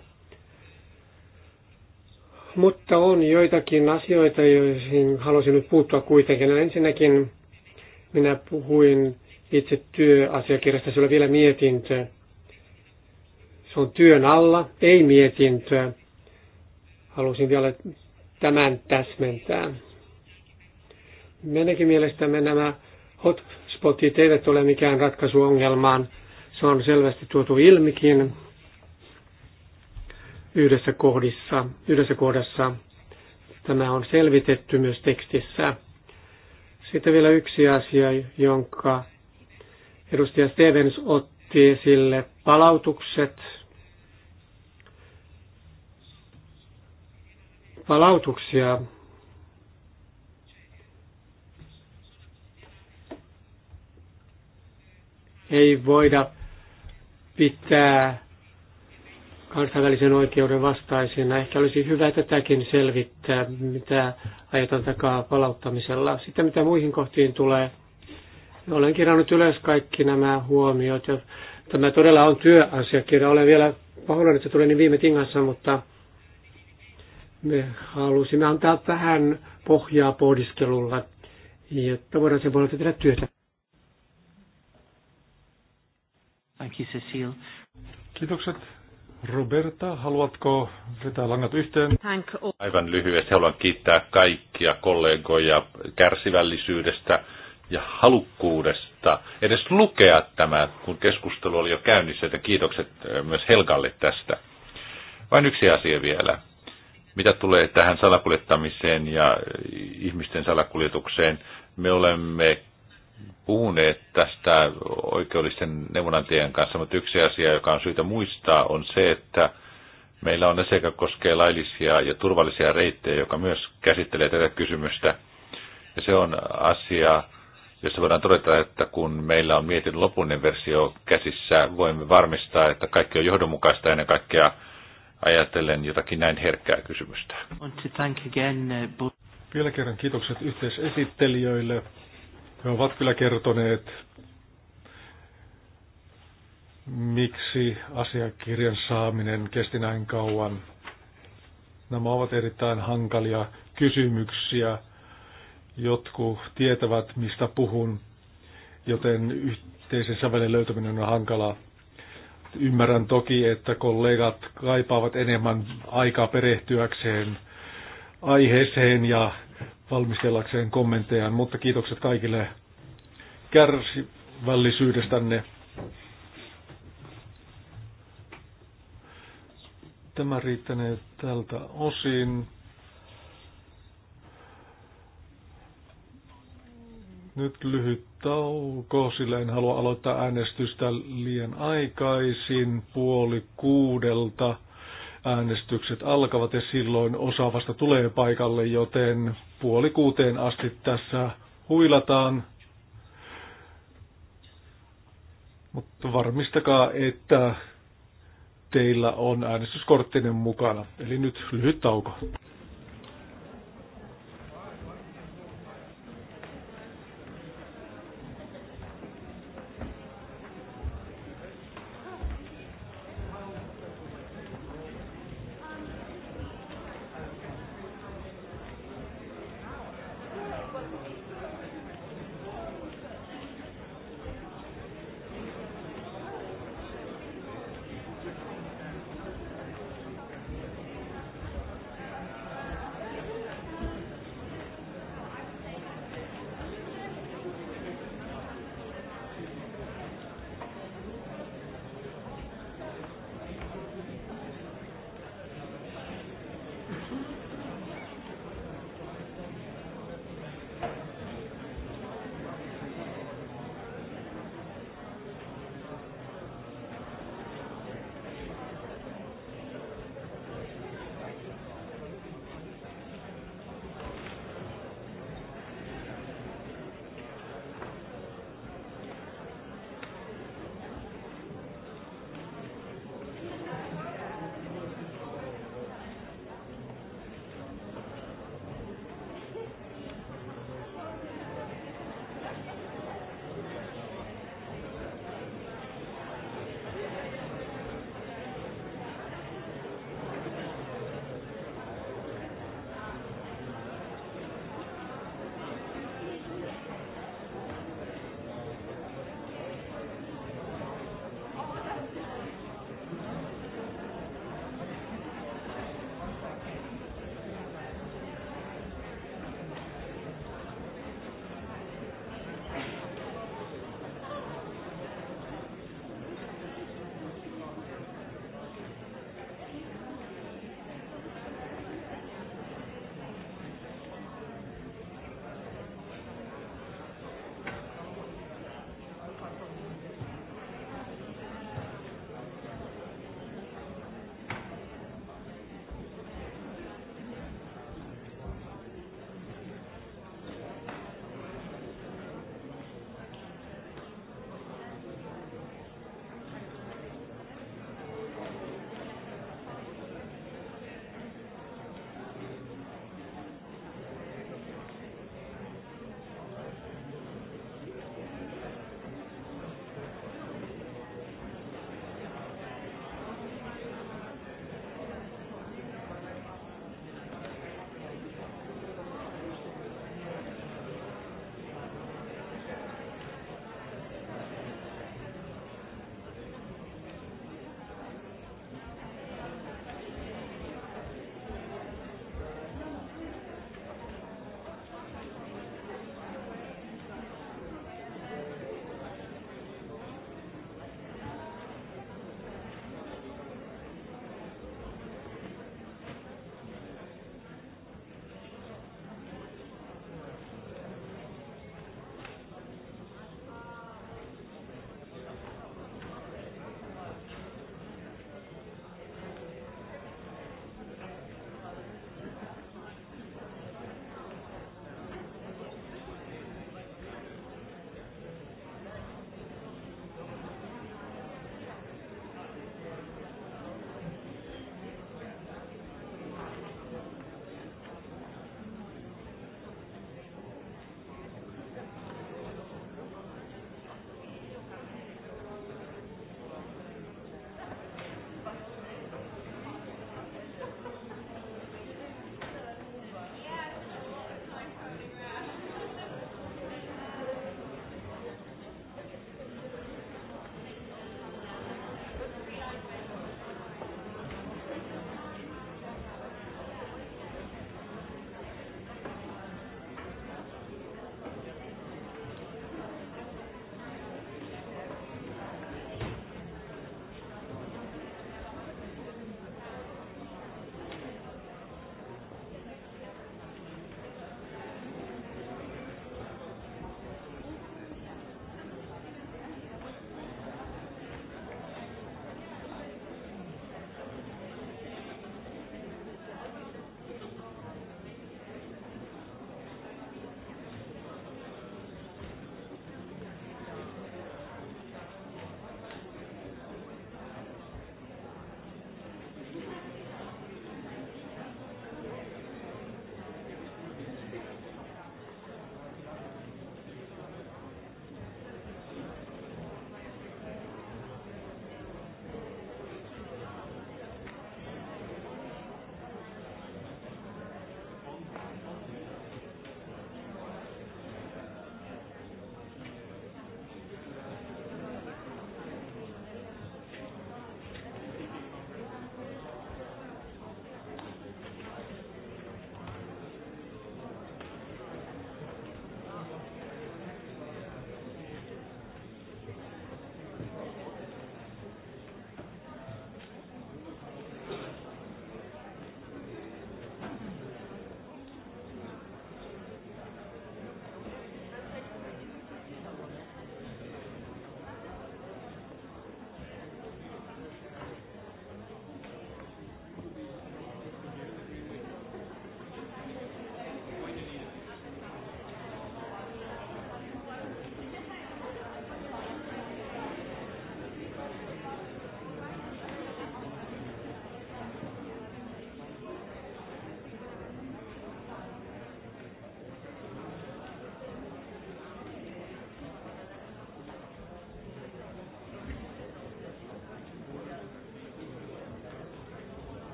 Mutta on joitakin asioita, joihin halusin nyt puuttua kuitenkin. Ensinnäkin minä puhuin itse työasiakirjasta, sillä vielä mietintö. Se on työn alla, ei mietintöä. Halusin vielä tämän täsmentää. Meidänkin mielestämme nämä hot spotit eivät ole mikään ratkaisu ongelmaan. Se on selvästi tuotu ilmikin yhdessä, kohdissa, yhdessä kohdassa. Tämä on selvitetty myös tekstissä. Sitten vielä yksi asia, jonka edustaja Stevens otti esille, palautukset. Palautuksia ei voida pitää kansainvälisen oikeuden vastaisena. Ehkä olisi hyvä tätäkin selvittää, mitä ajetaan takaa palauttamisella. Sitten mitä muihin kohtiin tulee, olen kirjannut ylös kaikki nämä huomiot. Ja tämä todella on työasiakirja. Olen vielä pahoillani, että tuli niin viime tingassa, mutta me halusimme antaa vähän pohjaa pohdiskelulla, jotta voidaan sen puolelta tehdä työtä. Thank you, Cecile. Kiitokset. Roberta, haluatko vetää langat yhteen? Aivan lyhyesti haluan kiittää kaikkia kollegoja kärsivällisyydestä ja halukkuudesta edes lukea tämä, kun keskustelu oli jo käynnissä, että kiitokset eh, myös Helgalle tästä. Vain yksi asia vielä. Mitä tulee tähän salakuljettamiseen ja eh, ihmisten salakuljetukseen, me olemme puhuneet tästä oikeudellisten neuvonantajien kanssa, mutta yksi asia, joka on syytä muistaa, on se, että meillä on ne sekä koskee laillisia ja turvallisia reittejä, joka myös käsittelee tätä kysymystä. Ja se on asia, jossa voidaan todeta, että kun meillä on mietin lopullinen versio käsissä, voimme varmistaa, että kaikki on johdonmukaista ennen kaikkea ajatellen jotakin näin herkkää kysymystä. Uh, Vielä kerran kiitokset yhteisesittelijöille. He ovat kyllä kertoneet, miksi asiakirjan saaminen kesti näin kauan. Nämä ovat erittäin hankalia kysymyksiä. Jotkut tietävät, mistä puhun, joten yhteisen sävelen löytäminen on hankalaa. Ymmärrän toki, että kollegat kaipaavat enemmän aikaa perehtyäkseen aiheeseen ja valmistellakseen kommenttejaan, mutta kiitokset kaikille kärsivällisyydestänne. Tämä riittänee tältä osin. Nyt lyhyt tauko, sillä en halua aloittaa äänestystä liian aikaisin, puoli kuudelta. Äänestykset alkavat ja silloin osaavasta tulee paikalle, joten puoli kuuteen asti tässä huilataan. Mutta varmistakaa, että teillä on äänestyskorttinen mukana. Eli nyt lyhyt tauko.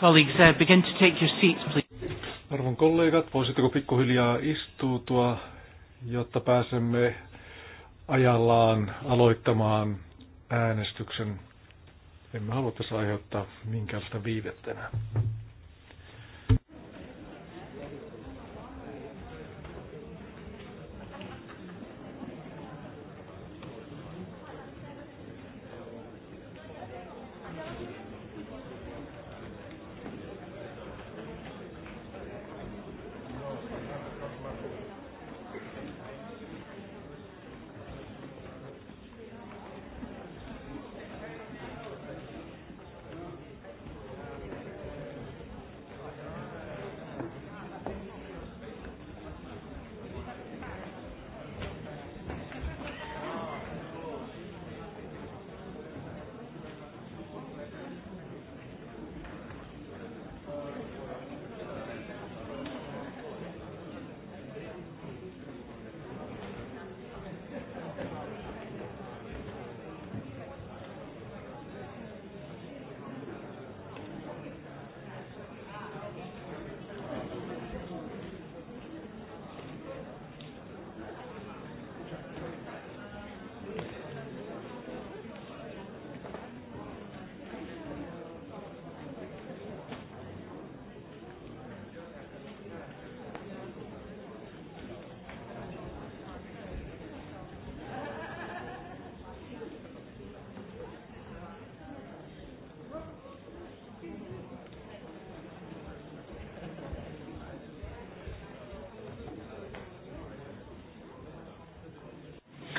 Colleagues, uh, begin to take your seats, please. Arvon kollegat, voisitteko pikkuhiljaa istuutua, jotta pääsemme ajallaan aloittamaan äänestyksen. Emme halua tässä aiheuttaa minkäänlaista viivettä enää.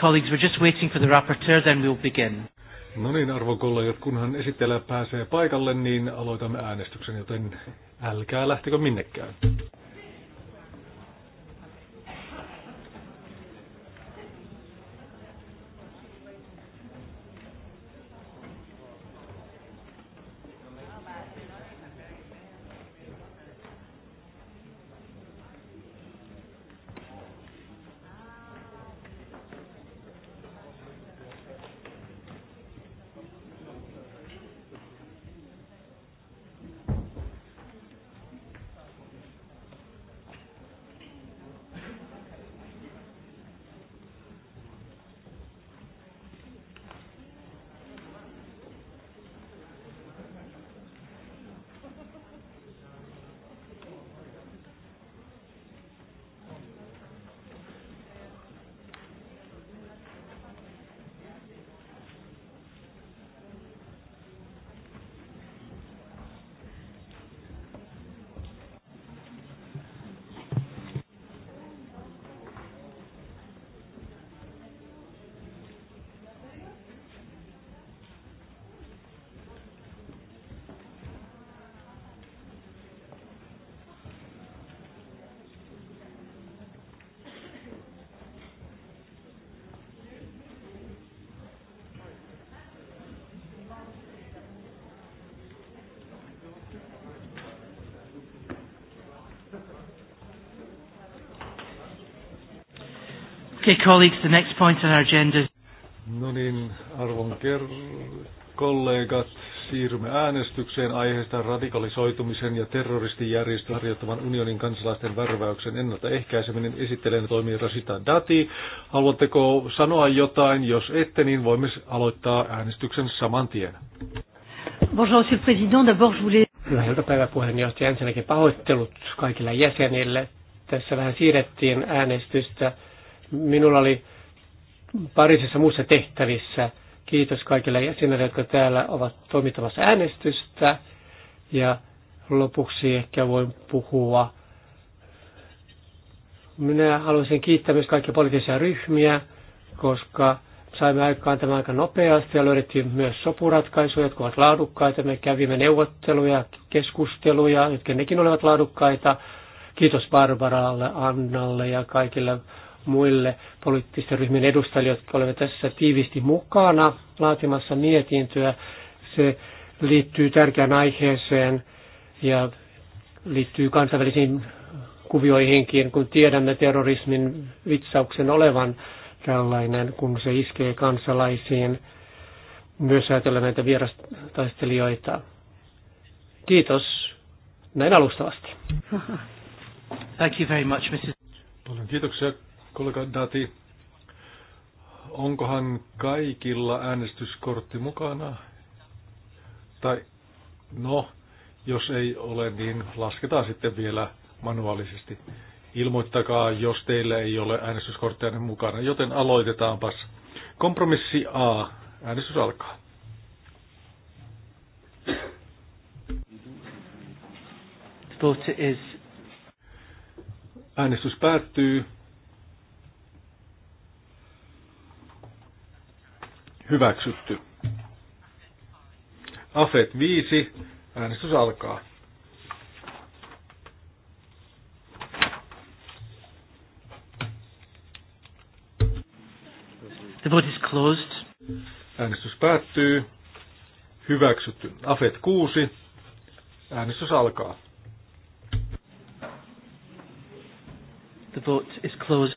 Colleagues, we're just waiting for the rapporteur, then we'll begin. No niin, arvokollegat, kunhan esittelijä pääsee paikalle, niin aloitamme äänestyksen, joten älkää lähtekö minnekään. Okay, colleagues, the next point on our agenda. No niin, arvon ker- kollegat, siirrymme äänestykseen aiheesta radikalisoitumisen ja terroristijärjestö harjoittavan unionin kansalaisten värväyksen ennaltaehkäiseminen esittelee toimii Rasita Dati. Haluatteko sanoa jotain? Jos ette, niin voimme aloittaa äänestyksen saman tien. Bonjour, monsieur le président. D'abord, je voulais... Hyvää iltapäivä puheenjohtaja. Ensinnäkin pahoittelut kaikille jäsenille. Tässä vähän siirrettiin äänestystä Minulla oli parisissa muussa tehtävissä. Kiitos kaikille jäsenille, jotka täällä ovat toimittamassa äänestystä. Ja lopuksi ehkä voin puhua. Minä haluaisin kiittää myös kaikkia poliittisia ryhmiä, koska saimme aikaan tämän aika nopeasti ja löydettiin myös sopuratkaisuja, jotka ovat laadukkaita. Me kävimme neuvotteluja, keskusteluja, jotka nekin olivat laadukkaita. Kiitos Barbaralle, Annalle ja kaikille muille poliittisten ryhmien edustajille, jotka olemme tässä tiivisti mukana laatimassa mietintöä. Se liittyy tärkeään aiheeseen ja liittyy kansainvälisiin kuvioihinkin, kun tiedämme terrorismin vitsauksen olevan tällainen, kun se iskee kansalaisiin myös ajatellaan näitä vierastaistelijoita. Kiitos näin alustavasti. Thank you very much, Mrs. Paljon kiitoksia Kollega Dati, onkohan kaikilla äänestyskortti mukana? Tai no, jos ei ole, niin lasketaan sitten vielä manuaalisesti. Ilmoittakaa, jos teillä ei ole äänestyskorttia mukana, joten aloitetaanpas. Kompromissi A. Äänestys alkaa. Äänestys päättyy. hyväksytty. AFET 5, äänestys alkaa. The vote is closed. Äänestys päättyy. Hyväksytty. AFET 6. Äänestys alkaa. The vote is closed.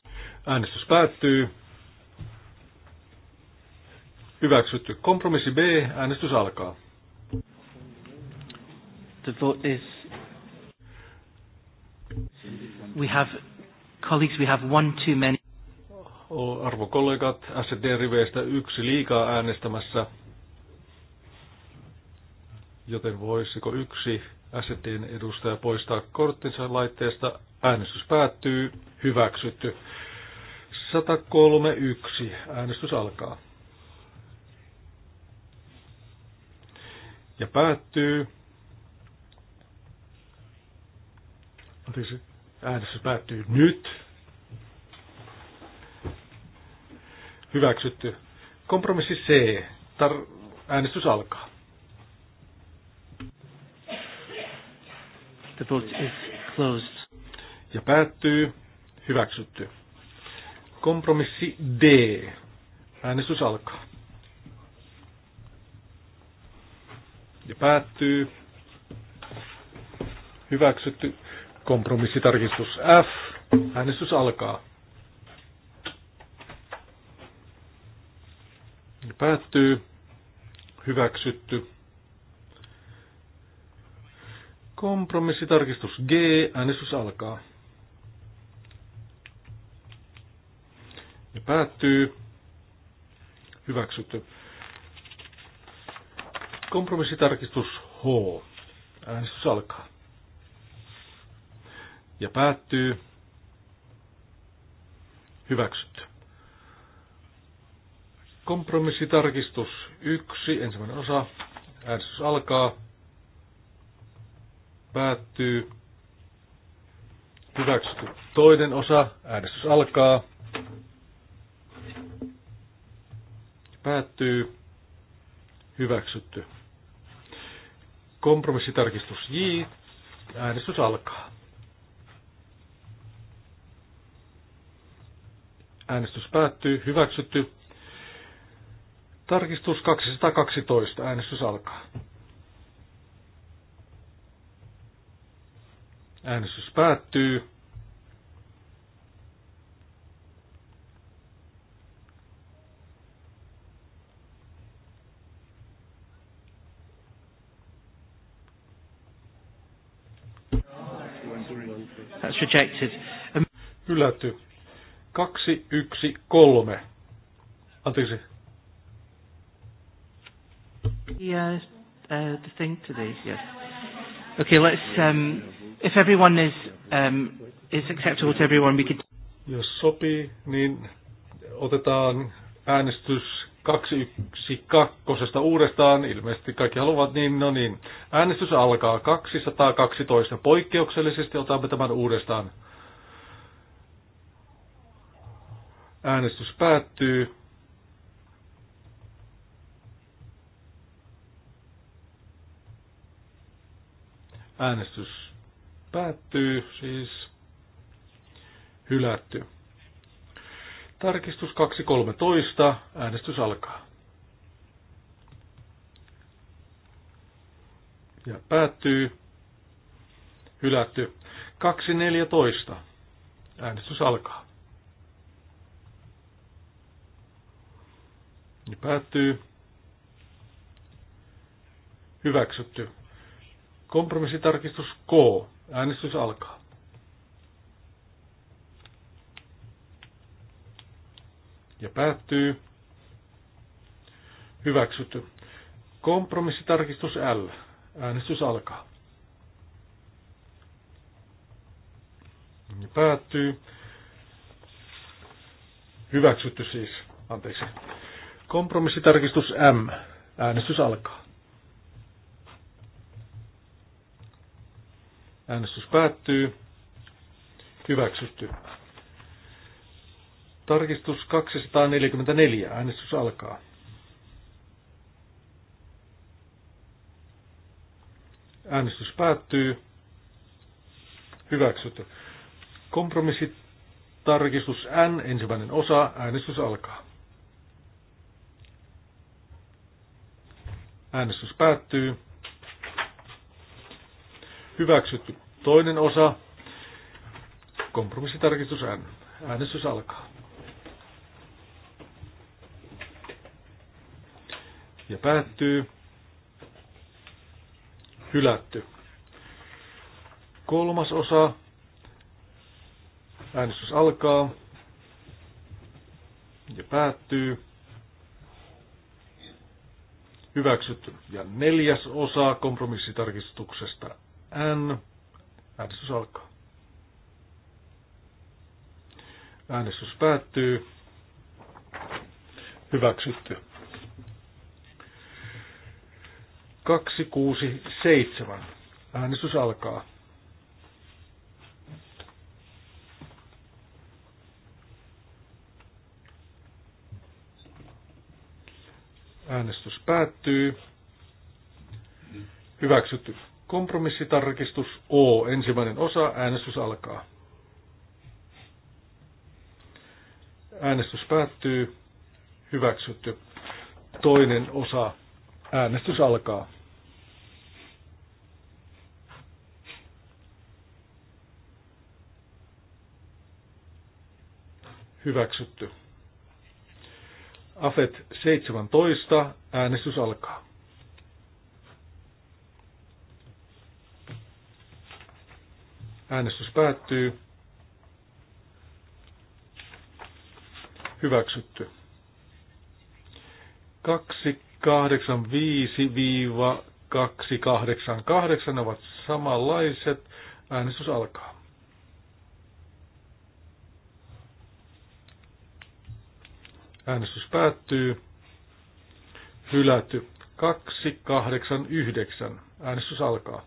Äänestys päättyy. Hyväksytty. Kompromissi B. Äänestys alkaa. The vote is... We have... Colleagues, we have one too many. Arvokollegat, SD-riveistä yksi liikaa äänestämässä. Joten voisiko yksi SDn edustaja poistaa korttinsa laitteesta? Äänestys päättyy. Hyväksytty. 103.1. Äänestys alkaa. ja päättyy. Anteeksi, äänestys päättyy nyt. Hyväksytty. Kompromissi C. Tar- äänestys alkaa. The vote is closed. Ja päättyy. Hyväksytty. Kompromissi D. Äänestys alkaa. ja päättyy. Hyväksytty kompromissitarkistus F. Äänestys alkaa. Ja päättyy. Hyväksytty. Kompromissitarkistus G. Äänestys alkaa. Ja päättyy. Hyväksytty. Kompromissitarkistus H. Äänestys alkaa. Ja päättyy. Hyväksytty. Kompromissitarkistus 1, ensimmäinen osa. Äänestys alkaa. Päättyy. Hyväksytty. Toinen osa. Äänestys alkaa. Päättyy. Hyväksytty. Kompromissitarkistus J. Äänestys alkaa. Äänestys päättyy. Hyväksytty. Tarkistus 212. Äänestys alkaa. Äänestys päättyy. That's rejected. Um, Hylätty. 213. Anteeksi. Yeah, uh, the thing today, yes. Okay, let's, um, if everyone is, um, is acceptable to everyone, we could... Jos sopii, niin otetaan äänestys 212 uudestaan, ilmeisesti kaikki haluavat, niin no niin. Äänestys alkaa 212. Poikkeuksellisesti otamme tämän uudestaan. Äänestys päättyy. Äänestys päättyy, siis hylätty. Tarkistus 2.13. Äänestys alkaa. Ja päättyy. Hylätty. 2.14. Äänestys alkaa. Ja päättyy. Hyväksytty. Kompromissitarkistus K. Äänestys alkaa. ja päättyy. Hyväksytty. Kompromissitarkistus L. Äänestys alkaa. Ja päättyy. Hyväksytty siis. Anteeksi. Kompromissitarkistus M. Äänestys alkaa. Äänestys päättyy. Hyväksytty. Tarkistus 244. Äänestys alkaa. Äänestys päättyy. Hyväksytty. Kompromissitarkistus N, ensimmäinen osa. Äänestys alkaa. Äänestys päättyy. Hyväksytty. Toinen osa. Kompromissitarkistus N. Äänestys alkaa. ja päättyy. Hylätty. Kolmas osa. Äänestys alkaa ja päättyy. Hyväksytty. Ja neljäs osa kompromissitarkistuksesta N. Äänestys alkaa. Äänestys päättyy. Hyväksytty. 267. Äänestys alkaa. Äänestys päättyy. Hyväksytty. Kompromissitarkistus O. Ensimmäinen osa. Äänestys alkaa. Äänestys päättyy. Hyväksytty. Toinen osa. Äänestys alkaa. hyväksytty. AFET 17, äänestys alkaa. Äänestys päättyy. Hyväksytty. 285-288 ovat samanlaiset. Äänestys alkaa. Äänestys päättyy. Hylätty. 289. Äänestys alkaa.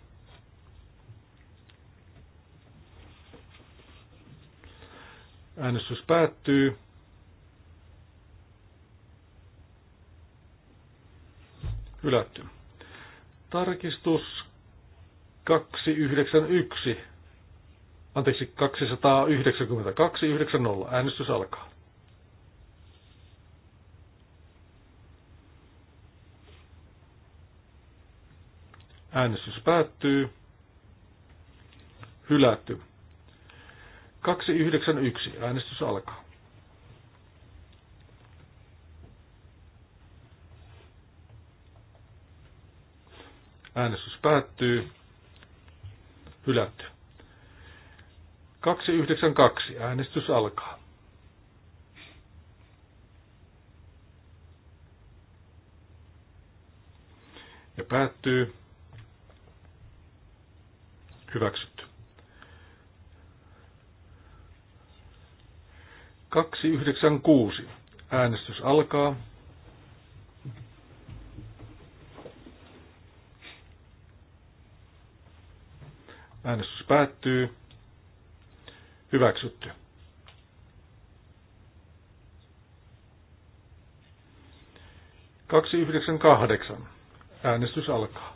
Äänestys päättyy. Hylätty. Tarkistus 291. Anteeksi, 290. 290. Äänestys alkaa. Äänestys päättyy. Hylätty. 291. Äänestys alkaa. Äänestys päättyy. Hylätty. 292. Äänestys alkaa. Ja päättyy. Hyväksytty. 296. Äänestys alkaa. Äänestys päättyy. Hyväksytty. Kaksi yhdeksän kahdeksan. Äänestys alkaa.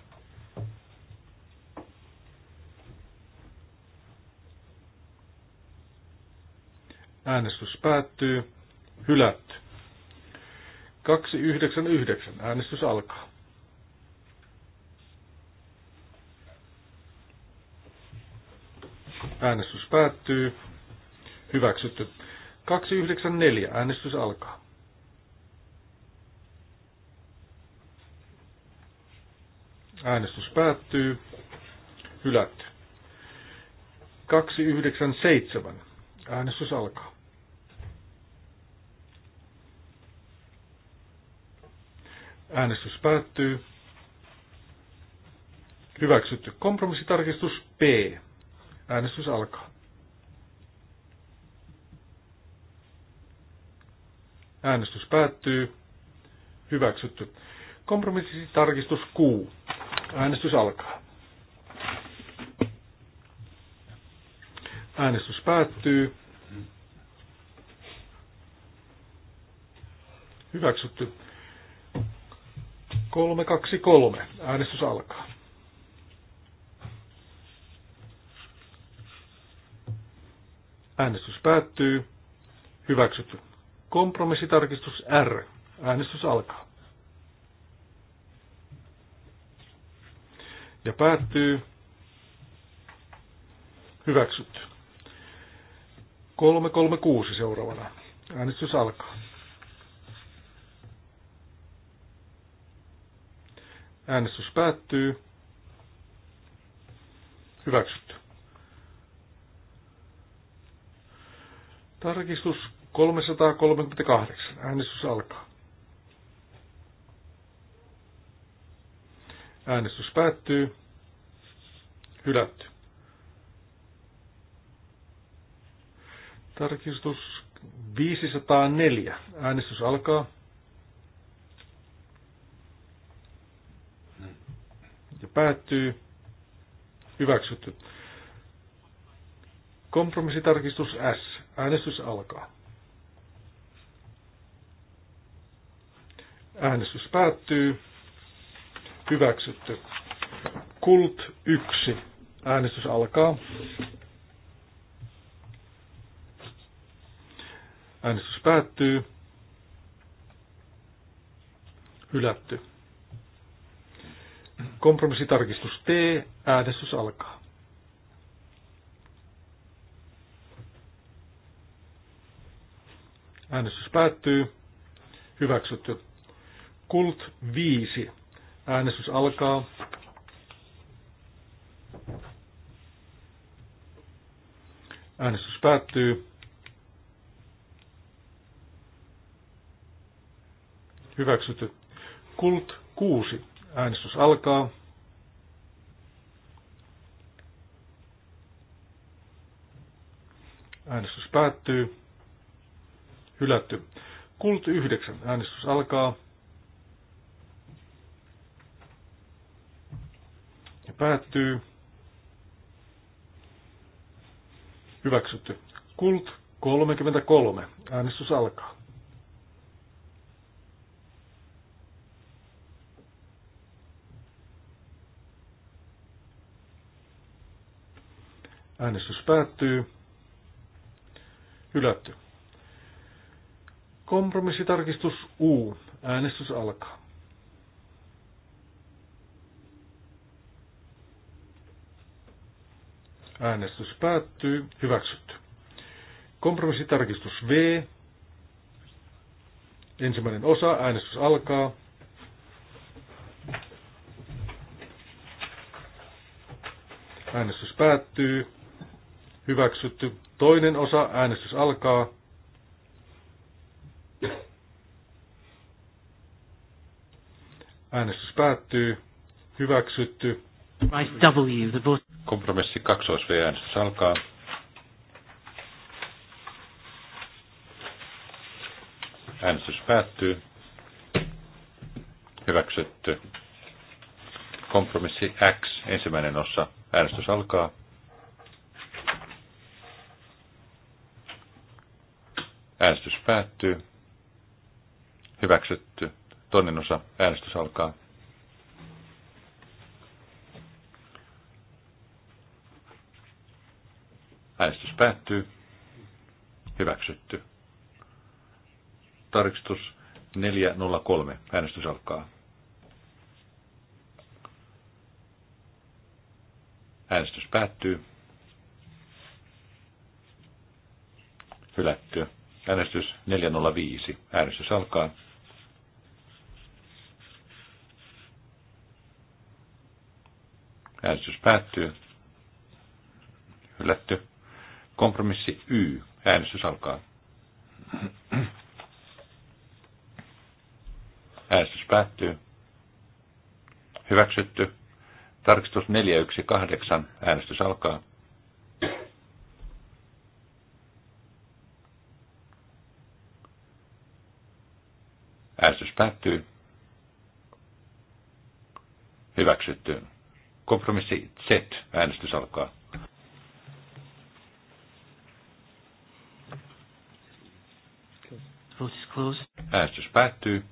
Äänestys päättyy. Hylätty. 299. Äänestys alkaa. Äänestys päättyy. Hyväksytty. 294. Äänestys alkaa. Äänestys päättyy. Hylätty. 297. Äänestys alkaa. Äänestys päättyy. Hyväksytty. Kompromissitarkistus P. Äänestys alkaa. Äänestys päättyy. Hyväksytty. Kompromissitarkistus Q. Äänestys alkaa. Äänestys päättyy. Hyväksytty. 323. Äänestys alkaa. Äänestys päättyy. Hyväksytty. Kompromissitarkistus R. Äänestys alkaa. Ja päättyy. Hyväksytty. 336 seuraavana. Äänestys alkaa. Äänestys päättyy. Hyväksytty. Tarkistus 338. Äänestys alkaa. Äänestys päättyy. Hylätty. Tarkistus 504. Äänestys alkaa. päättyy. Hyväksytty. Kompromissitarkistus S. Äänestys alkaa. Äänestys päättyy. Hyväksytty. Kult 1. Äänestys alkaa. Äänestys päättyy. Hylätty. Kompromissitarkistus T. Äänestys alkaa. Äänestys päättyy. Hyväksytty. Kult 5. Äänestys alkaa. Äänestys päättyy. Hyväksytty. Kult 6. Äänestys alkaa. Äänestys päättyy. Hylätty. Kult 9. Äänestys alkaa. Ja päättyy. Hyväksytty. Kult 33. Äänestys alkaa. Äänestys päättyy. Hylätty. Kompromissitarkistus U. Äänestys alkaa. Äänestys päättyy. Hyväksytty. Kompromissitarkistus V. Ensimmäinen osa. Äänestys alkaa. Äänestys päättyy. Hyväksytty. Toinen osa. Äänestys alkaa. Äänestys päättyy. Hyväksytty. Kompromissi kaksois V äänestys alkaa. Äänestys päättyy. Hyväksytty. Kompromissi X ensimmäinen osa. Äänestys alkaa. Äänestys päättyy. Hyväksytty. Toinen osa. Äänestys alkaa. Äänestys päättyy. Hyväksytty. Tarkistus 403. Äänestys alkaa. Äänestys päättyy. Hylättyä. Äänestys 405. Äänestys alkaa. Äänestys päättyy. Hylätty. Kompromissi Y. Äänestys alkaa. Äänestys päättyy. Hyväksytty. Tarkistus 418. Äänestys alkaa. Äänestys päättyy. Hyväksytty. Kompromissi Z. Äänestys alkaa. Äänestys päättyy.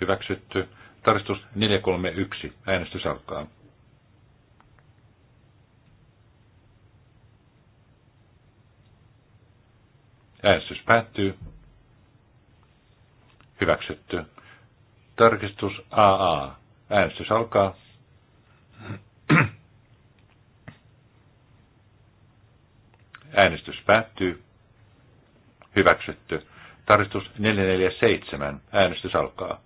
Hyväksytty. Tarkistus 431. Äänestys alkaa. Äänestys päättyy hyväksytty. Tarkistus AA. Äänestys alkaa. Äänestys päättyy. Hyväksytty. Tarkistus 447. Äänestys alkaa.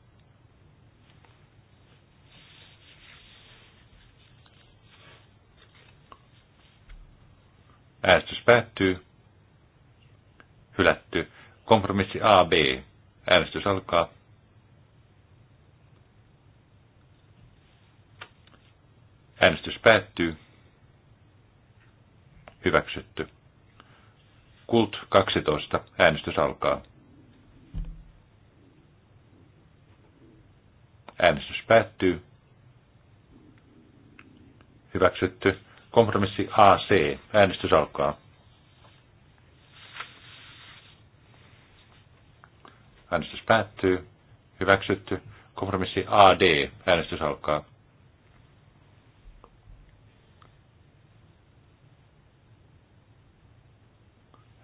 Äänestys päättyy. Hylätty. Kompromissi AB. Äänestys alkaa. Äänestys päättyy. Hyväksytty. Kult 12. Äänestys alkaa. Äänestys päättyy. Hyväksytty. Kompromissi AC. Äänestys alkaa. Äänestys päättyy. Hyväksytty. Kompromissi AD. Äänestys alkaa.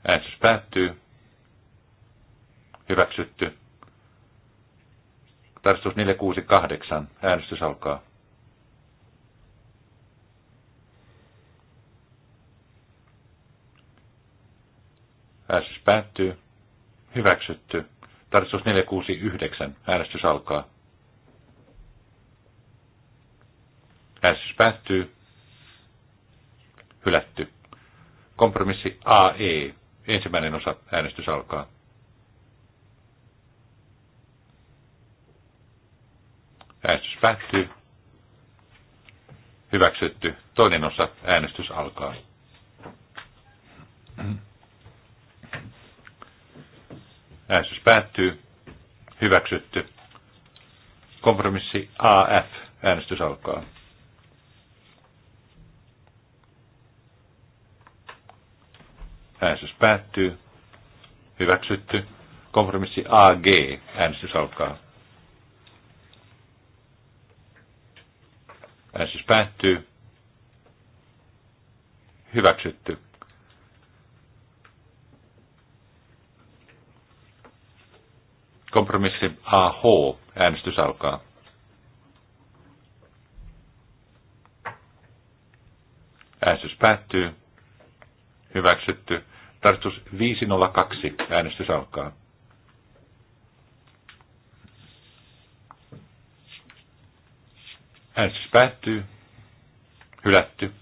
Äänestys päättyy. Hyväksytty. Tarkistus 468. Äänestys alkaa. Äänestys päättyy. Hyväksytty. Tarkistus 469. Äänestys alkaa. Äänestys päättyy. Hylätty. Kompromissi AE. Ensimmäinen osa. Äänestys alkaa. Äänestys päättyy. Hyväksytty. Toinen osa. Äänestys alkaa. Mm-hmm. Äänestys päättyy. Hyväksytty. Kompromissi AF. Äänestys alkaa. Äänestys päättyy. Hyväksytty. Kompromissi AG. Äänestys alkaa. Äänestys päättyy. Hyväksytty. Kompromissi AH. Äänestys alkaa. Äänestys päättyy. Hyväksytty. Tarkistus 502. Äänestys alkaa. Äänestys päättyy. Hylätty.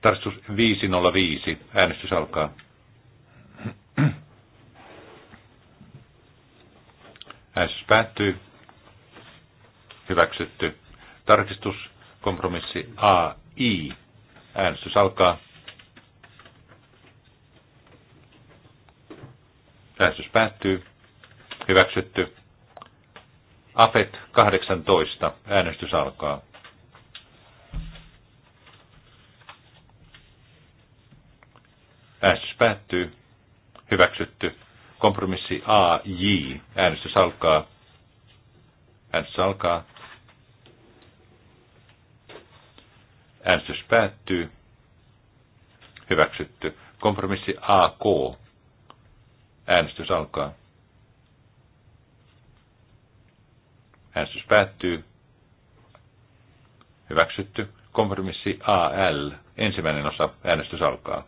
Tarkistus 505. Äänestys alkaa. Äänestys päättyy. Hyväksytty. Tarkistus. Kompromissi AI. Äänestys alkaa. Äänestys päättyy. Hyväksytty. AFET 18. Äänestys alkaa. Äänestys päättyy. Hyväksytty. Kompromissi AJ. Äänestys alkaa. Äänestys alkaa. Äänestys päättyy. Hyväksytty. Kompromissi AK. Äänestys alkaa. Äänestys päättyy. Hyväksytty. Kompromissi AL. Ensimmäinen osa. Äänestys alkaa.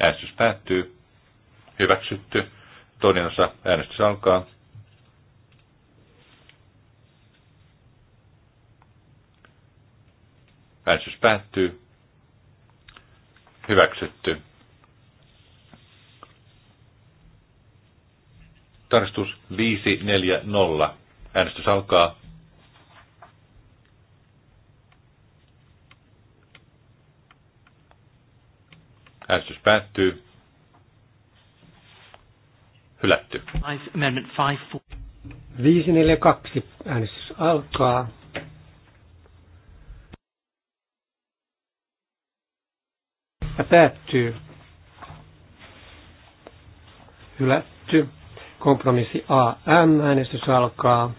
Äänestys päättyy. Hyväksytty. Toinen osa. Äänestys alkaa. Äänestys päättyy. Hyväksytty. Tarkistus 540. Äänestys alkaa. Äänestys päättyy. Hylätty. 542 äänestys alkaa. Ja päättyy. Hylätty. Kompromissi AM. Äänestys alkaa.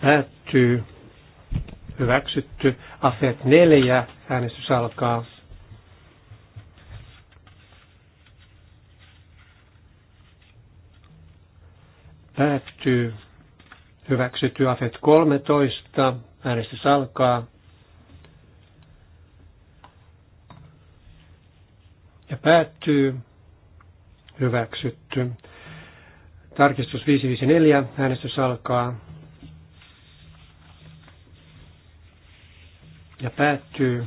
Päättyy hyväksytty. Afet 4, äänestys alkaa. Päättyy. Hyväksytty Afet 13, äänestys alkaa. Ja päättyy. Hyväksytty. Tarkistus 554, äänestys alkaa. ja päättyy.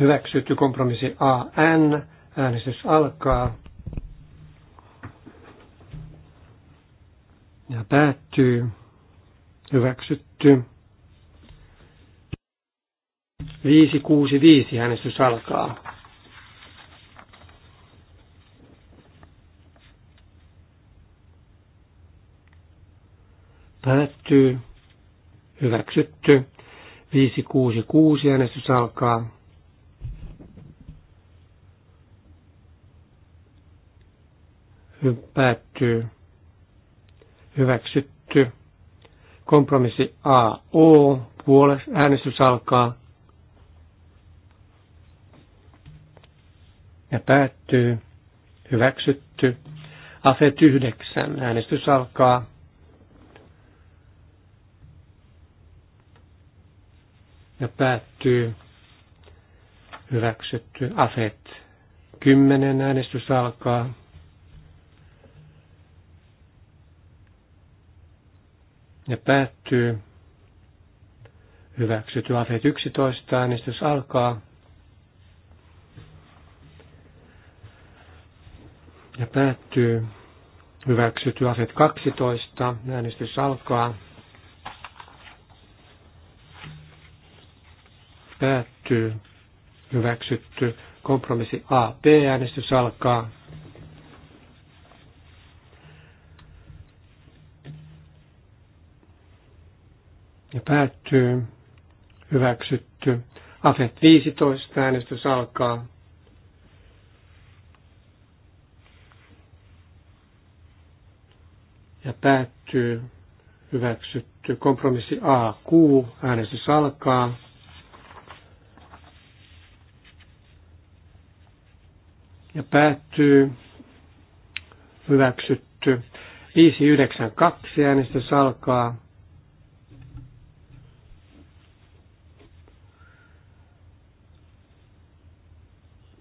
Hyväksytty kompromissi AN. Äänestys alkaa. Ja päättyy. Hyväksytty. 565 äänestys alkaa. Päättyy. Hyväksytty. 566 äänestys alkaa. Päättyy. Hyväksytty. Kompromissi AO. Puolesta äänestys alkaa. Ja päättyy. Hyväksytty. AFET 9. Äänestys alkaa. ja päättyy hyväksytty aset. Kymmenen äänestys alkaa. Ja päättyy hyväksytty aset. Yksitoista äänestys alkaa. Ja päättyy hyväksytty aset. Kaksitoista äänestys alkaa. päättyy, hyväksytty. Kompromissi A, B-äänestys alkaa. Ja päättyy, hyväksytty. AFET 15, äänestys alkaa. Ja päättyy, hyväksytty. Kompromissi Q. äänestys alkaa. ja päättyy hyväksytty. 592 äänestys alkaa.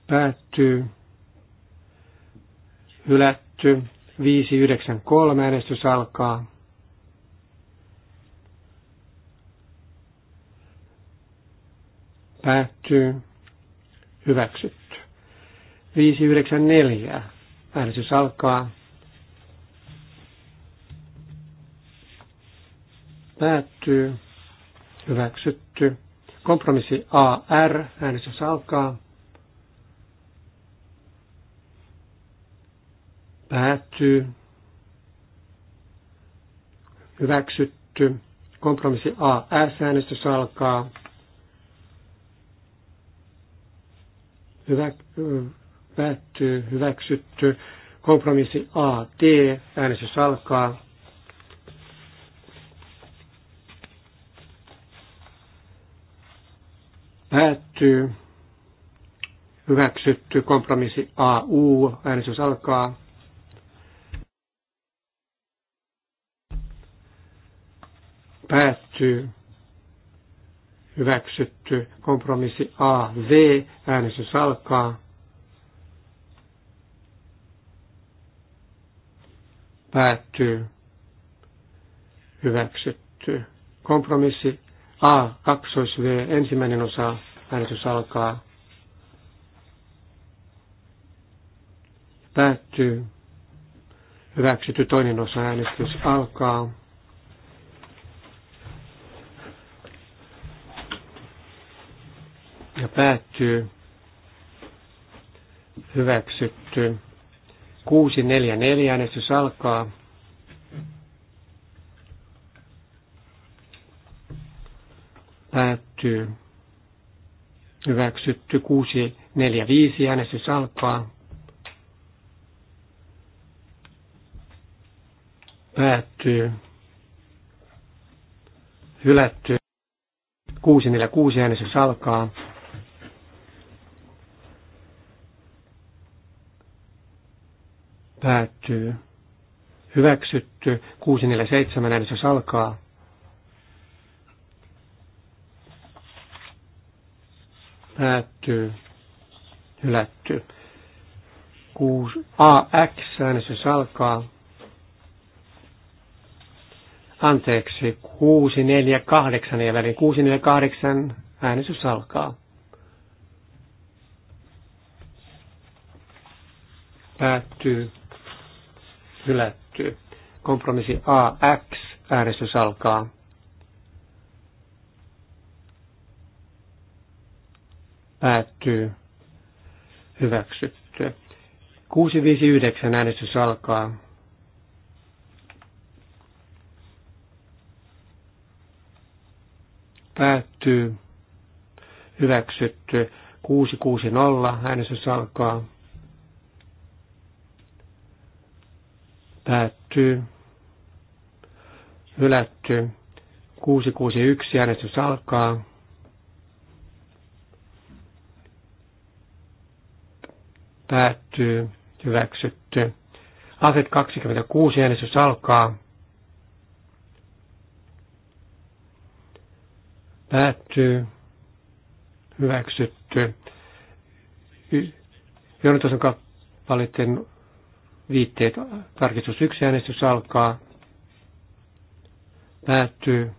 Päättyy. Hylätty. 593 äänestys alkaa. Päättyy. Hyväksytty. 594. Äänestys alkaa. Päättyy. Hyväksytty. Kompromissi AR. Äänestys alkaa. Päättyy. Hyväksytty. Kompromissi AS. Äänestys alkaa. Hyvä, päättyy, hyväksytty. Kompromissi A, T, äänestys alkaa. Päättyy, hyväksytty. Kompromissi A, U, äänestys alkaa. Päättyy, hyväksytty. Kompromissi A, V, äänestys alkaa. päättyy, hyväksytty. Kompromissi A, kaksois V, ensimmäinen osa, äänestys alkaa, päättyy, hyväksytty toinen osa, äänestys alkaa. Ja päättyy, hyväksytty. 644 äänestys alkaa. Päättyy. Hyväksytty 645 äänestys alkaa. Päättyy. Hylätty. 646 äänestys alkaa. päättyy. Hyväksytty 647 äänestys alkaa. Päättyy. Hylätty. 6 AX äänestys alkaa. Anteeksi, 648 ja väliin 648 äänestys alkaa. päättyy hylättyy. Kompromissi AX äänestys alkaa. Päättyy. Hyväksytty. 659 äänestys alkaa. Päättyy. Hyväksytty. 660 äänestys alkaa. päättyy, hylätty, 661 äänestys alkaa. Päättyy, hyväksytty. Aset 26 äänestys alkaa. Päättyy, hyväksytty. Jonotus on kappaleiden viitteet. Tarkistus yksi äänestys alkaa. Päättyy.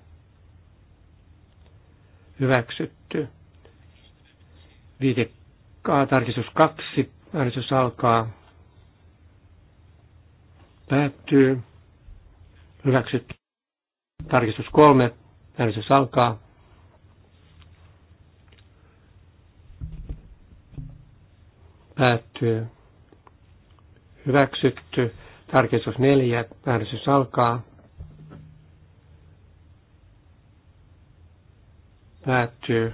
Hyväksytty. Viite tarkistus kaksi äänestys alkaa. Päättyy. Hyväksytty. Tarkistus kolme äänestys alkaa. Päättyy hyväksytty. Tarkistus neljä, äänestys alkaa. Päättyy,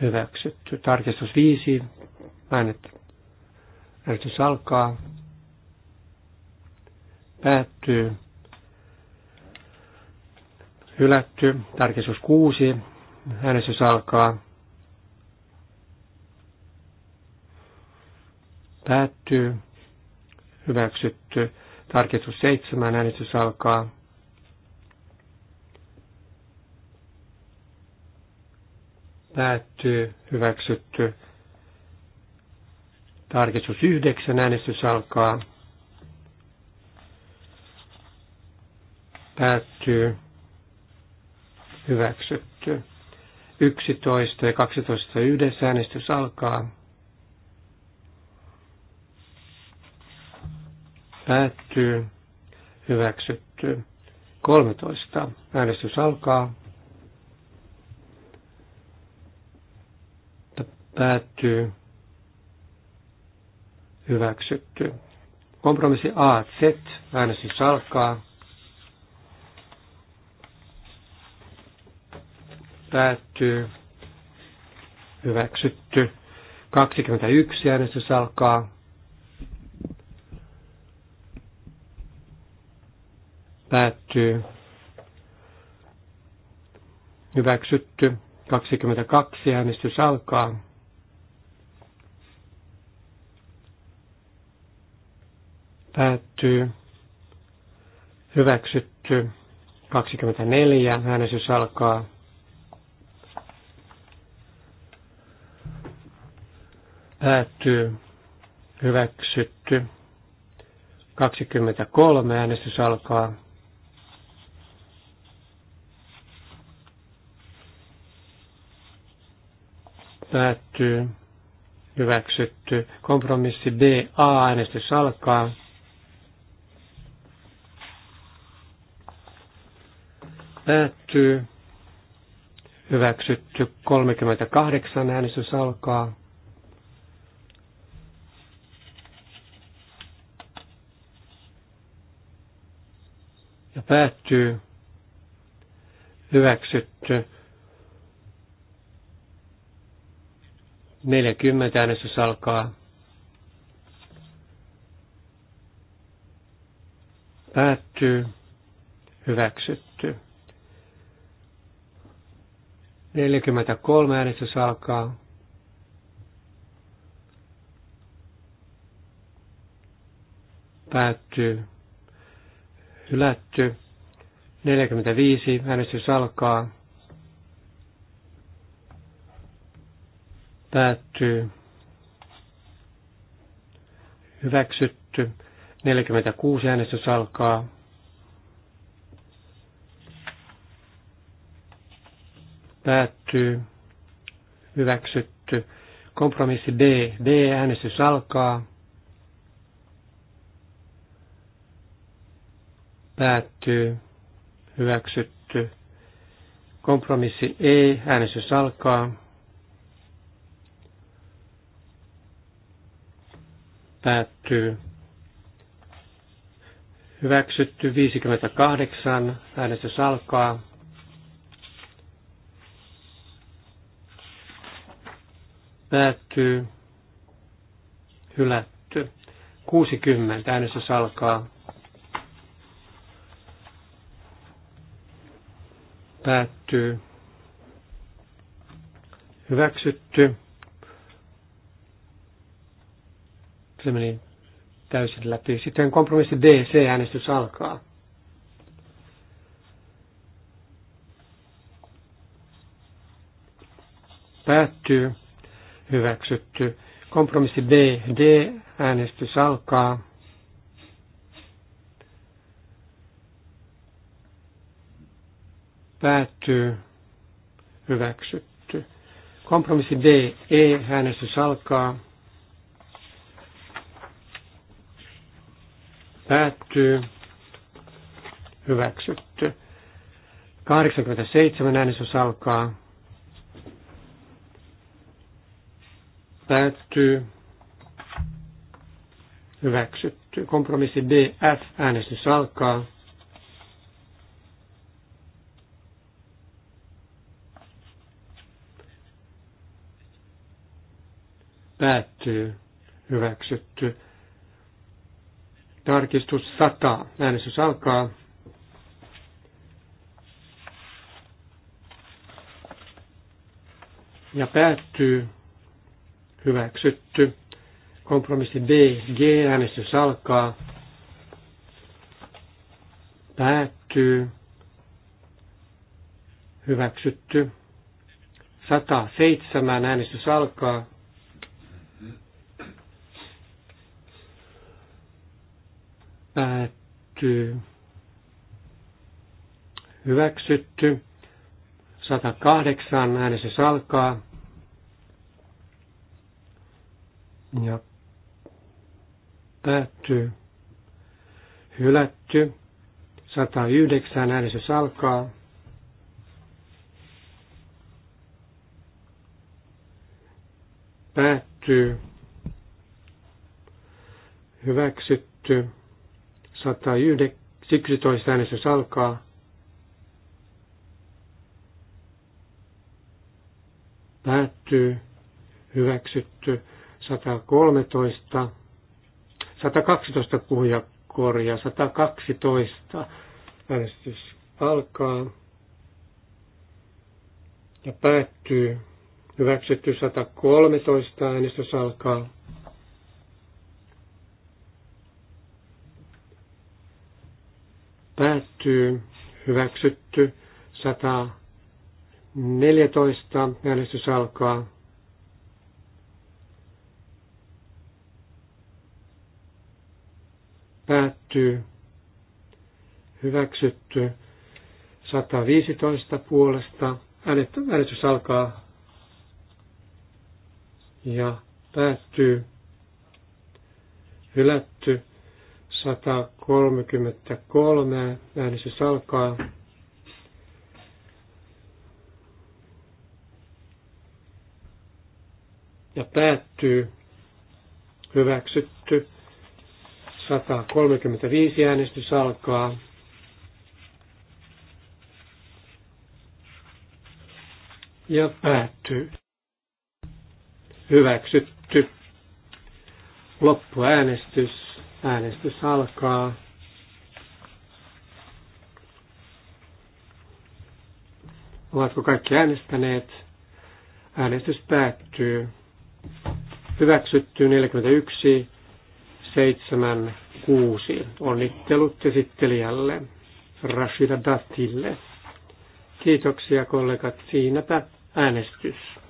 hyväksytty. Tarkistus viisi, äänestys alkaa. Päättyy, hylätty. Tarkistus kuusi, äänestys alkaa. Päättyy, hyväksytty. Tarkistus seitsemän, äänestys alkaa. Päättyy, hyväksytty. Tarkistus yhdeksän, äänestys alkaa. Päättyy, hyväksytty. 11 ja 12 yhdessä äänestys alkaa. päättyy, hyväksytty. 13. Äänestys alkaa. Päättyy, hyväksytty. Kompromissi A, Z, äänestys alkaa. Päättyy, hyväksytty. 21 äänestys alkaa. päättyy. Hyväksytty. 22 äänestys alkaa. Päättyy. Hyväksytty. 24 äänestys alkaa. Päättyy. Hyväksytty. 23 äänestys alkaa. päättyy, hyväksytty. Kompromissi B, A-äänestys alkaa. Päättyy, hyväksytty. 38 äänestys alkaa. Ja päättyy, hyväksytty. 40 äänestys alkaa. Päättyy. Hyväksytty. 43 äänestys alkaa. Päättyy. Hylätty. 45 äänestys alkaa. Päättyy. Hyväksytty. 46 äänestys alkaa. Päättyy. Hyväksytty. Kompromissi B. B-äänestys alkaa. Päättyy. Hyväksytty. Kompromissi E. Äänestys alkaa. päättyy. Hyväksytty 58. Äänestys alkaa. Päättyy. Hylätty. 60. Äänestys alkaa. Päättyy. Hyväksytty. Se meni täysin läpi. Sitten kompromissi c äänestys alkaa. Päättyy. Hyväksytty. Kompromissi d äänestys alkaa. Päättyy. Hyväksytty. Kompromissi e äänestys alkaa. Päättyy. Hyväksytty. 87 äänestys alkaa. Päättyy. Hyväksytty. Kompromissi BF äänestys alkaa. Päättyy. Hyväksytty. Tarkistus 100. Äänestys alkaa. Ja päättyy. Hyväksytty. Kompromissi B. G. Äänestys alkaa. Päättyy. Hyväksytty. 107. Äänestys alkaa. Päättyy. Hyväksytty. 108 äänesi salkaa Ja päättyy. Hylätty. 109 äänesi salkaa Päättyy. Hyväksytty. 111 äänestys alkaa. Päättyy. Hyväksytty. 113. 112 puhuja korjaa. 112 äänestys alkaa. Ja päättyy. Hyväksytty 113 äänestys alkaa päättyy, hyväksytty, 114, äänestys alkaa. Päättyy, hyväksytty, 115 puolesta, äänestys alkaa ja päättyy, hylätty, 133. Äänestys alkaa. Ja päättyy. Hyväksytty. 135 äänestys alkaa. Ja päättyy. Hyväksytty. Loppuäänestys. Äänestys alkaa. Ovatko kaikki äänestäneet? Äänestys päättyy. Hyväksytty 41, 7, 6. Onnittelut esittelijälle Rashida Dattille. Kiitoksia kollegat, siinäpä äänestys.